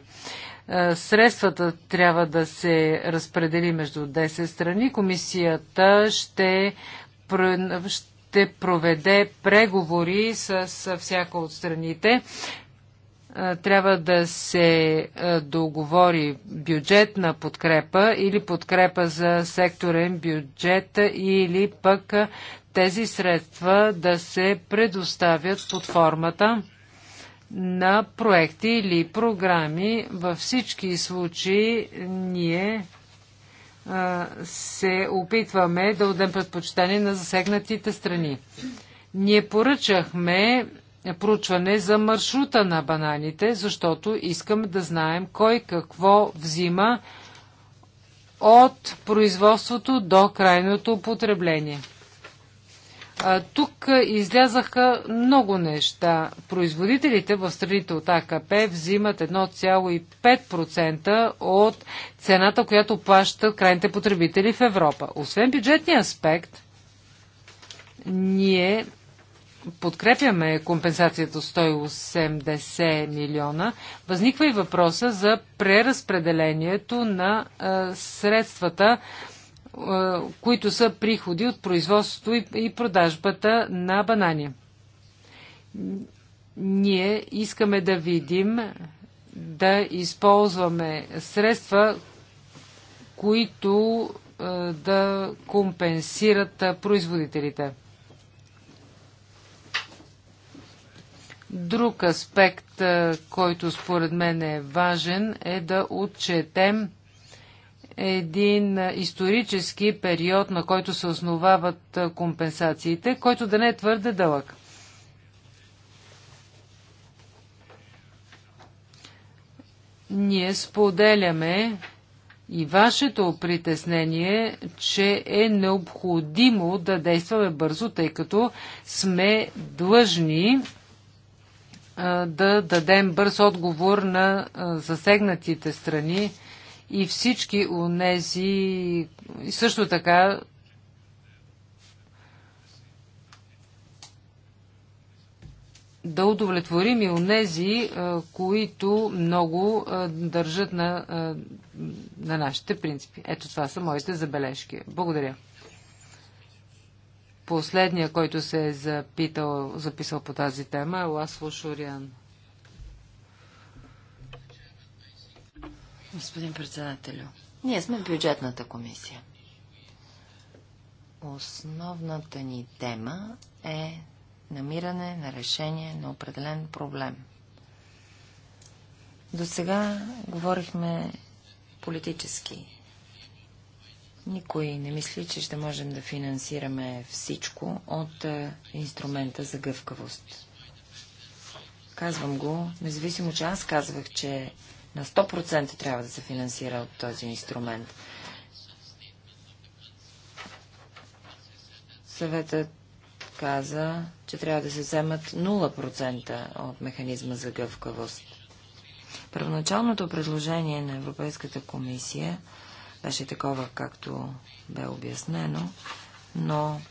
Средствата трябва да се разпредели между 10 страни. Комисията ще, ще проведе преговори с всяка от страните трябва да се договори бюджетна подкрепа или подкрепа за секторен бюджет или пък тези средства да се предоставят под формата на проекти или програми. Във всички случаи ние а, се опитваме да отдем предпочитание на засегнатите страни. Ние поръчахме проучване за маршрута на бананите, защото искаме да знаем кой какво взима от производството до крайното употребление. А, тук излязаха много неща. Производителите в страните от АКП взимат 1,5% от цената, която плащат крайните потребители в Европа. Освен бюджетния аспект, ние подкрепяме компенсацията 180 милиона, възниква и въпроса за преразпределението на а, средствата които са приходи от производството и продажбата на банани. Ние искаме да видим да използваме средства, които да компенсират производителите. Друг аспект, който според мен е важен, е да отчетем един исторически период, на който се основават компенсациите, който да не е твърде дълъг. Ние споделяме и вашето притеснение, че е необходимо да действаме бързо, тъй като сме длъжни да дадем бърз отговор на засегнатите страни и всички унези, също така да удовлетворим и унези, които много държат на, на нашите принципи. Ето това са моите забележки. Благодаря. Последния, който се е запитал, записал по тази тема е Ласло Шориан. Господин председателю, ние сме бюджетната комисия. Основната ни тема е намиране на решение на определен проблем. До сега говорихме политически. Никой не мисли, че ще можем да финансираме всичко от е, инструмента за гъвкавост. Казвам го, независимо, че аз казвах, че на 100% трябва да се финансира от този инструмент. Съветът каза, че трябва да се вземат 0% от механизма за гъвкавост. Първоначалното предложение на Европейската комисия беше такова, както бе обяснено, но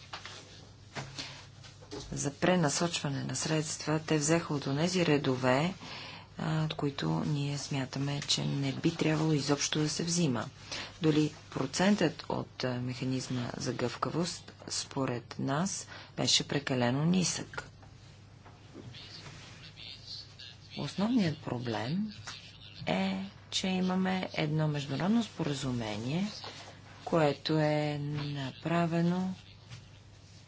за пренасочване на средства те взеха от тези редове, от които ние смятаме, че не би трябвало изобщо да се взима. Дали процентът от механизма за гъвкавост, според нас, беше прекалено нисък. Основният проблем е, че имаме едно международно споразумение, което е направено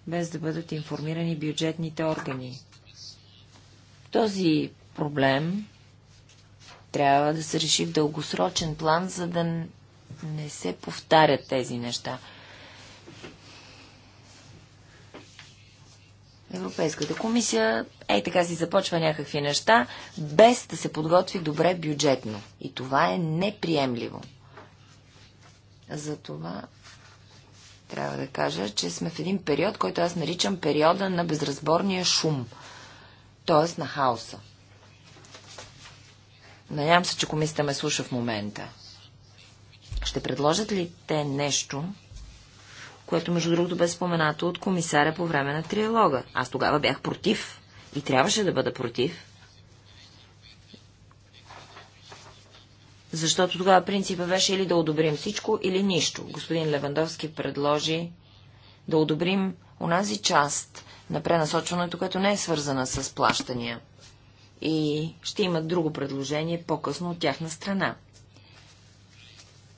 без да бъдат информирани бюджетните органи. Този проблем трябва да се реши в дългосрочен план, за да не се повтарят тези неща. Европейската комисия ей така си започва някакви неща, без да се подготви добре бюджетно. И това е неприемливо. Затова трябва да кажа, че сме в един период, който аз наричам периода на безразборния шум, т.е. на хаоса. Надявам се, че комисията ме слуша в момента. Ще предложат ли те нещо, което между другото бе споменато от комисаря по време на триалога? Аз тогава бях против и трябваше да бъда против. Защото тогава принципа беше или да одобрим всичко, или нищо. Господин Левандовски предложи да одобрим унази част на пренасочването, което не е свързана с плащания и ще имат друго предложение по-късно от тяхна страна.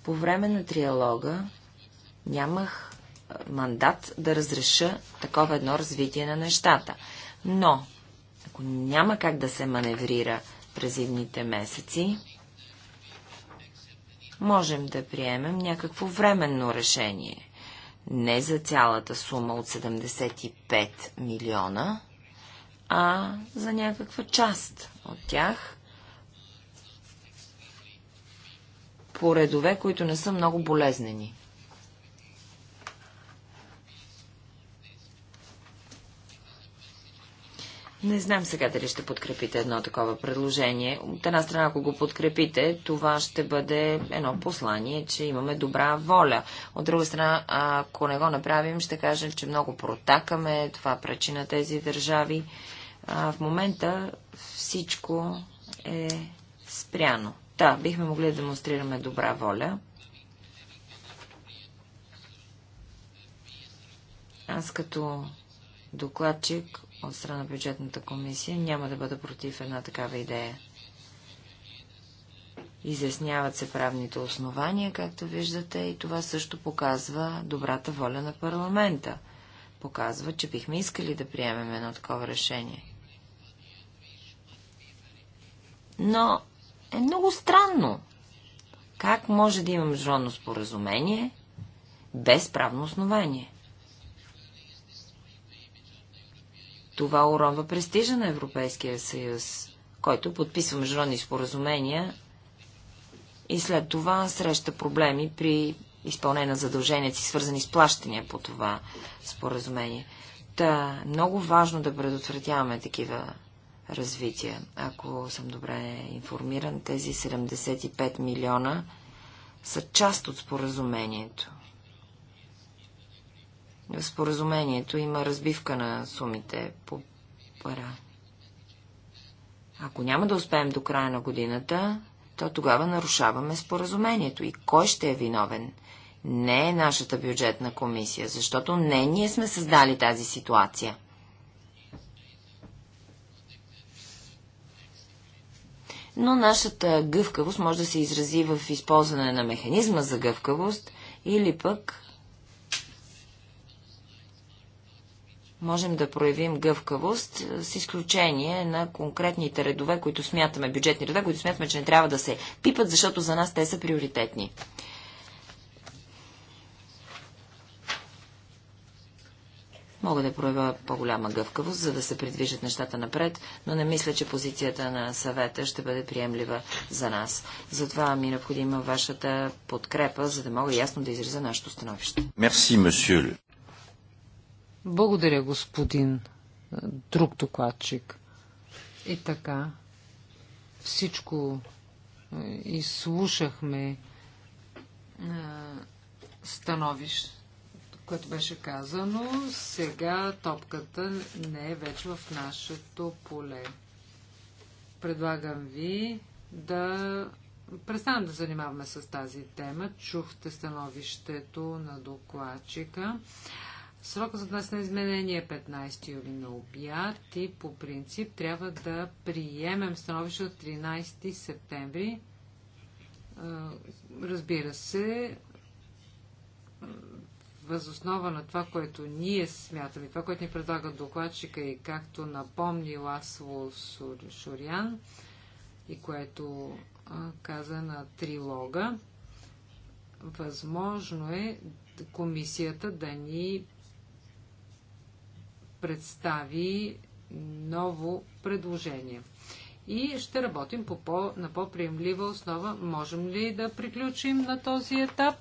По време на триалога нямах мандат да разреша такова едно развитие на нещата. Но, ако няма как да се маневрира през едните месеци, можем да приемем някакво временно решение. Не за цялата сума от 75 милиона, а за някаква част от тях по редове, които не са много болезнени. Не знам сега дали ще подкрепите едно такова предложение. От една страна, ако го подкрепите, това ще бъде едно послание, че имаме добра воля. От друга страна, ако не го направим, ще кажем, че много протакаме. Това пречи на тези държави а, в момента всичко е спряно. Да, бихме могли да демонстрираме добра воля. Аз като докладчик от страна на бюджетната комисия няма да бъда против една такава идея. Изясняват се правните основания, както виждате, и това също показва добрата воля на парламента. Показва, че бихме искали да приемем едно такова решение. Но е много странно. Как може да има международно споразумение без правно основание? Това уронва престижа на Европейския съюз, който подписва международни споразумения и след това среща проблеми при изпълнение на задълженията си, свързани с плащания по това споразумение. Та, много важно да предотвратяваме такива развитие. Ако съм добре информиран, тези 75 милиона са част от споразумението. В споразумението има разбивка на сумите по пара. Ако няма да успеем до края на годината, то тогава нарушаваме споразумението. И кой ще е виновен? Не е нашата бюджетна комисия, защото не ние сме създали тази ситуация – Но нашата гъвкавост може да се изрази в използване на механизма за гъвкавост или пък можем да проявим гъвкавост с изключение на конкретните редове, които смятаме, бюджетни редове, които смятаме, че не трябва да се пипат, защото за нас те са приоритетни. Мога да проявя по-голяма гъвкавост, за да се придвижат нещата напред, но не мисля, че позицията на съвета ще бъде приемлива за нас. Затова ми е необходима вашата подкрепа, за да мога ясно да изреза нашето становище. Мерси, месье. Благодаря, господин друг докладчик. И така, всичко изслушахме становище което беше казано. Сега топката не е вече в нашето поле. Предлагам ви да престанем да занимаваме с тази тема. Чухте становището на докладчика. Срока за днес на изменение е 15 юли на обяд и по принцип трябва да приемем становище от 13 септември. Разбира се, възоснова на това, което ние смятаме, това, което ни предлага докладчика и както напомни Ласло Шурян и което а, каза на трилога, възможно е комисията да ни представи ново предложение. И ще работим по, по, на по-приемлива основа. Можем ли да приключим на този етап?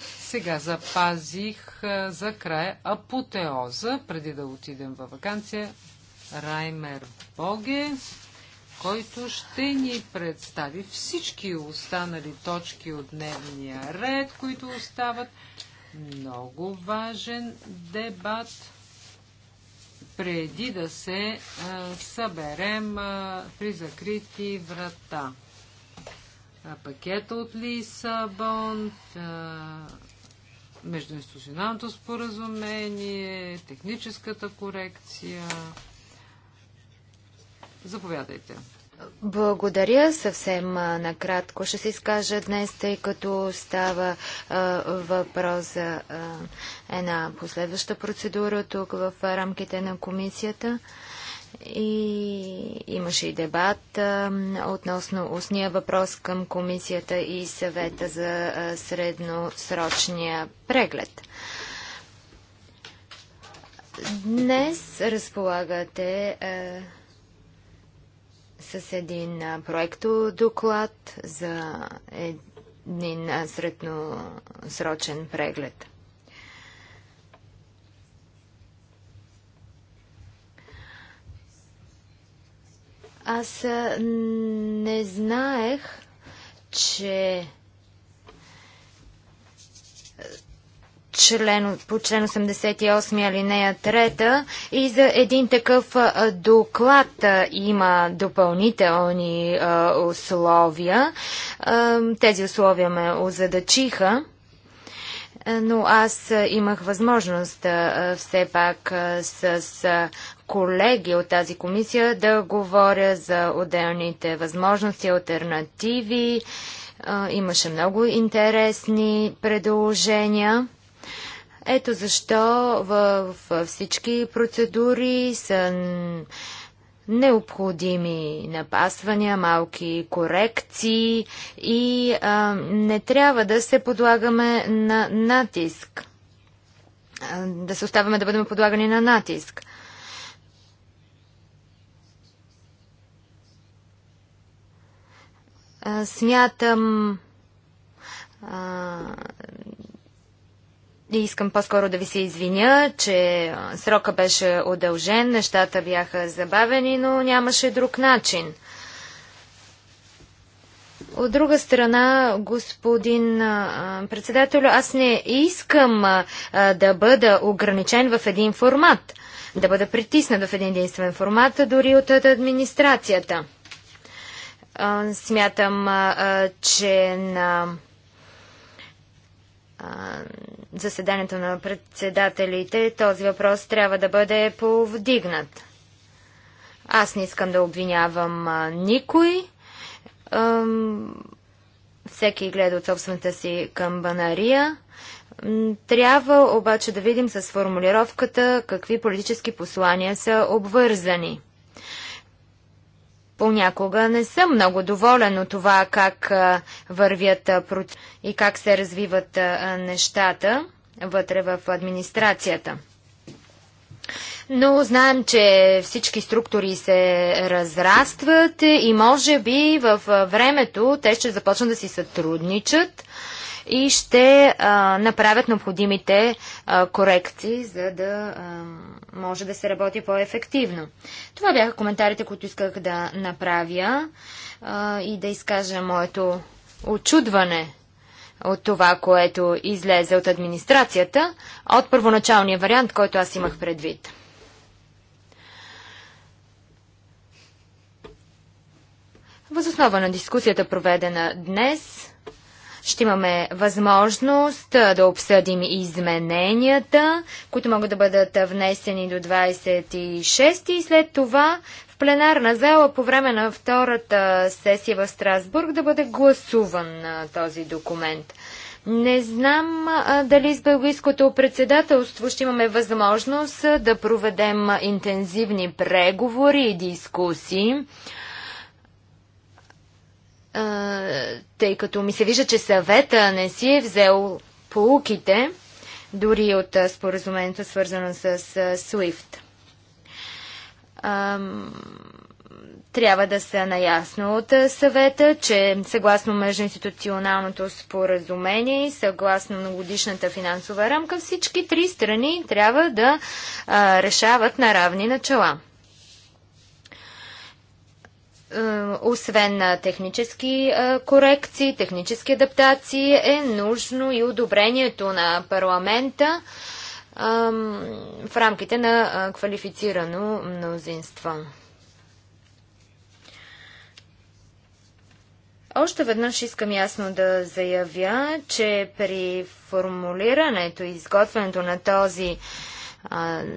Сега запазих за края апотеоза, преди да отидем във вакансия, Раймер Боге, който ще ни представи всички останали точки от дневния ред, които остават. Много важен дебат преди да се а, съберем а, при закрити врата пакета от Лисабон, междуинституционалното споразумение, техническата корекция. Заповядайте. Благодаря. Съвсем накратко ще се изкажа днес, тъй като става а, въпрос за а, една последваща процедура тук в рамките на комисията. А, и имаше и дебат а, относно устния въпрос към комисията и съвета за а, средносрочния преглед. Днес разполагате а, с един проекто доклад за един средносрочен преглед. Аз не знаех, че член, по член 88 алинея 3 и за един такъв доклад има допълнителни а, условия. А, тези условия ме озадачиха, но аз имах възможност все пак с колеги от тази комисия да говоря за отделните възможности, альтернативи. Имаше много интересни предложения. Ето защо във всички процедури са необходими напасвания, малки корекции и а, не трябва да се подлагаме на натиск. Да се оставаме да бъдем подлагани на натиск. Смятам и искам по-скоро да ви се извиня, че срока беше удължен, нещата бяха забавени, но нямаше друг начин. От друга страна, господин председател, аз не искам а, да бъда ограничен в един формат, да бъда притиснат в един единствен формат, дори от администрацията. Смятам, че на заседанието на председателите този въпрос трябва да бъде повдигнат. Аз не искам да обвинявам никой. Всеки гледа от собствената си камбанария. Трябва обаче да видим с формулировката какви политически послания са обвързани – понякога не съм много доволен от това как вървят и как се развиват нещата вътре в администрацията. Но знаем, че всички структури се разрастват и може би в времето те ще започнат да си сътрудничат и ще а, направят необходимите а, корекции, за да а, може да се работи по-ефективно. Това бяха коментарите, които исках да направя а, и да изкажа моето очудване от това, което излезе от администрацията, от първоначалния вариант, който аз имах предвид. Възоснова на дискусията, проведена днес, ще имаме възможност да обсъдим измененията, които могат да бъдат внесени до 26 и след това в пленарна зала по време на втората сесия в Страсбург да бъде гласуван този документ. Не знам дали с Белгийското председателство ще имаме възможност да проведем интензивни преговори и дискусии тъй като ми се вижда, че съвета не си е взел полуките дори от споразумението, свързано с SWIFT. Трябва да са наясно от съвета, че съгласно междуинституционалното споразумение и съгласно многодишната финансова рамка, всички три страни трябва да решават на равни начала. Е, освен на технически е, корекции, технически адаптации, е нужно и одобрението на парламента в рамките на е, квалифицирано мнозинство. Още веднъж искам ясно да заявя, че при формулирането и изготвянето на този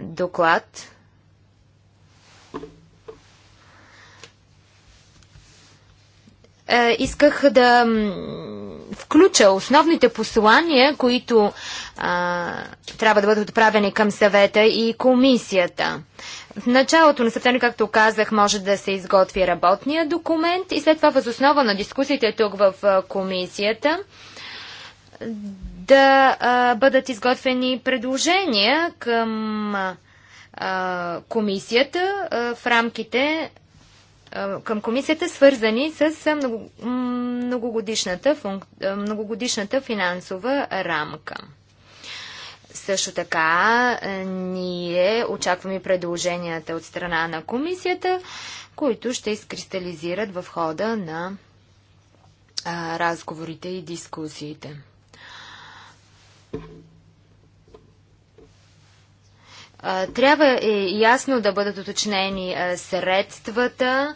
доклад Е, исках да включа основните послания, които а, трябва да бъдат отправени към съвета и комисията. В началото на септември, както казах, може да се изготви работния документ и след това възоснова на дискусиите тук в комисията да а, бъдат изготвени предложения към а, комисията а, в рамките към комисията, свързани с много, многогодишната, функ... многогодишната финансова рамка. Също така ние очакваме предложенията от страна на комисията, които ще изкристализират в хода на разговорите и дискусиите. Трябва е ясно да бъдат уточнени средствата,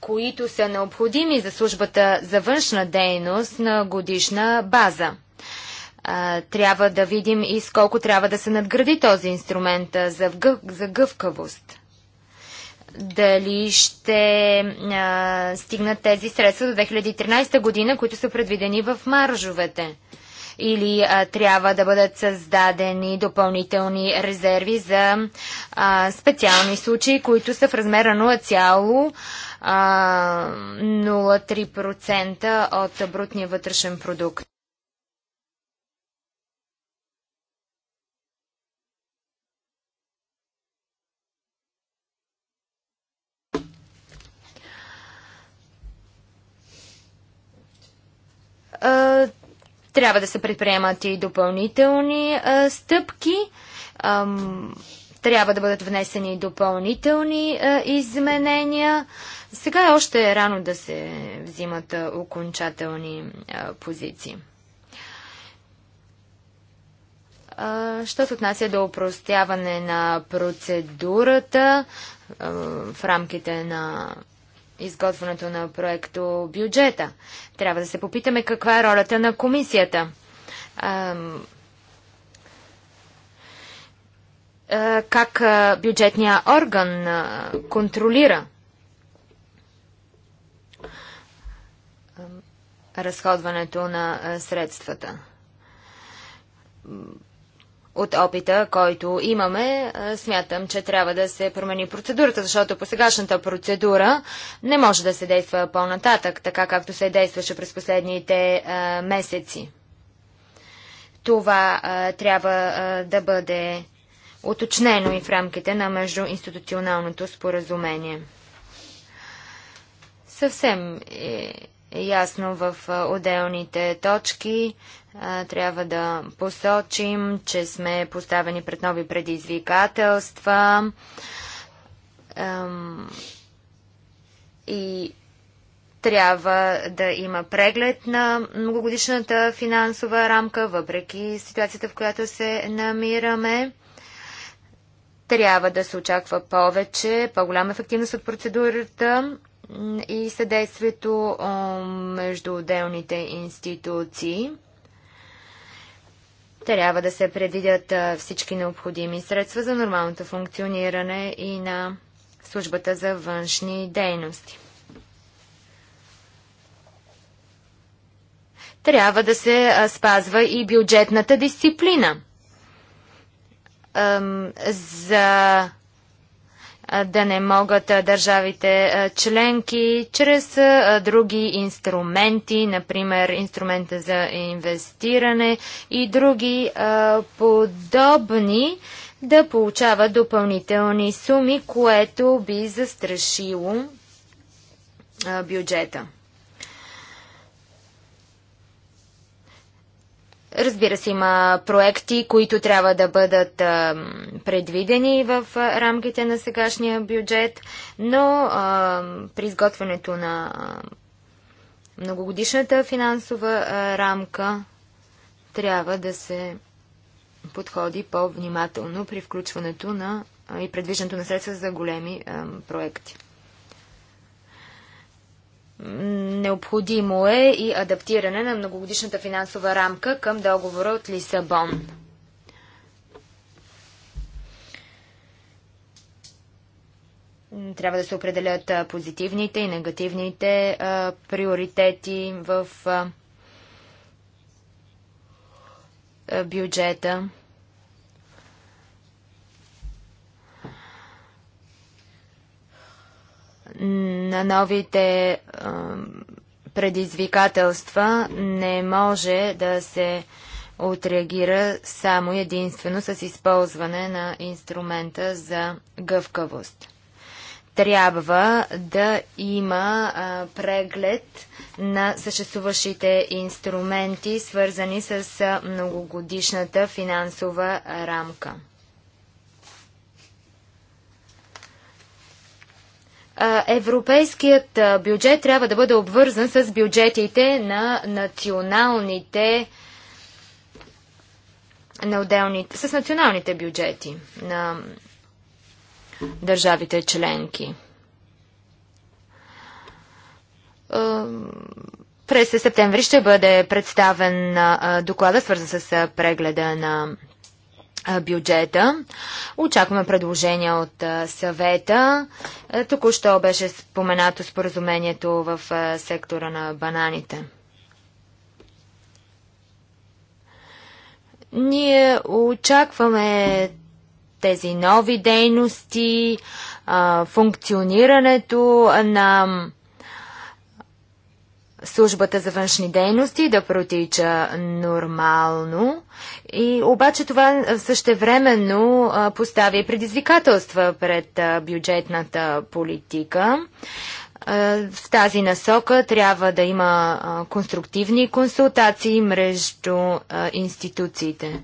които са необходими за службата за външна дейност на годишна база. Трябва да видим и сколко трябва да се надгради този инструмент за, гъвкавост. Дали ще стигнат тези средства до 2013 година, които са предвидени в маржовете или а, трябва да бъдат създадени допълнителни резерви за а, специални случаи, които са в размер на 0,03% от брутния вътрешен продукт. Трябва да се предприемат и допълнителни а, стъпки. Ам, трябва да бъдат внесени допълнителни а, изменения. Сега е още рано да се взимат а, окончателни а, позиции. Що се отнася до упростяване на процедурата в рамките на изготвянето на проекто бюджета. Трябва да се попитаме каква е ролята на комисията. как бюджетния орган контролира разходването на средствата от опита, който имаме, смятам, че трябва да се промени процедурата, защото по сегашната процедура не може да се действа по-нататък, така както се действаше през последните а, месеци. Това а, трябва а, да бъде уточнено и в рамките на междуинституционалното споразумение. Съвсем е, ясно в отделните точки. Трябва да посочим, че сме поставени пред нови предизвикателства и трябва да има преглед на многогодишната финансова рамка, въпреки ситуацията, в която се намираме. Трябва да се очаква повече, по-голяма ефективност от процедурата и съдействието между отделните институции. Трябва да се предвидят всички необходими средства за нормалното функциониране и на службата за външни дейности. Трябва да се спазва и бюджетната дисциплина. За да не могат държавите членки чрез други инструменти, например инструмента за инвестиране и други подобни, да получават допълнителни суми, което би застрашило бюджета. Разбира се, има проекти, които трябва да бъдат а, предвидени в а, рамките на сегашния бюджет, но а, при изготвянето на многогодишната финансова рамка трябва да се подходи по-внимателно при включването на и предвиждането на средства за големи проекти. Необходимо е и адаптиране на многогодишната финансова рамка към договора от Лисабон. Трябва да се определят позитивните и негативните а, приоритети в а, бюджета. на новите предизвикателства не може да се отреагира само единствено с използване на инструмента за гъвкавост. Трябва да има а, преглед на съществуващите инструменти, свързани с многогодишната финансова рамка. Европейският бюджет трябва да бъде обвързан с бюджетите на националните на отделните, с националните бюджети на държавите членки. През септември ще бъде представен доклада, свързан с прегледа на бюджета. Очакваме предложения от съвета. Току-що беше споменато споразумението в сектора на бананите. Ние очакваме тези нови дейности, функционирането на службата за външни дейности да протича нормално. И обаче това същевременно и предизвикателства пред бюджетната политика. В тази насока трябва да има конструктивни консултации между институциите.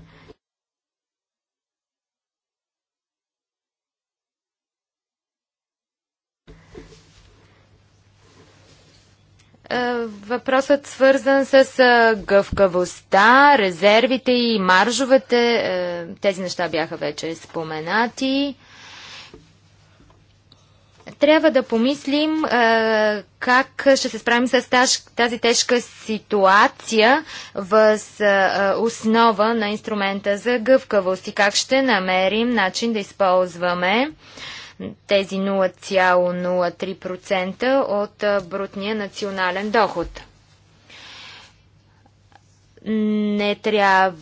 Е, въпросът свързан с е, гъвкавостта, резервите и маржовете, е, тези неща бяха вече споменати. Трябва да помислим как ще се справим с тази тежка ситуация в основа на инструмента за гъвкавост и как ще намерим начин да използваме тези 0,03% от брутния национален доход. Не трябва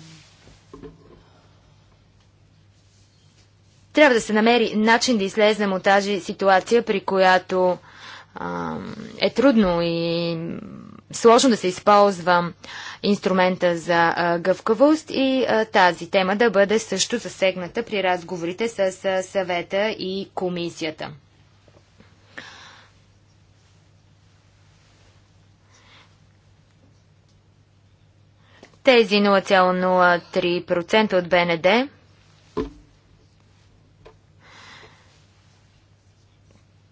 трябва да се намери начин да излезнем от тази ситуация, при която а, е трудно и сложно да се използва инструмента за гъвкавост и тази тема да бъде също засегната при разговорите с съвета и комисията. Тези 0,03% от БНД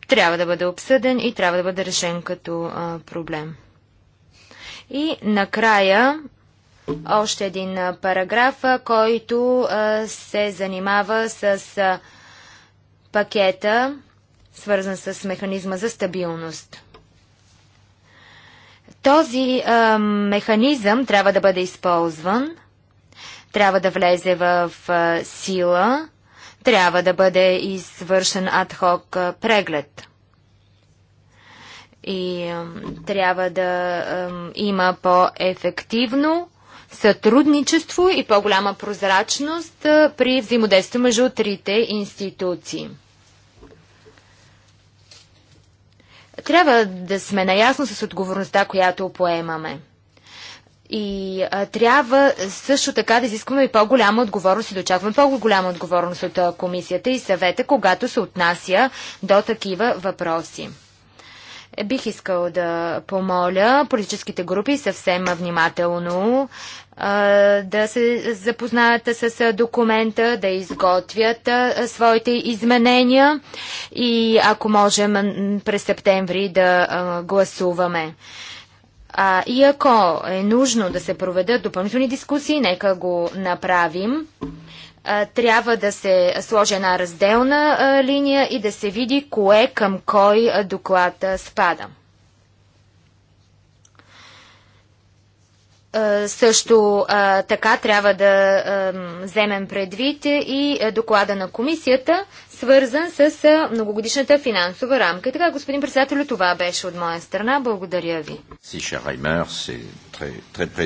трябва да бъде обсъден и трябва да бъде решен като проблем. И накрая още един параграф, който се занимава с пакета, свързан с механизма за стабилност. Този а, механизъм трябва да бъде използван, трябва да влезе в а, сила, трябва да бъде извършен адхок преглед и а, трябва да а, има по-ефективно сътрудничество и по-голяма прозрачност а, при взаимодействие между трите институции. Трябва да сме наясно с отговорността, която поемаме. И а, трябва също така да изискваме и по-голяма отговорност и да очакваме по-голяма отговорност от комисията и съвета, когато се отнася до такива въпроси. Бих искал да помоля политическите групи съвсем внимателно да се запознаят с документа, да изготвят своите изменения и ако можем през септември да гласуваме. А, и ако е нужно да се проведат допълнителни дискусии, нека го направим трябва да се сложи една разделна линия и да се види кое към кой доклад спада. Също така трябва да вземем предвид и доклада на комисията, свързан с многогодишната финансова рамка. И така, господин председател, това беше от моя страна. Благодаря ви. Си, Шараймер, c'est très, très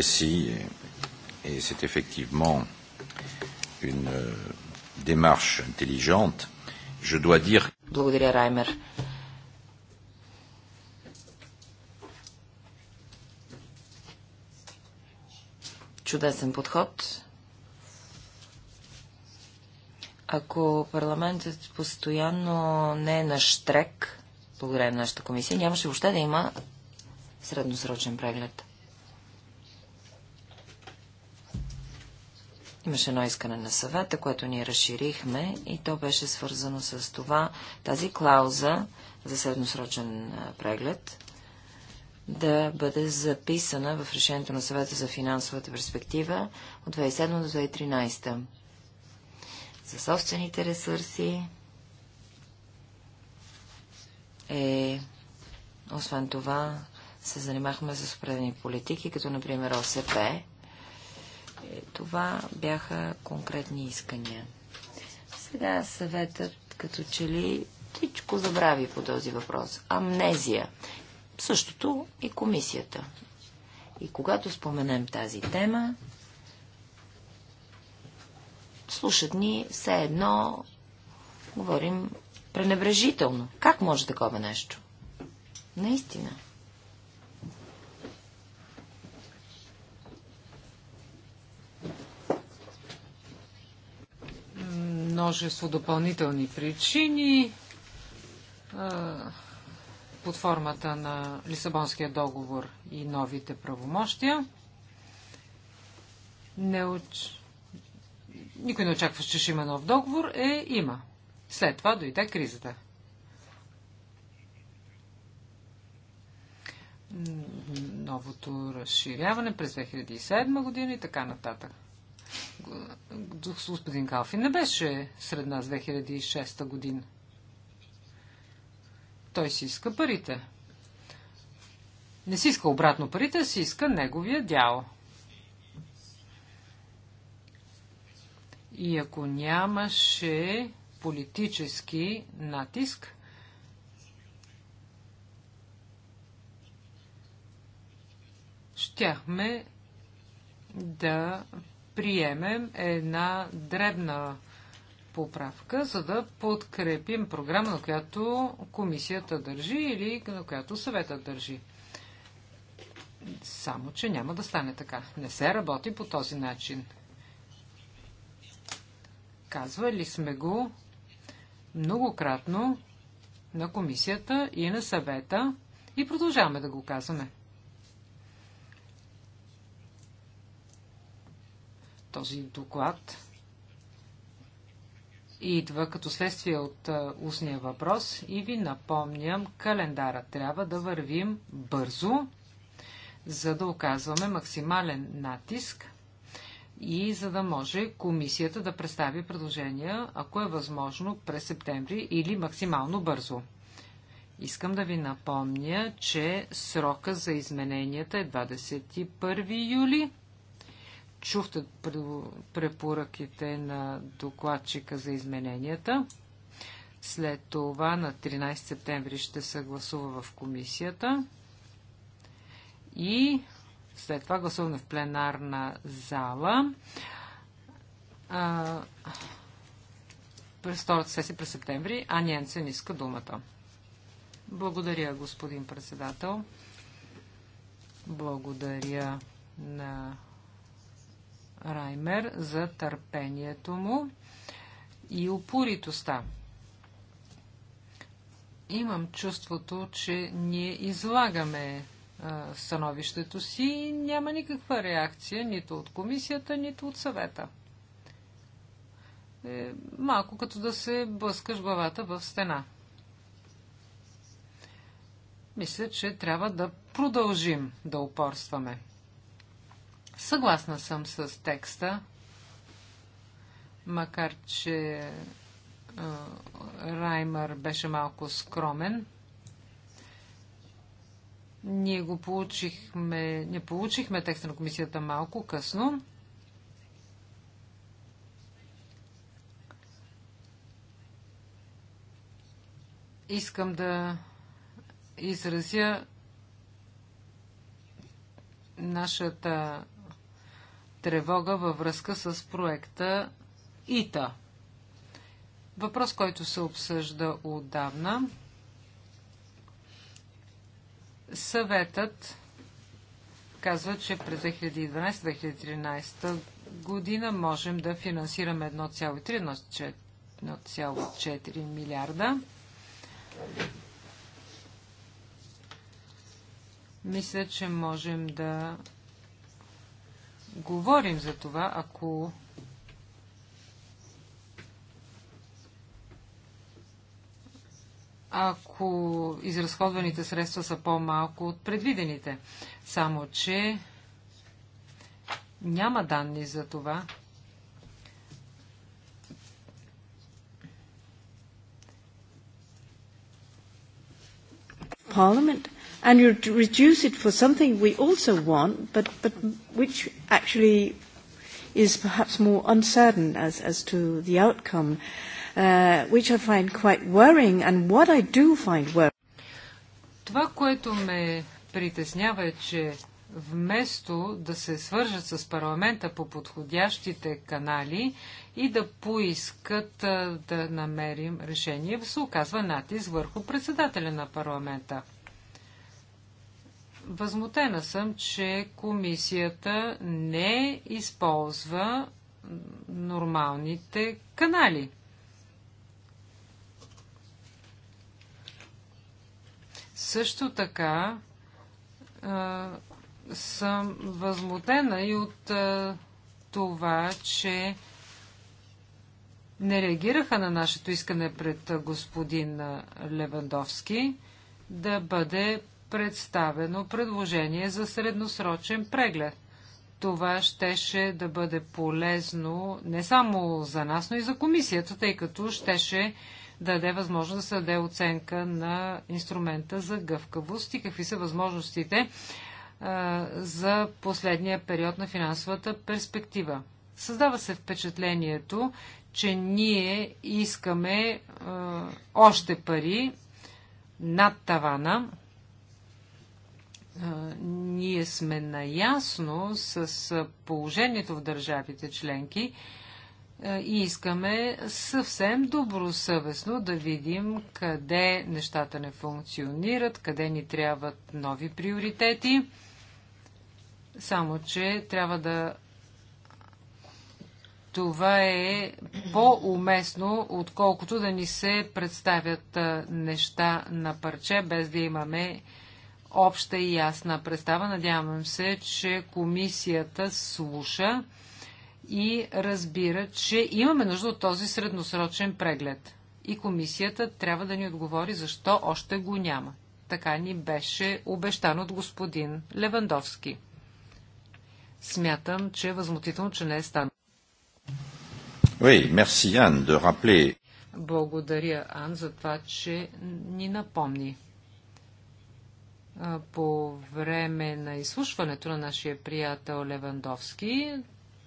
une euh, démarche intelligente. Je dois dire... Благодаря, Раймер. Чудесен подход. Ако парламентът постоянно не е на штрек, благодаря на нашата комисия, нямаше въобще да има средносрочен преглед. Имаше едно искане на съвета, което ние разширихме и то беше свързано с това тази клауза за средносрочен преглед да бъде записана в решението на съвета за финансовата перспектива от 2007 до 2013. За собствените ресурси е, освен това, се занимахме с определени политики, като например ОСП, е, това бяха конкретни искания. Сега съветът като че ли всичко забрави по този въпрос. Амнезия. Същото и комисията. И когато споменем тази тема, слушат ни все едно, говорим пренебрежително. Как може такова нещо? Наистина. множество допълнителни причини под формата на Лисабонския договор и новите правомощия. Не уч... Никой не очакваше, че ще има нов договор. Е, има. След това дойде кризата. Новото разширяване през 2007 година и така нататък господин Калфин не беше сред нас 2006 година. Той си иска парите. Не си иска обратно парите, а си иска неговия дял. И ако нямаше политически натиск, щяхме да приемем една дребна поправка, за да подкрепим програма, на която комисията държи или на която съвета държи. Само, че няма да стане така. Не се работи по този начин. Казвали сме го многократно на комисията и на съвета и продължаваме да го казваме. Този доклад идва като следствие от устния въпрос и ви напомням календара. Трябва да вървим бързо, за да оказваме максимален натиск и за да може комисията да представи предложения, ако е възможно, през септември или максимално бързо. Искам да ви напомня, че срока за измененията е 21 юли чухте препоръките на докладчика за измененията. След това на 13 септември ще се гласува в комисията и след това гласуваме в пленарна зала. А, през втората сесия през септември, а Ненсен иска думата. Благодаря, господин председател. Благодаря на Раймер за търпението му и упоритостта. Имам чувството, че ние излагаме а, становището си и няма никаква реакция нито от комисията, нито от съвета. Е, малко като да се блъскаш главата в стена. Мисля, че трябва да продължим да упорстваме. Съгласна съм с текста, макар че Раймър беше малко скромен. Ние го получихме, не получихме текста на комисията малко късно. Искам да изразя нашата тревога във връзка с проекта ИТА. Въпрос, който се обсъжда отдавна. Съветът казва, че през 2012-2013 година можем да финансираме 1,3-1,4 милиарда. Мисля, че можем да говорим за това, ако ако изразходваните средства са по-малко от предвидените. Само, че няма данни за това. Parliament and you reduce it for something we also want, but, but which actually is perhaps more uncertain as, as to the outcome, uh, which I find quite worrying. And what I do find worrying. Това, което ме притеснява е, че вместо да се свържат с парламента по подходящите канали и да поискат да намерим решение, се оказва натиск върху председателя на парламента. Възмутена съм, че комисията не използва нормалните канали. Също така а, съм възмутена и от а, това, че не реагираха на нашето искане пред господин Левандовски да бъде представено предложение за средносрочен преглед. Това щеше да бъде полезно не само за нас, но и за комисията, тъй като щеше да даде възможност да се даде оценка на инструмента за гъвкавост и какви са възможностите за последния период на финансовата перспектива. Създава се впечатлението, че ние искаме още пари над тавана, ние сме наясно с положението в държавите членки и искаме съвсем добросъвестно да видим къде нещата не функционират, къде ни трябват нови приоритети. Само, че трябва да. Това е по-уместно, отколкото да ни се представят неща на парче, без да имаме обща и ясна представа. Надявам се, че комисията слуша и разбира, че имаме нужда от този средносрочен преглед. И комисията трябва да ни отговори защо още го няма. Така ни беше обещан от господин Левандовски. Смятам, че е възмутително, че не е станало. Oui, merci, Anne, de rappeler. Благодаря, Ан, за това, че ни напомни по време на изслушването на нашия приятел Левандовски,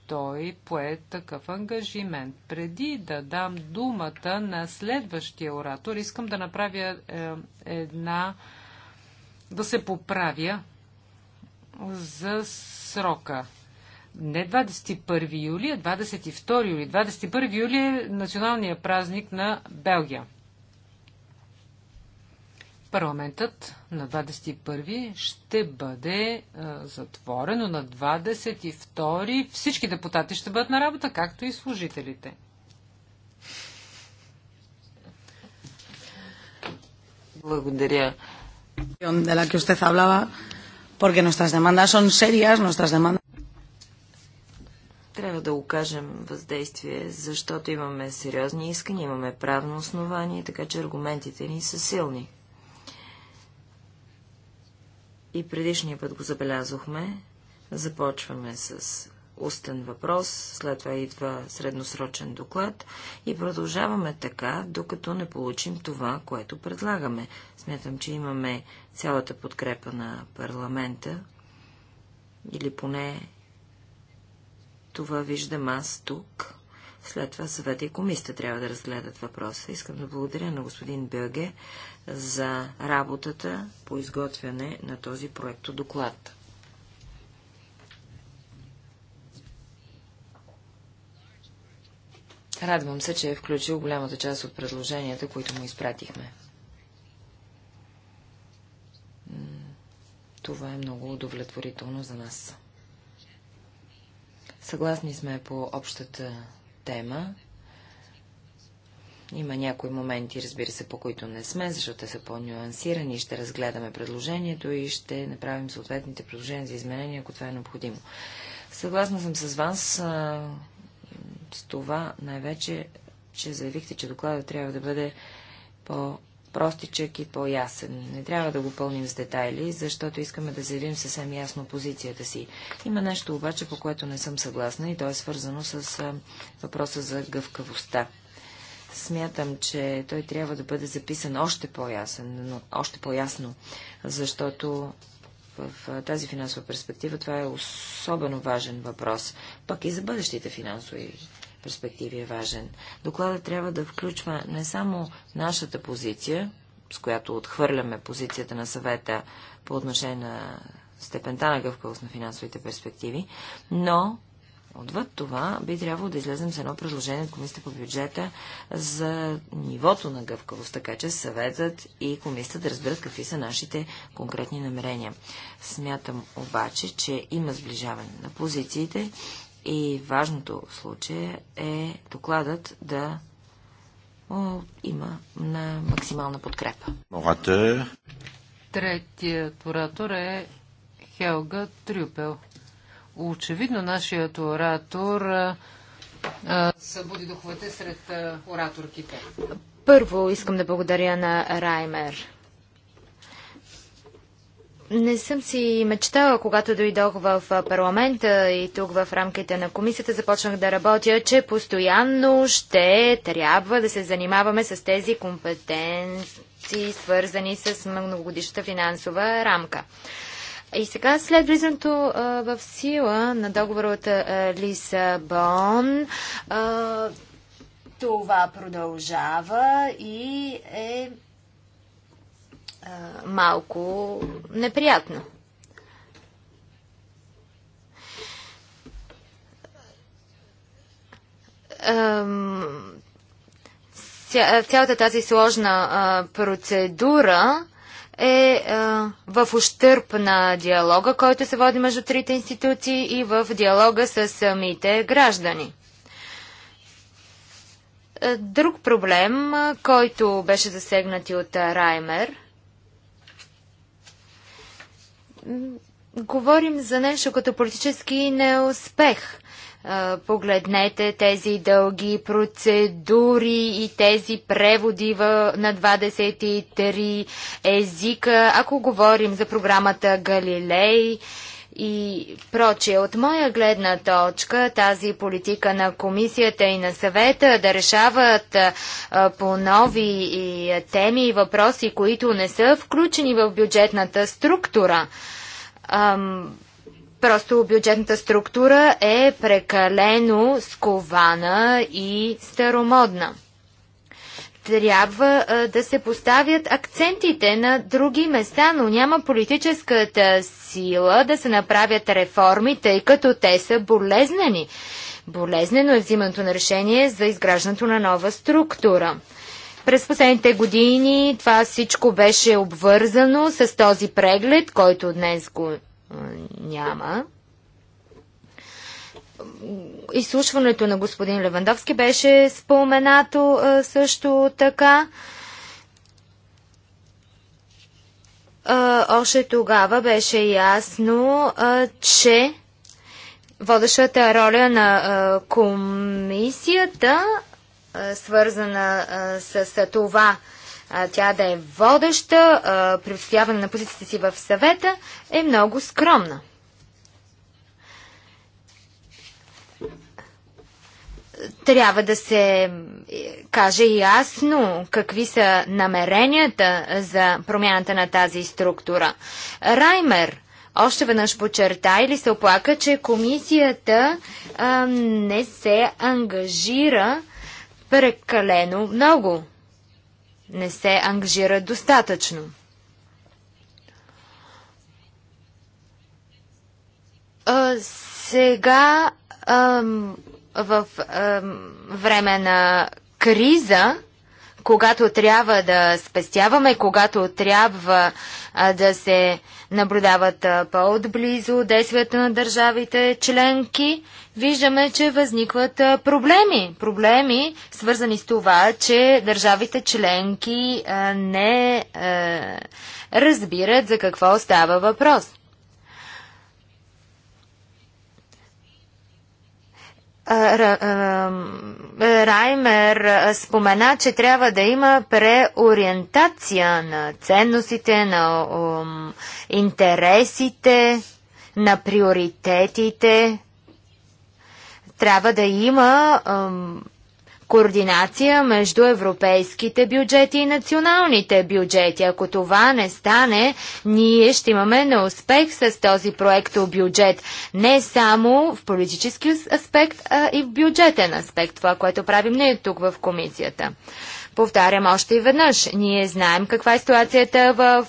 той пое такъв ангажимент. Преди да дам думата на следващия оратор, искам да направя е, една. да се поправя за срока. Не 21 юли, а 22 юли. 21 юли е националният празник на Белгия. Парламентът на 21 ще бъде а, затворен, но на 22 всички депутати ще бъдат на работа, както и служителите. Благодаря. De la que usted hablaba, porque nuestras demandas son serias, nuestras demandas трябва да окажем въздействие, защото имаме сериозни искания, имаме правно основание, така че аргументите ни са силни и предишния път го забелязохме. Започваме с устен въпрос, след това идва средносрочен доклад и продължаваме така, докато не получим това, което предлагаме. Смятам, че имаме цялата подкрепа на парламента или поне това виждам аз тук. След това съвета и комисията трябва да разгледат въпроса. Искам да благодаря на господин Бюге за работата по изготвяне на този проекто доклад. Радвам се, че е включил голямата част от предложенията, които му изпратихме. Това е много удовлетворително за нас. Съгласни сме по общата тема. Има някои моменти, разбира се, по които не сме, защото те са по-нюансирани. Ще разгледаме предложението и ще направим съответните предложения за изменения, ако това е необходимо. Съгласна съм с вас а, с това най-вече, че заявихте, че докладът трябва да бъде по простичък и по-ясен. Не трябва да го пълним с детайли, защото искаме да заявим съвсем ясно позицията си. Има нещо обаче, по което не съм съгласна и то е свързано с а, въпроса за гъвкавостта. Смятам, че той трябва да бъде записан още по-ясен, още по-ясно, защото в тази финансова перспектива това е особено важен въпрос, пък и за бъдещите финансови перспективи е важен. Докладът трябва да включва не само нашата позиция, с която отхвърляме позицията на съвета по отношение на степента на гъвкавост на финансовите перспективи, но отвъд това би трябвало да излезем с едно предложение от Комисията по бюджета за нивото на гъвкавост, така че съветът и комисията да разберат какви са нашите конкретни намерения. Смятам обаче, че има сближаване на позициите и важното в случая е докладът да о, има на максимална подкрепа. Оратор. Третият оратор е Хелга Трюпел. Очевидно нашият оратор а, събуди духовете сред а, ораторките. Първо искам да благодаря на Раймер не съм си мечтала, когато дойдох в парламента и тук в рамките на комисията започнах да работя, че постоянно ще трябва да се занимаваме с тези компетенции, свързани с многогодишната финансова рамка. И сега след влизането в сила на договора от Лисабон, това продължава и е малко неприятно. Цялата тази сложна процедура е в ущърп на диалога, който се води между трите институции и в диалога с самите граждани. Друг проблем, който беше засегнат и от Раймер – говорим за нещо като политически неуспех. Погледнете тези дълги процедури и тези преводи на 23 езика. Ако говорим за програмата Галилей, и прочие. От моя гледна точка тази политика на комисията и на съвета да решават по нови теми и въпроси, които не са включени в бюджетната структура. просто бюджетната структура е прекалено скована и старомодна трябва да се поставят акцентите на други места, но няма политическата сила да се направят реформи, тъй като те са болезнени. Болезнено е взимането на решение за изграждането на нова структура. През последните години това всичко беше обвързано с този преглед, който днес го няма изслушването на господин Левандовски беше споменато а, също така. А, още тогава беше ясно, а, че водещата роля на а, комисията, а, свързана а, с а, това, а, тя да е водеща а, при на позицията си в съвета, е много скромна. трябва да се е, каже ясно какви са намеренията за промяната на тази структура. Раймер още веднъж почерта или се оплака, че комисията а, не се ангажира прекалено много. Не се ангажира достатъчно. А, сега в е, време на криза, когато трябва да спестяваме, когато трябва а, да се наблюдават по-отблизо действията на държавите членки, виждаме, че възникват а, проблеми. Проблеми, свързани с това, че държавите членки а, не е, разбират за какво става въпрос. Раймер спомена, че трябва да има преориентация на ценностите, на интересите, на приоритетите. Трябва да има координация между европейските бюджети и националните бюджети. Ако това не стане, ние ще имаме неуспех с този проект бюджет. Не само в политически аспект, а и в бюджетен аспект, това, което правим ние тук в комисията. Повтарям още и веднъж. Ние знаем каква е ситуацията в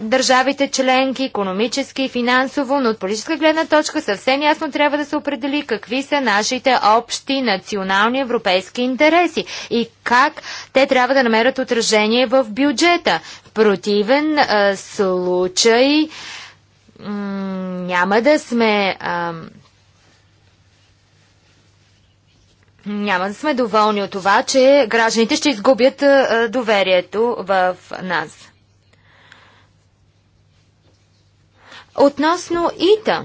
държавите членки, економически и финансово, но от политическа гледна точка съвсем ясно трябва да се определи какви са нашите общи национални европейски интереси и как те трябва да намерят отражение в бюджета. В противен а, случай няма да сме. А, няма да сме доволни от това, че гражданите ще изгубят доверието в нас. Относно ИТА,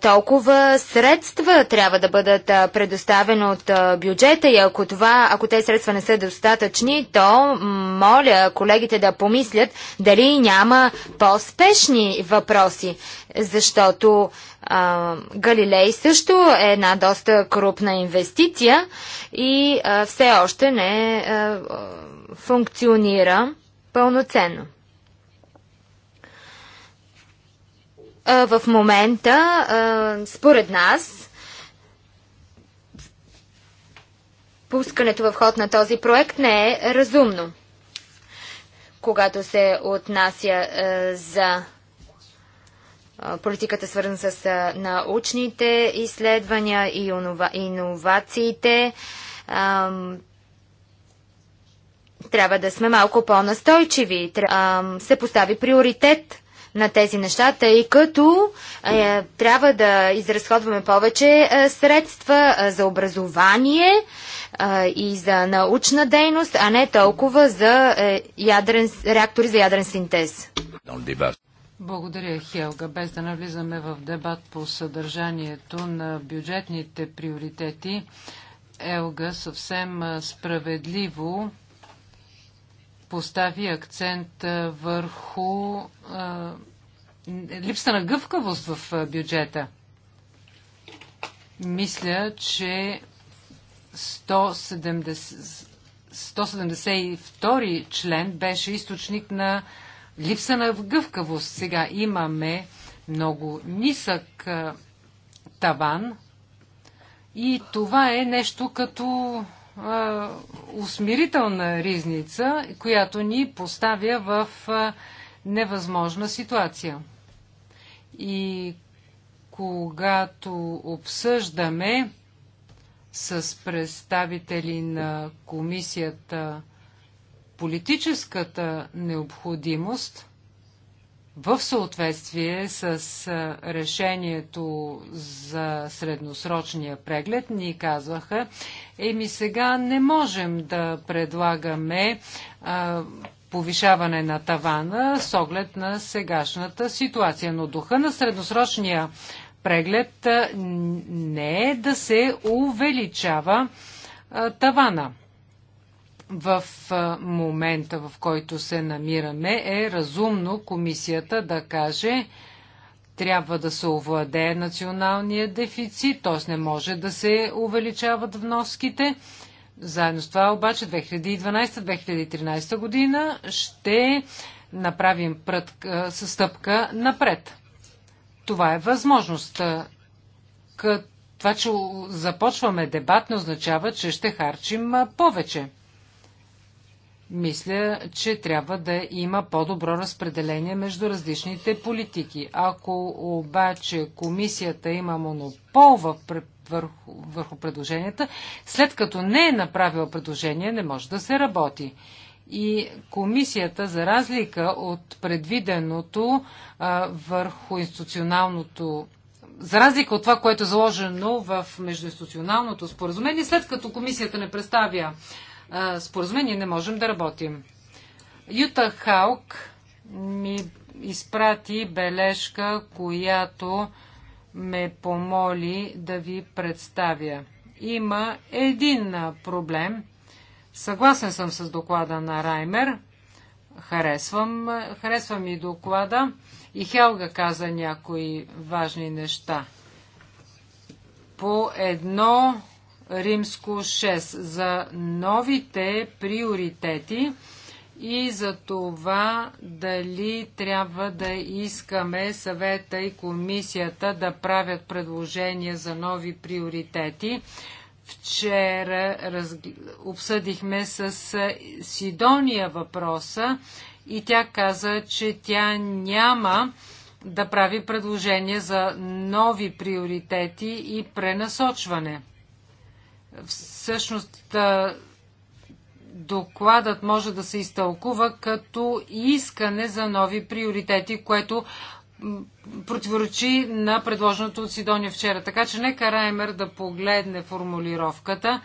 толкова средства трябва да бъдат предоставени от бюджета и ако, това, ако те средства не са достатъчни, то моля колегите да помислят дали няма по-спешни въпроси, защото а, Галилей също е една доста крупна инвестиция и а, все още не а, функционира пълноценно. в момента, според нас, пускането в ход на този проект не е разумно. Когато се отнася за политиката свързана с научните изследвания и иновациите, трябва да сме малко по-настойчиви. Се постави приоритет на тези неща, тъй като е, трябва да изразходваме повече е, средства е, за образование е, и за научна дейност, а не толкова за е, ядрен, реактори за ядрен синтез. Благодаря, Хелга. Без да навлизаме в дебат по съдържанието на бюджетните приоритети, Елга съвсем е, справедливо постави акцент върху а, липса на гъвкавост в бюджета. Мисля, че 170, 172 член беше източник на липса на гъвкавост. Сега имаме много нисък а, таван и това е нещо като усмирителна ризница, която ни поставя в невъзможна ситуация. И когато обсъждаме с представители на комисията политическата необходимост – в съответствие с решението за средносрочния преглед, ни казваха, еми сега не можем да предлагаме а, повишаване на тавана с оглед на сегашната ситуация. Но духа на средносрочния преглед не е да се увеличава а, тавана в момента, в който се намираме, е разумно комисията да каже, трябва да се овладее националния дефицит, т.е. не може да се увеличават вноските. Заедно с това обаче 2012-2013 година ще направим прът, стъпка напред. Това е възможност. Това, че започваме дебат, не означава, че ще харчим повече мисля, че трябва да има по-добро разпределение между различните политики. Ако обаче комисията има монопол върху, върху предложенията, след като не е направила предложение, не може да се работи. И комисията, за разлика от предвиденото а, върху институционалното за разлика от това, което е заложено в междуинституционалното споразумение, след като комисията не представя споразумение не можем да работим. Юта Халк ми изпрати бележка, която ме помоли да ви представя. Има един проблем. Съгласен съм с доклада на Раймер. Харесвам, харесвам и доклада. И Хелга каза някои важни неща. По едно римско 6 за новите приоритети и за това дали трябва да искаме съвета и комисията да правят предложения за нови приоритети. Вчера раз... обсъдихме с Сидония въпроса и тя каза, че тя няма да прави предложения за нови приоритети и пренасочване. Всъщност докладът може да се изтълкува като искане за нови приоритети, което противоречи на предложеното от Сидония вчера. Така че нека Раймер да погледне формулировката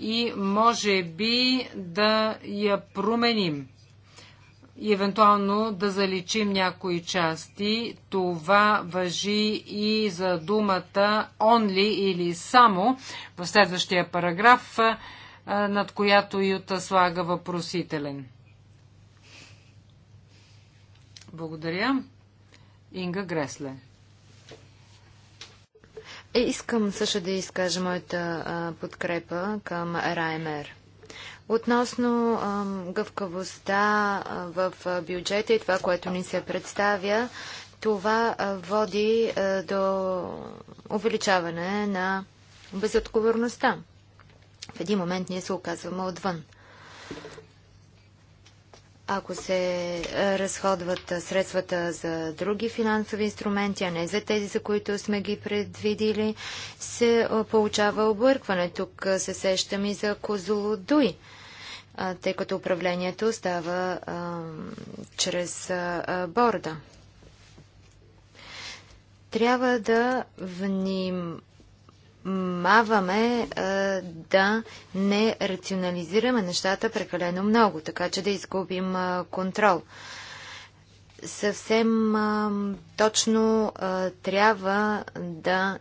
и може би да я променим и евентуално да заличим някои части. Това въжи и за думата only или само в следващия параграф, над която Юта слага въпросителен. Благодаря. Инга Гресле. Е, искам също да изкажа моята подкрепа към РАМР. Относно гъвкавостта в бюджета и това, което ни се представя, това води до увеличаване на безотговорността. В един момент ние се оказваме отвън. Ако се разходват средствата за други финансови инструменти, а не за тези, за които сме ги предвидили, се получава объркване. Тук се сещам и за Козлодуй тъй като управлението става а, чрез а, борда. Трябва да внимаваме а, да не рационализираме нещата прекалено много, така че да изгубим а, контрол. Съвсем а, точно а, трябва да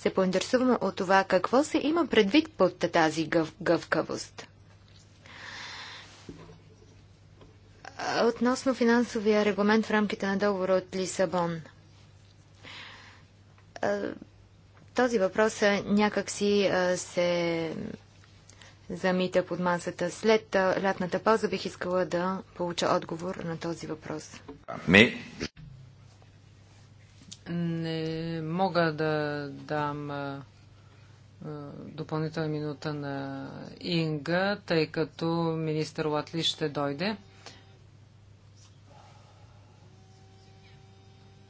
се поинтересуваме от това какво се има предвид под тази гъв, гъвкавост. Относно финансовия регламент в рамките на договора от Лисабон. Този въпрос е някакси се замита под масата. След лятната пауза бих искала да получа отговор на този въпрос. Не мога да дам допълнителна минута на Инга, тъй като министър Латли ще дойде.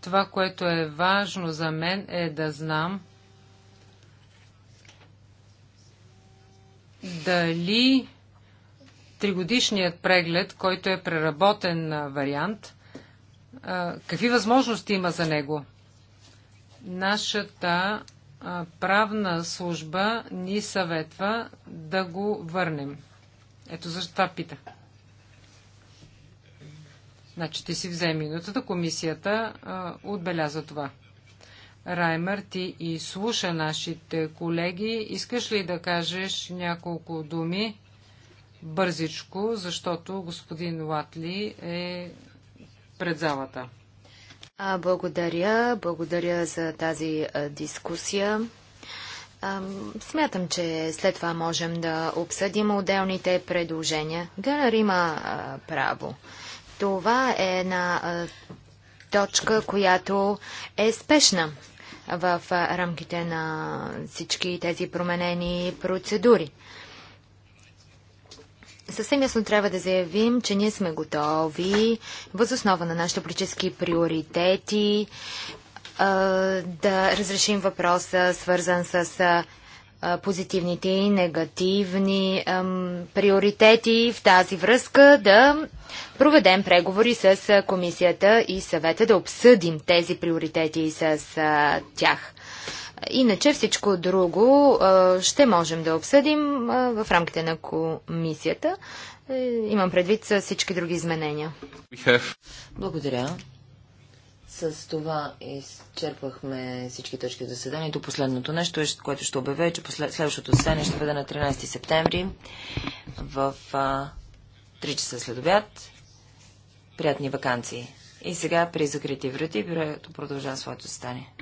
Това, което е важно за мен е да знам дали тригодишният преглед, който е преработен вариант, какви възможности има за него? Нашата правна служба ни съветва да го върнем. Ето защо това питах. Значи ти си взе минутата, комисията а, отбеляза това. Раймер, ти и слуша нашите колеги. Искаш ли да кажеш няколко думи бързичко, защото господин Латли е пред залата? А, благодаря. Благодаря за тази а, дискусия. А, смятам, че след това можем да обсъдим отделните предложения. Галер има а, право. Това е една точка, която е спешна в рамките на всички тези променени процедури. Съвсем ясно трябва да заявим, че ние сме готови възоснова на нашите политически приоритети да разрешим въпроса, свързан с позитивните и негативни ам, приоритети в тази връзка да проведем преговори с комисията и съвета, да обсъдим тези приоритети с а, тях. Иначе всичко друго а, ще можем да обсъдим а, в рамките на комисията. Е, имам предвид с всички други изменения. Благодаря. С това изчерпахме всички точки от заседанието. Последното нещо, е, което ще обявя, че послед... следващото заседание ще бъде на 13 септември в а, 3 часа след обяд. Приятни вакансии. И сега при закрити врати бюрото продължава своето заседание.